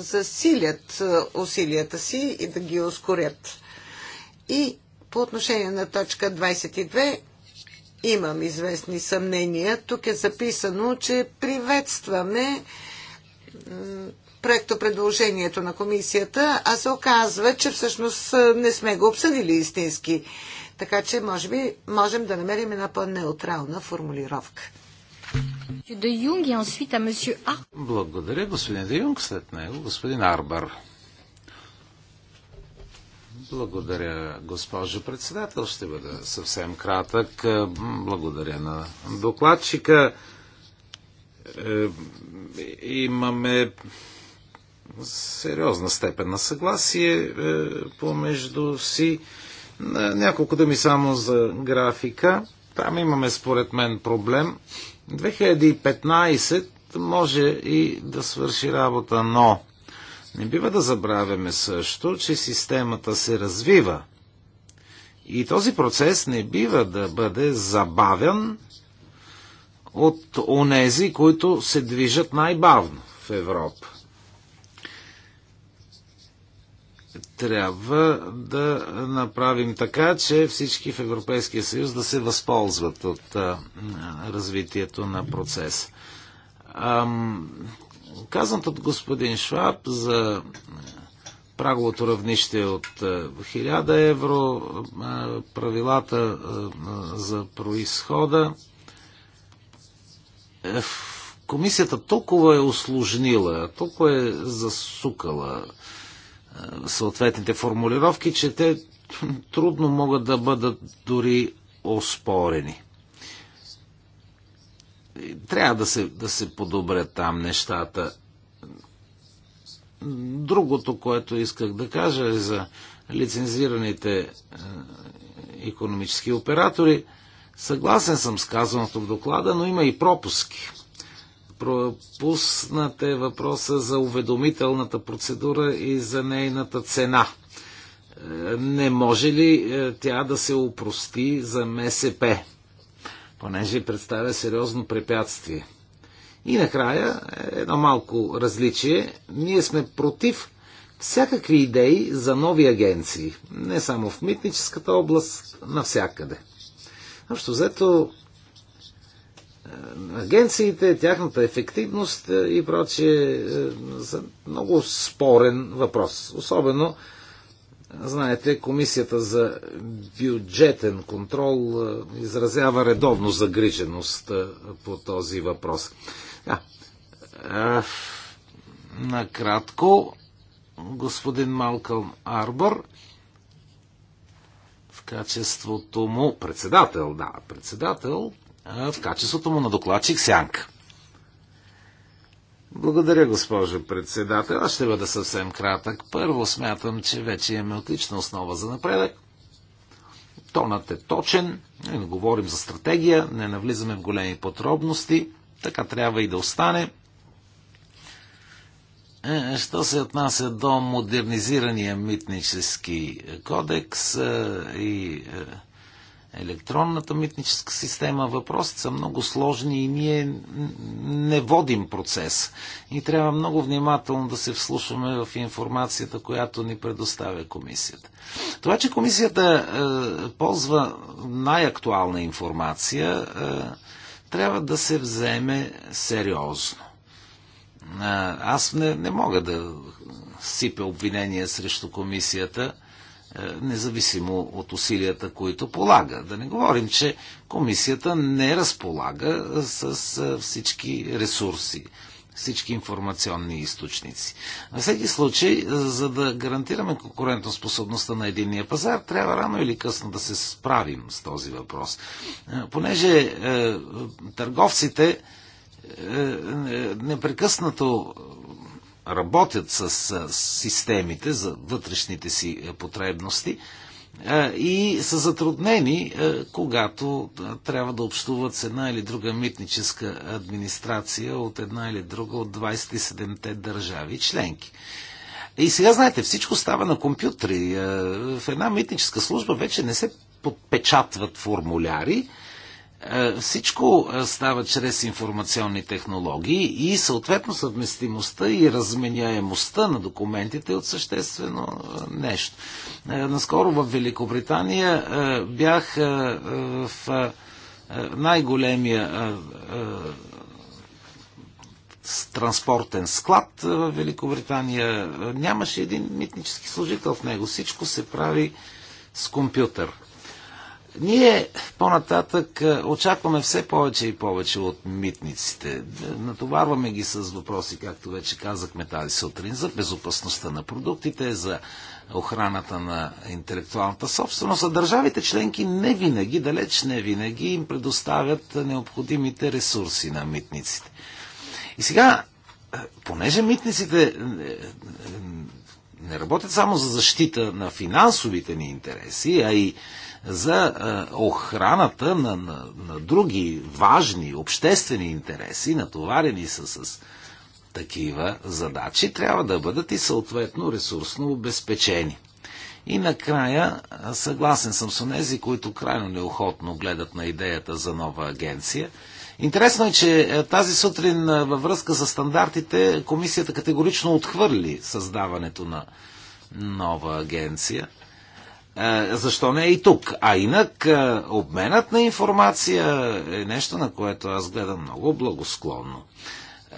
Speaker 3: засилят усилията си и да ги ускорят. И по отношение на точка 22 имам известни съмнения. Тук е записано, че приветстваме проекто предложението на комисията, а се оказва, че всъщност не сме го обсъдили истински. Така че, може би, можем да намерим една по-неутрална формулировка.
Speaker 4: Благодаря, господин Де Юнг, след него господин Арбър. Благодаря, госпожо председател. Ще бъда съвсем кратък. Благодаря на докладчика. Е, имаме сериозна степен на съгласие е, помежду си. Е, няколко думи само за графика. Там имаме, според мен, проблем. 2015 може и да свърши работа, но не бива да забравяме също, че системата се развива. И този процес не бива да бъде забавен от онези, които се движат най-бавно в Европа. трябва да направим така, че всички в Европейския съюз да се възползват от а, развитието на процес. Ам, казаното от господин Шваб за праговото равнище от 1000 евро, правилата за происхода. Е, комисията толкова е осложнила, толкова е засукала е, съответните формулировки, че те трудно могат да бъдат дори оспорени. Трябва да се, да се подобрят там нещата. Другото, което исках да кажа е за лицензираните економически оператори. Съгласен съм с казаното в доклада, но има и пропуски – пропуснат е въпроса за уведомителната процедура и за нейната цена. Е, не може ли е, тя да се упрости за МСП, понеже представя сериозно препятствие? И накрая, едно малко различие, ние сме против всякакви идеи за нови агенции, не само в митническата област, навсякъде. Общо взето, агенциите, тяхната ефективност е, и прочие е, са много спорен въпрос. Особено, знаете, Комисията за бюджетен контрол е, изразява редовно загриженост по този въпрос. А, а, накратко, господин Малкълм Арбор в качеството му председател, да, председател в качеството му на докладчик Сянка. Благодаря, госпожо председател. Аз ще бъда съвсем кратък. Първо смятам, че вече имаме отлична основа за напредък. Тонът е точен, не говорим за стратегия, не навлизаме в големи подробности. Така трябва и да остане. Е, що се отнася до модернизирания митнически кодекс е, и е, електронната митническа система. Въпросите са много сложни и ние не водим процес. И трябва много внимателно да се вслушваме в информацията, която ни предоставя комисията. Това, че комисията е, ползва най-актуална информация, е, трябва да се вземе сериозно. Е, аз не, не мога да сипя обвинения срещу комисията – е, независимо от усилията, които полага. Да не говорим, че комисията не разполага е, с е, всички ресурси, всички информационни източници. На всеки случай, за да гарантираме конкурентоспособността на единния пазар, трябва рано или късно да се справим с този въпрос. Понеже търговците непрекъснато работят с системите за вътрешните си потребности и са затруднени, когато трябва да общуват с една или друга митническа администрация от една или друга от 27-те държави членки. И сега, знаете, всичко става на компютри. В една митническа служба вече не се подпечатват формуляри, е, всичко е, става чрез информационни технологии и съответно съвместимостта и разменяемостта на документите е от съществено е, нещо. Наскоро в Великобритания бях в най-големия транспортен склад в Великобритания. Нямаше един митнически служител в него. Всичко се прави с компютър. Ние по-нататък е, очакваме все повече и повече от митниците. Натоварваме ги с въпроси, както вече казахме тази сутрин, за безопасността на продуктите, за охраната на интелектуалната собственост, а държавите членки не винаги, далеч не винаги им предоставят необходимите ресурси на митниците. И сега, е, понеже митниците е, не работят само за защита на финансовите ни интереси, а и за е, охраната на, на, на други важни обществени интереси, натоварени са с такива задачи, трябва да бъдат и съответно ресурсно обезпечени. И накрая, е, съгласен съм с тези, които крайно неохотно гледат на идеята за нова агенция. Интересно е, че е, тази сутрин във връзка с стандартите комисията категорично отхвърли създаването на нова агенция – е, защо не е и тук? А инак е, обменът на информация е нещо, на което аз гледам много благосклонно.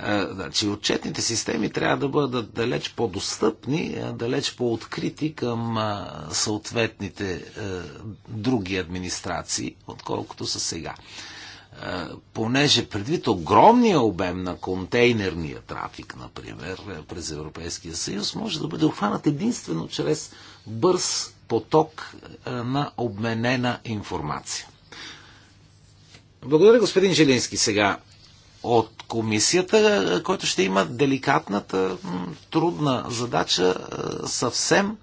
Speaker 4: Е, значи, отчетните системи трябва да бъдат далеч по-достъпни, далеч по-открити към съответните други администрации, отколкото са сега. Понеже предвид огромния обем на контейнерния трафик, например, през Европейския съюз, може да бъде обхванат единствено чрез бърз поток на обменена информация. Благодаря, господин Желински, сега от комисията, който ще има деликатната, трудна задача съвсем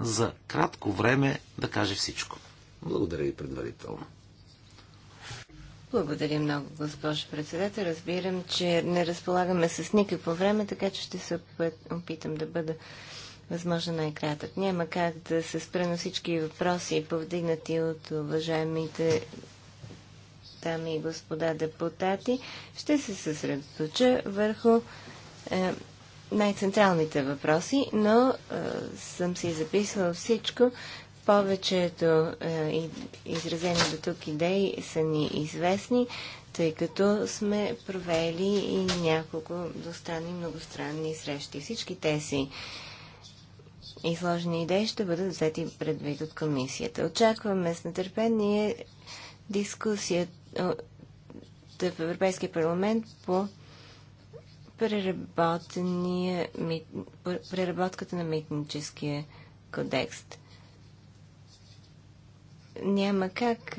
Speaker 4: за кратко време да каже всичко. Благодаря ви
Speaker 2: предварително. Благодаря много, госпожо председател. Разбирам, че не разполагаме с никакво време, така че ще се опитам да бъда възможно най-кратък. Няма как да се спра на всички въпроси, повдигнати от уважаемите дами и господа депутати. Ще се съсредоточа върху е, най-централните въпроси, но е, съм си записала всичко. Повечето е, изразени до тук идеи са ни известни, тъй като сме провели и няколко двустранни, многостранни срещи. Всички тези изложени идеи ще бъдат взети предвид от комисията. Очакваме с нетърпение дискусията в Европейския парламент по преработката на митническия кодекс. Няма как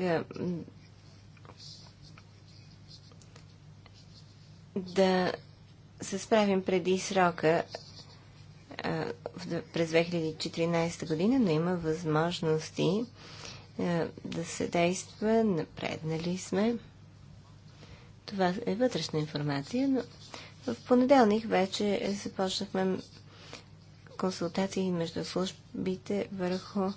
Speaker 2: да се справим преди срока, през 2014 година, но има възможности да се действа. Напреднали сме. Това е вътрешна информация, но в понеделник вече започнахме консултации между службите върху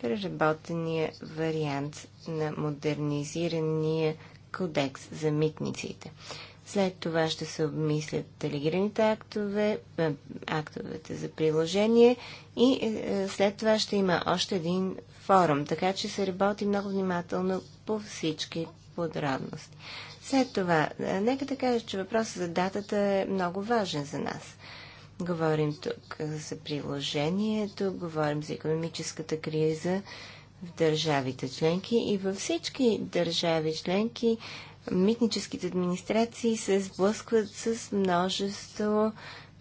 Speaker 2: преработения вариант на модернизирания кодекс за митниците. След това ще се обмислят делегираните актове, е, актовете за приложение и е, е, след това ще има още един форум, така че се работи много внимателно по всички подробности. След това, нека да кажа, че въпросът за датата е много важен за нас. Говорим тук за приложението, говорим за економическата криза в държавите членки и във всички държави членки митническите администрации се сблъскват с множество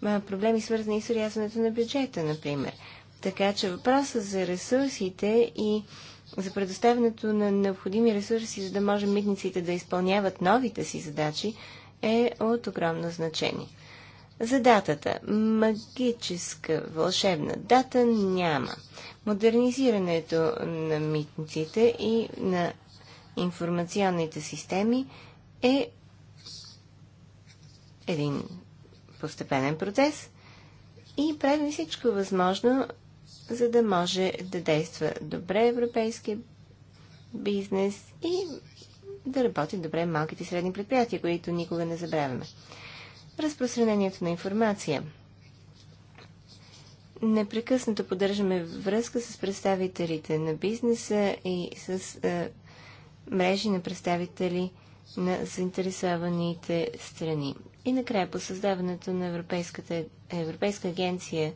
Speaker 2: проблеми, свързани с урязването на бюджета, например. Така че въпросът за ресурсите и за предоставянето на необходими ресурси, за да може митниците да изпълняват новите си задачи, е от огромно значение. За датата. Магическа, вълшебна дата няма. Модернизирането на митниците и на информационните системи е един постепенен процес и прави всичко възможно, за да може да действа добре европейския бизнес и да работи добре малките и средни предприятия, които никога не забравяме. Разпространението на информация. Непрекъснато поддържаме връзка с представителите на бизнеса и с е, мрежи на представители на заинтересованите страни. И накрая по създаването на Европейската, Европейска агенция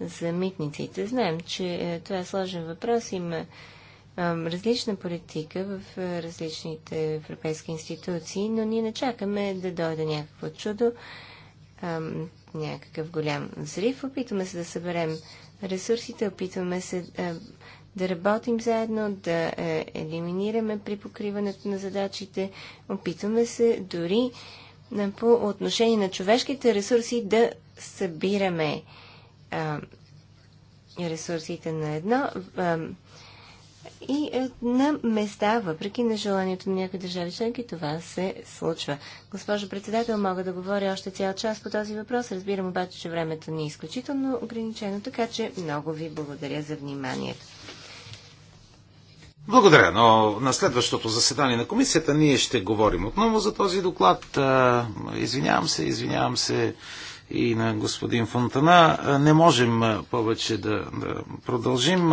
Speaker 2: за митниците. Знаем, че е, това е сложен въпрос. Има различна политика в е, различните европейски институции, но ние не чакаме да дойде някакво чудо, някакъв голям взрив. Опитваме се да съберем ресурсите, опитваме се да работим заедно, да е, елиминираме при покриването на задачите. Опитваме се дори по отношение на човешките ресурси да събираме а, ресурсите на едно а, и а, на места, въпреки на желанието на някои държави членки, това се случва. Госпожо председател, мога да говоря още цял час по този въпрос. Разбирам обаче, че времето ни е изключително ограничено, така че много ви благодаря за вниманието.
Speaker 4: Благодаря, но на следващото заседание на комисията ние ще говорим отново за този доклад. Извинявам се, извинявам се и на господин Фонтана. Не можем повече да, да продължим.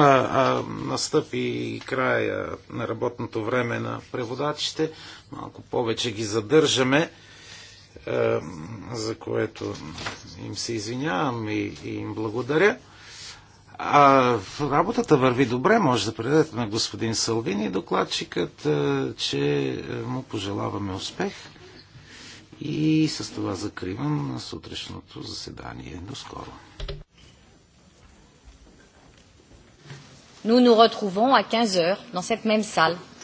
Speaker 4: Настъпи края на работното време на преводачите. Малко повече ги задържаме, за което им се извинявам и им благодаря. А, работата върви добре, може да предадете на господин Салвини докладчикът, че му пожелаваме успех. И с това закривам на сутрешното заседание. До скоро.
Speaker 3: Nous nous retrouvons à 15h dans cette même salle.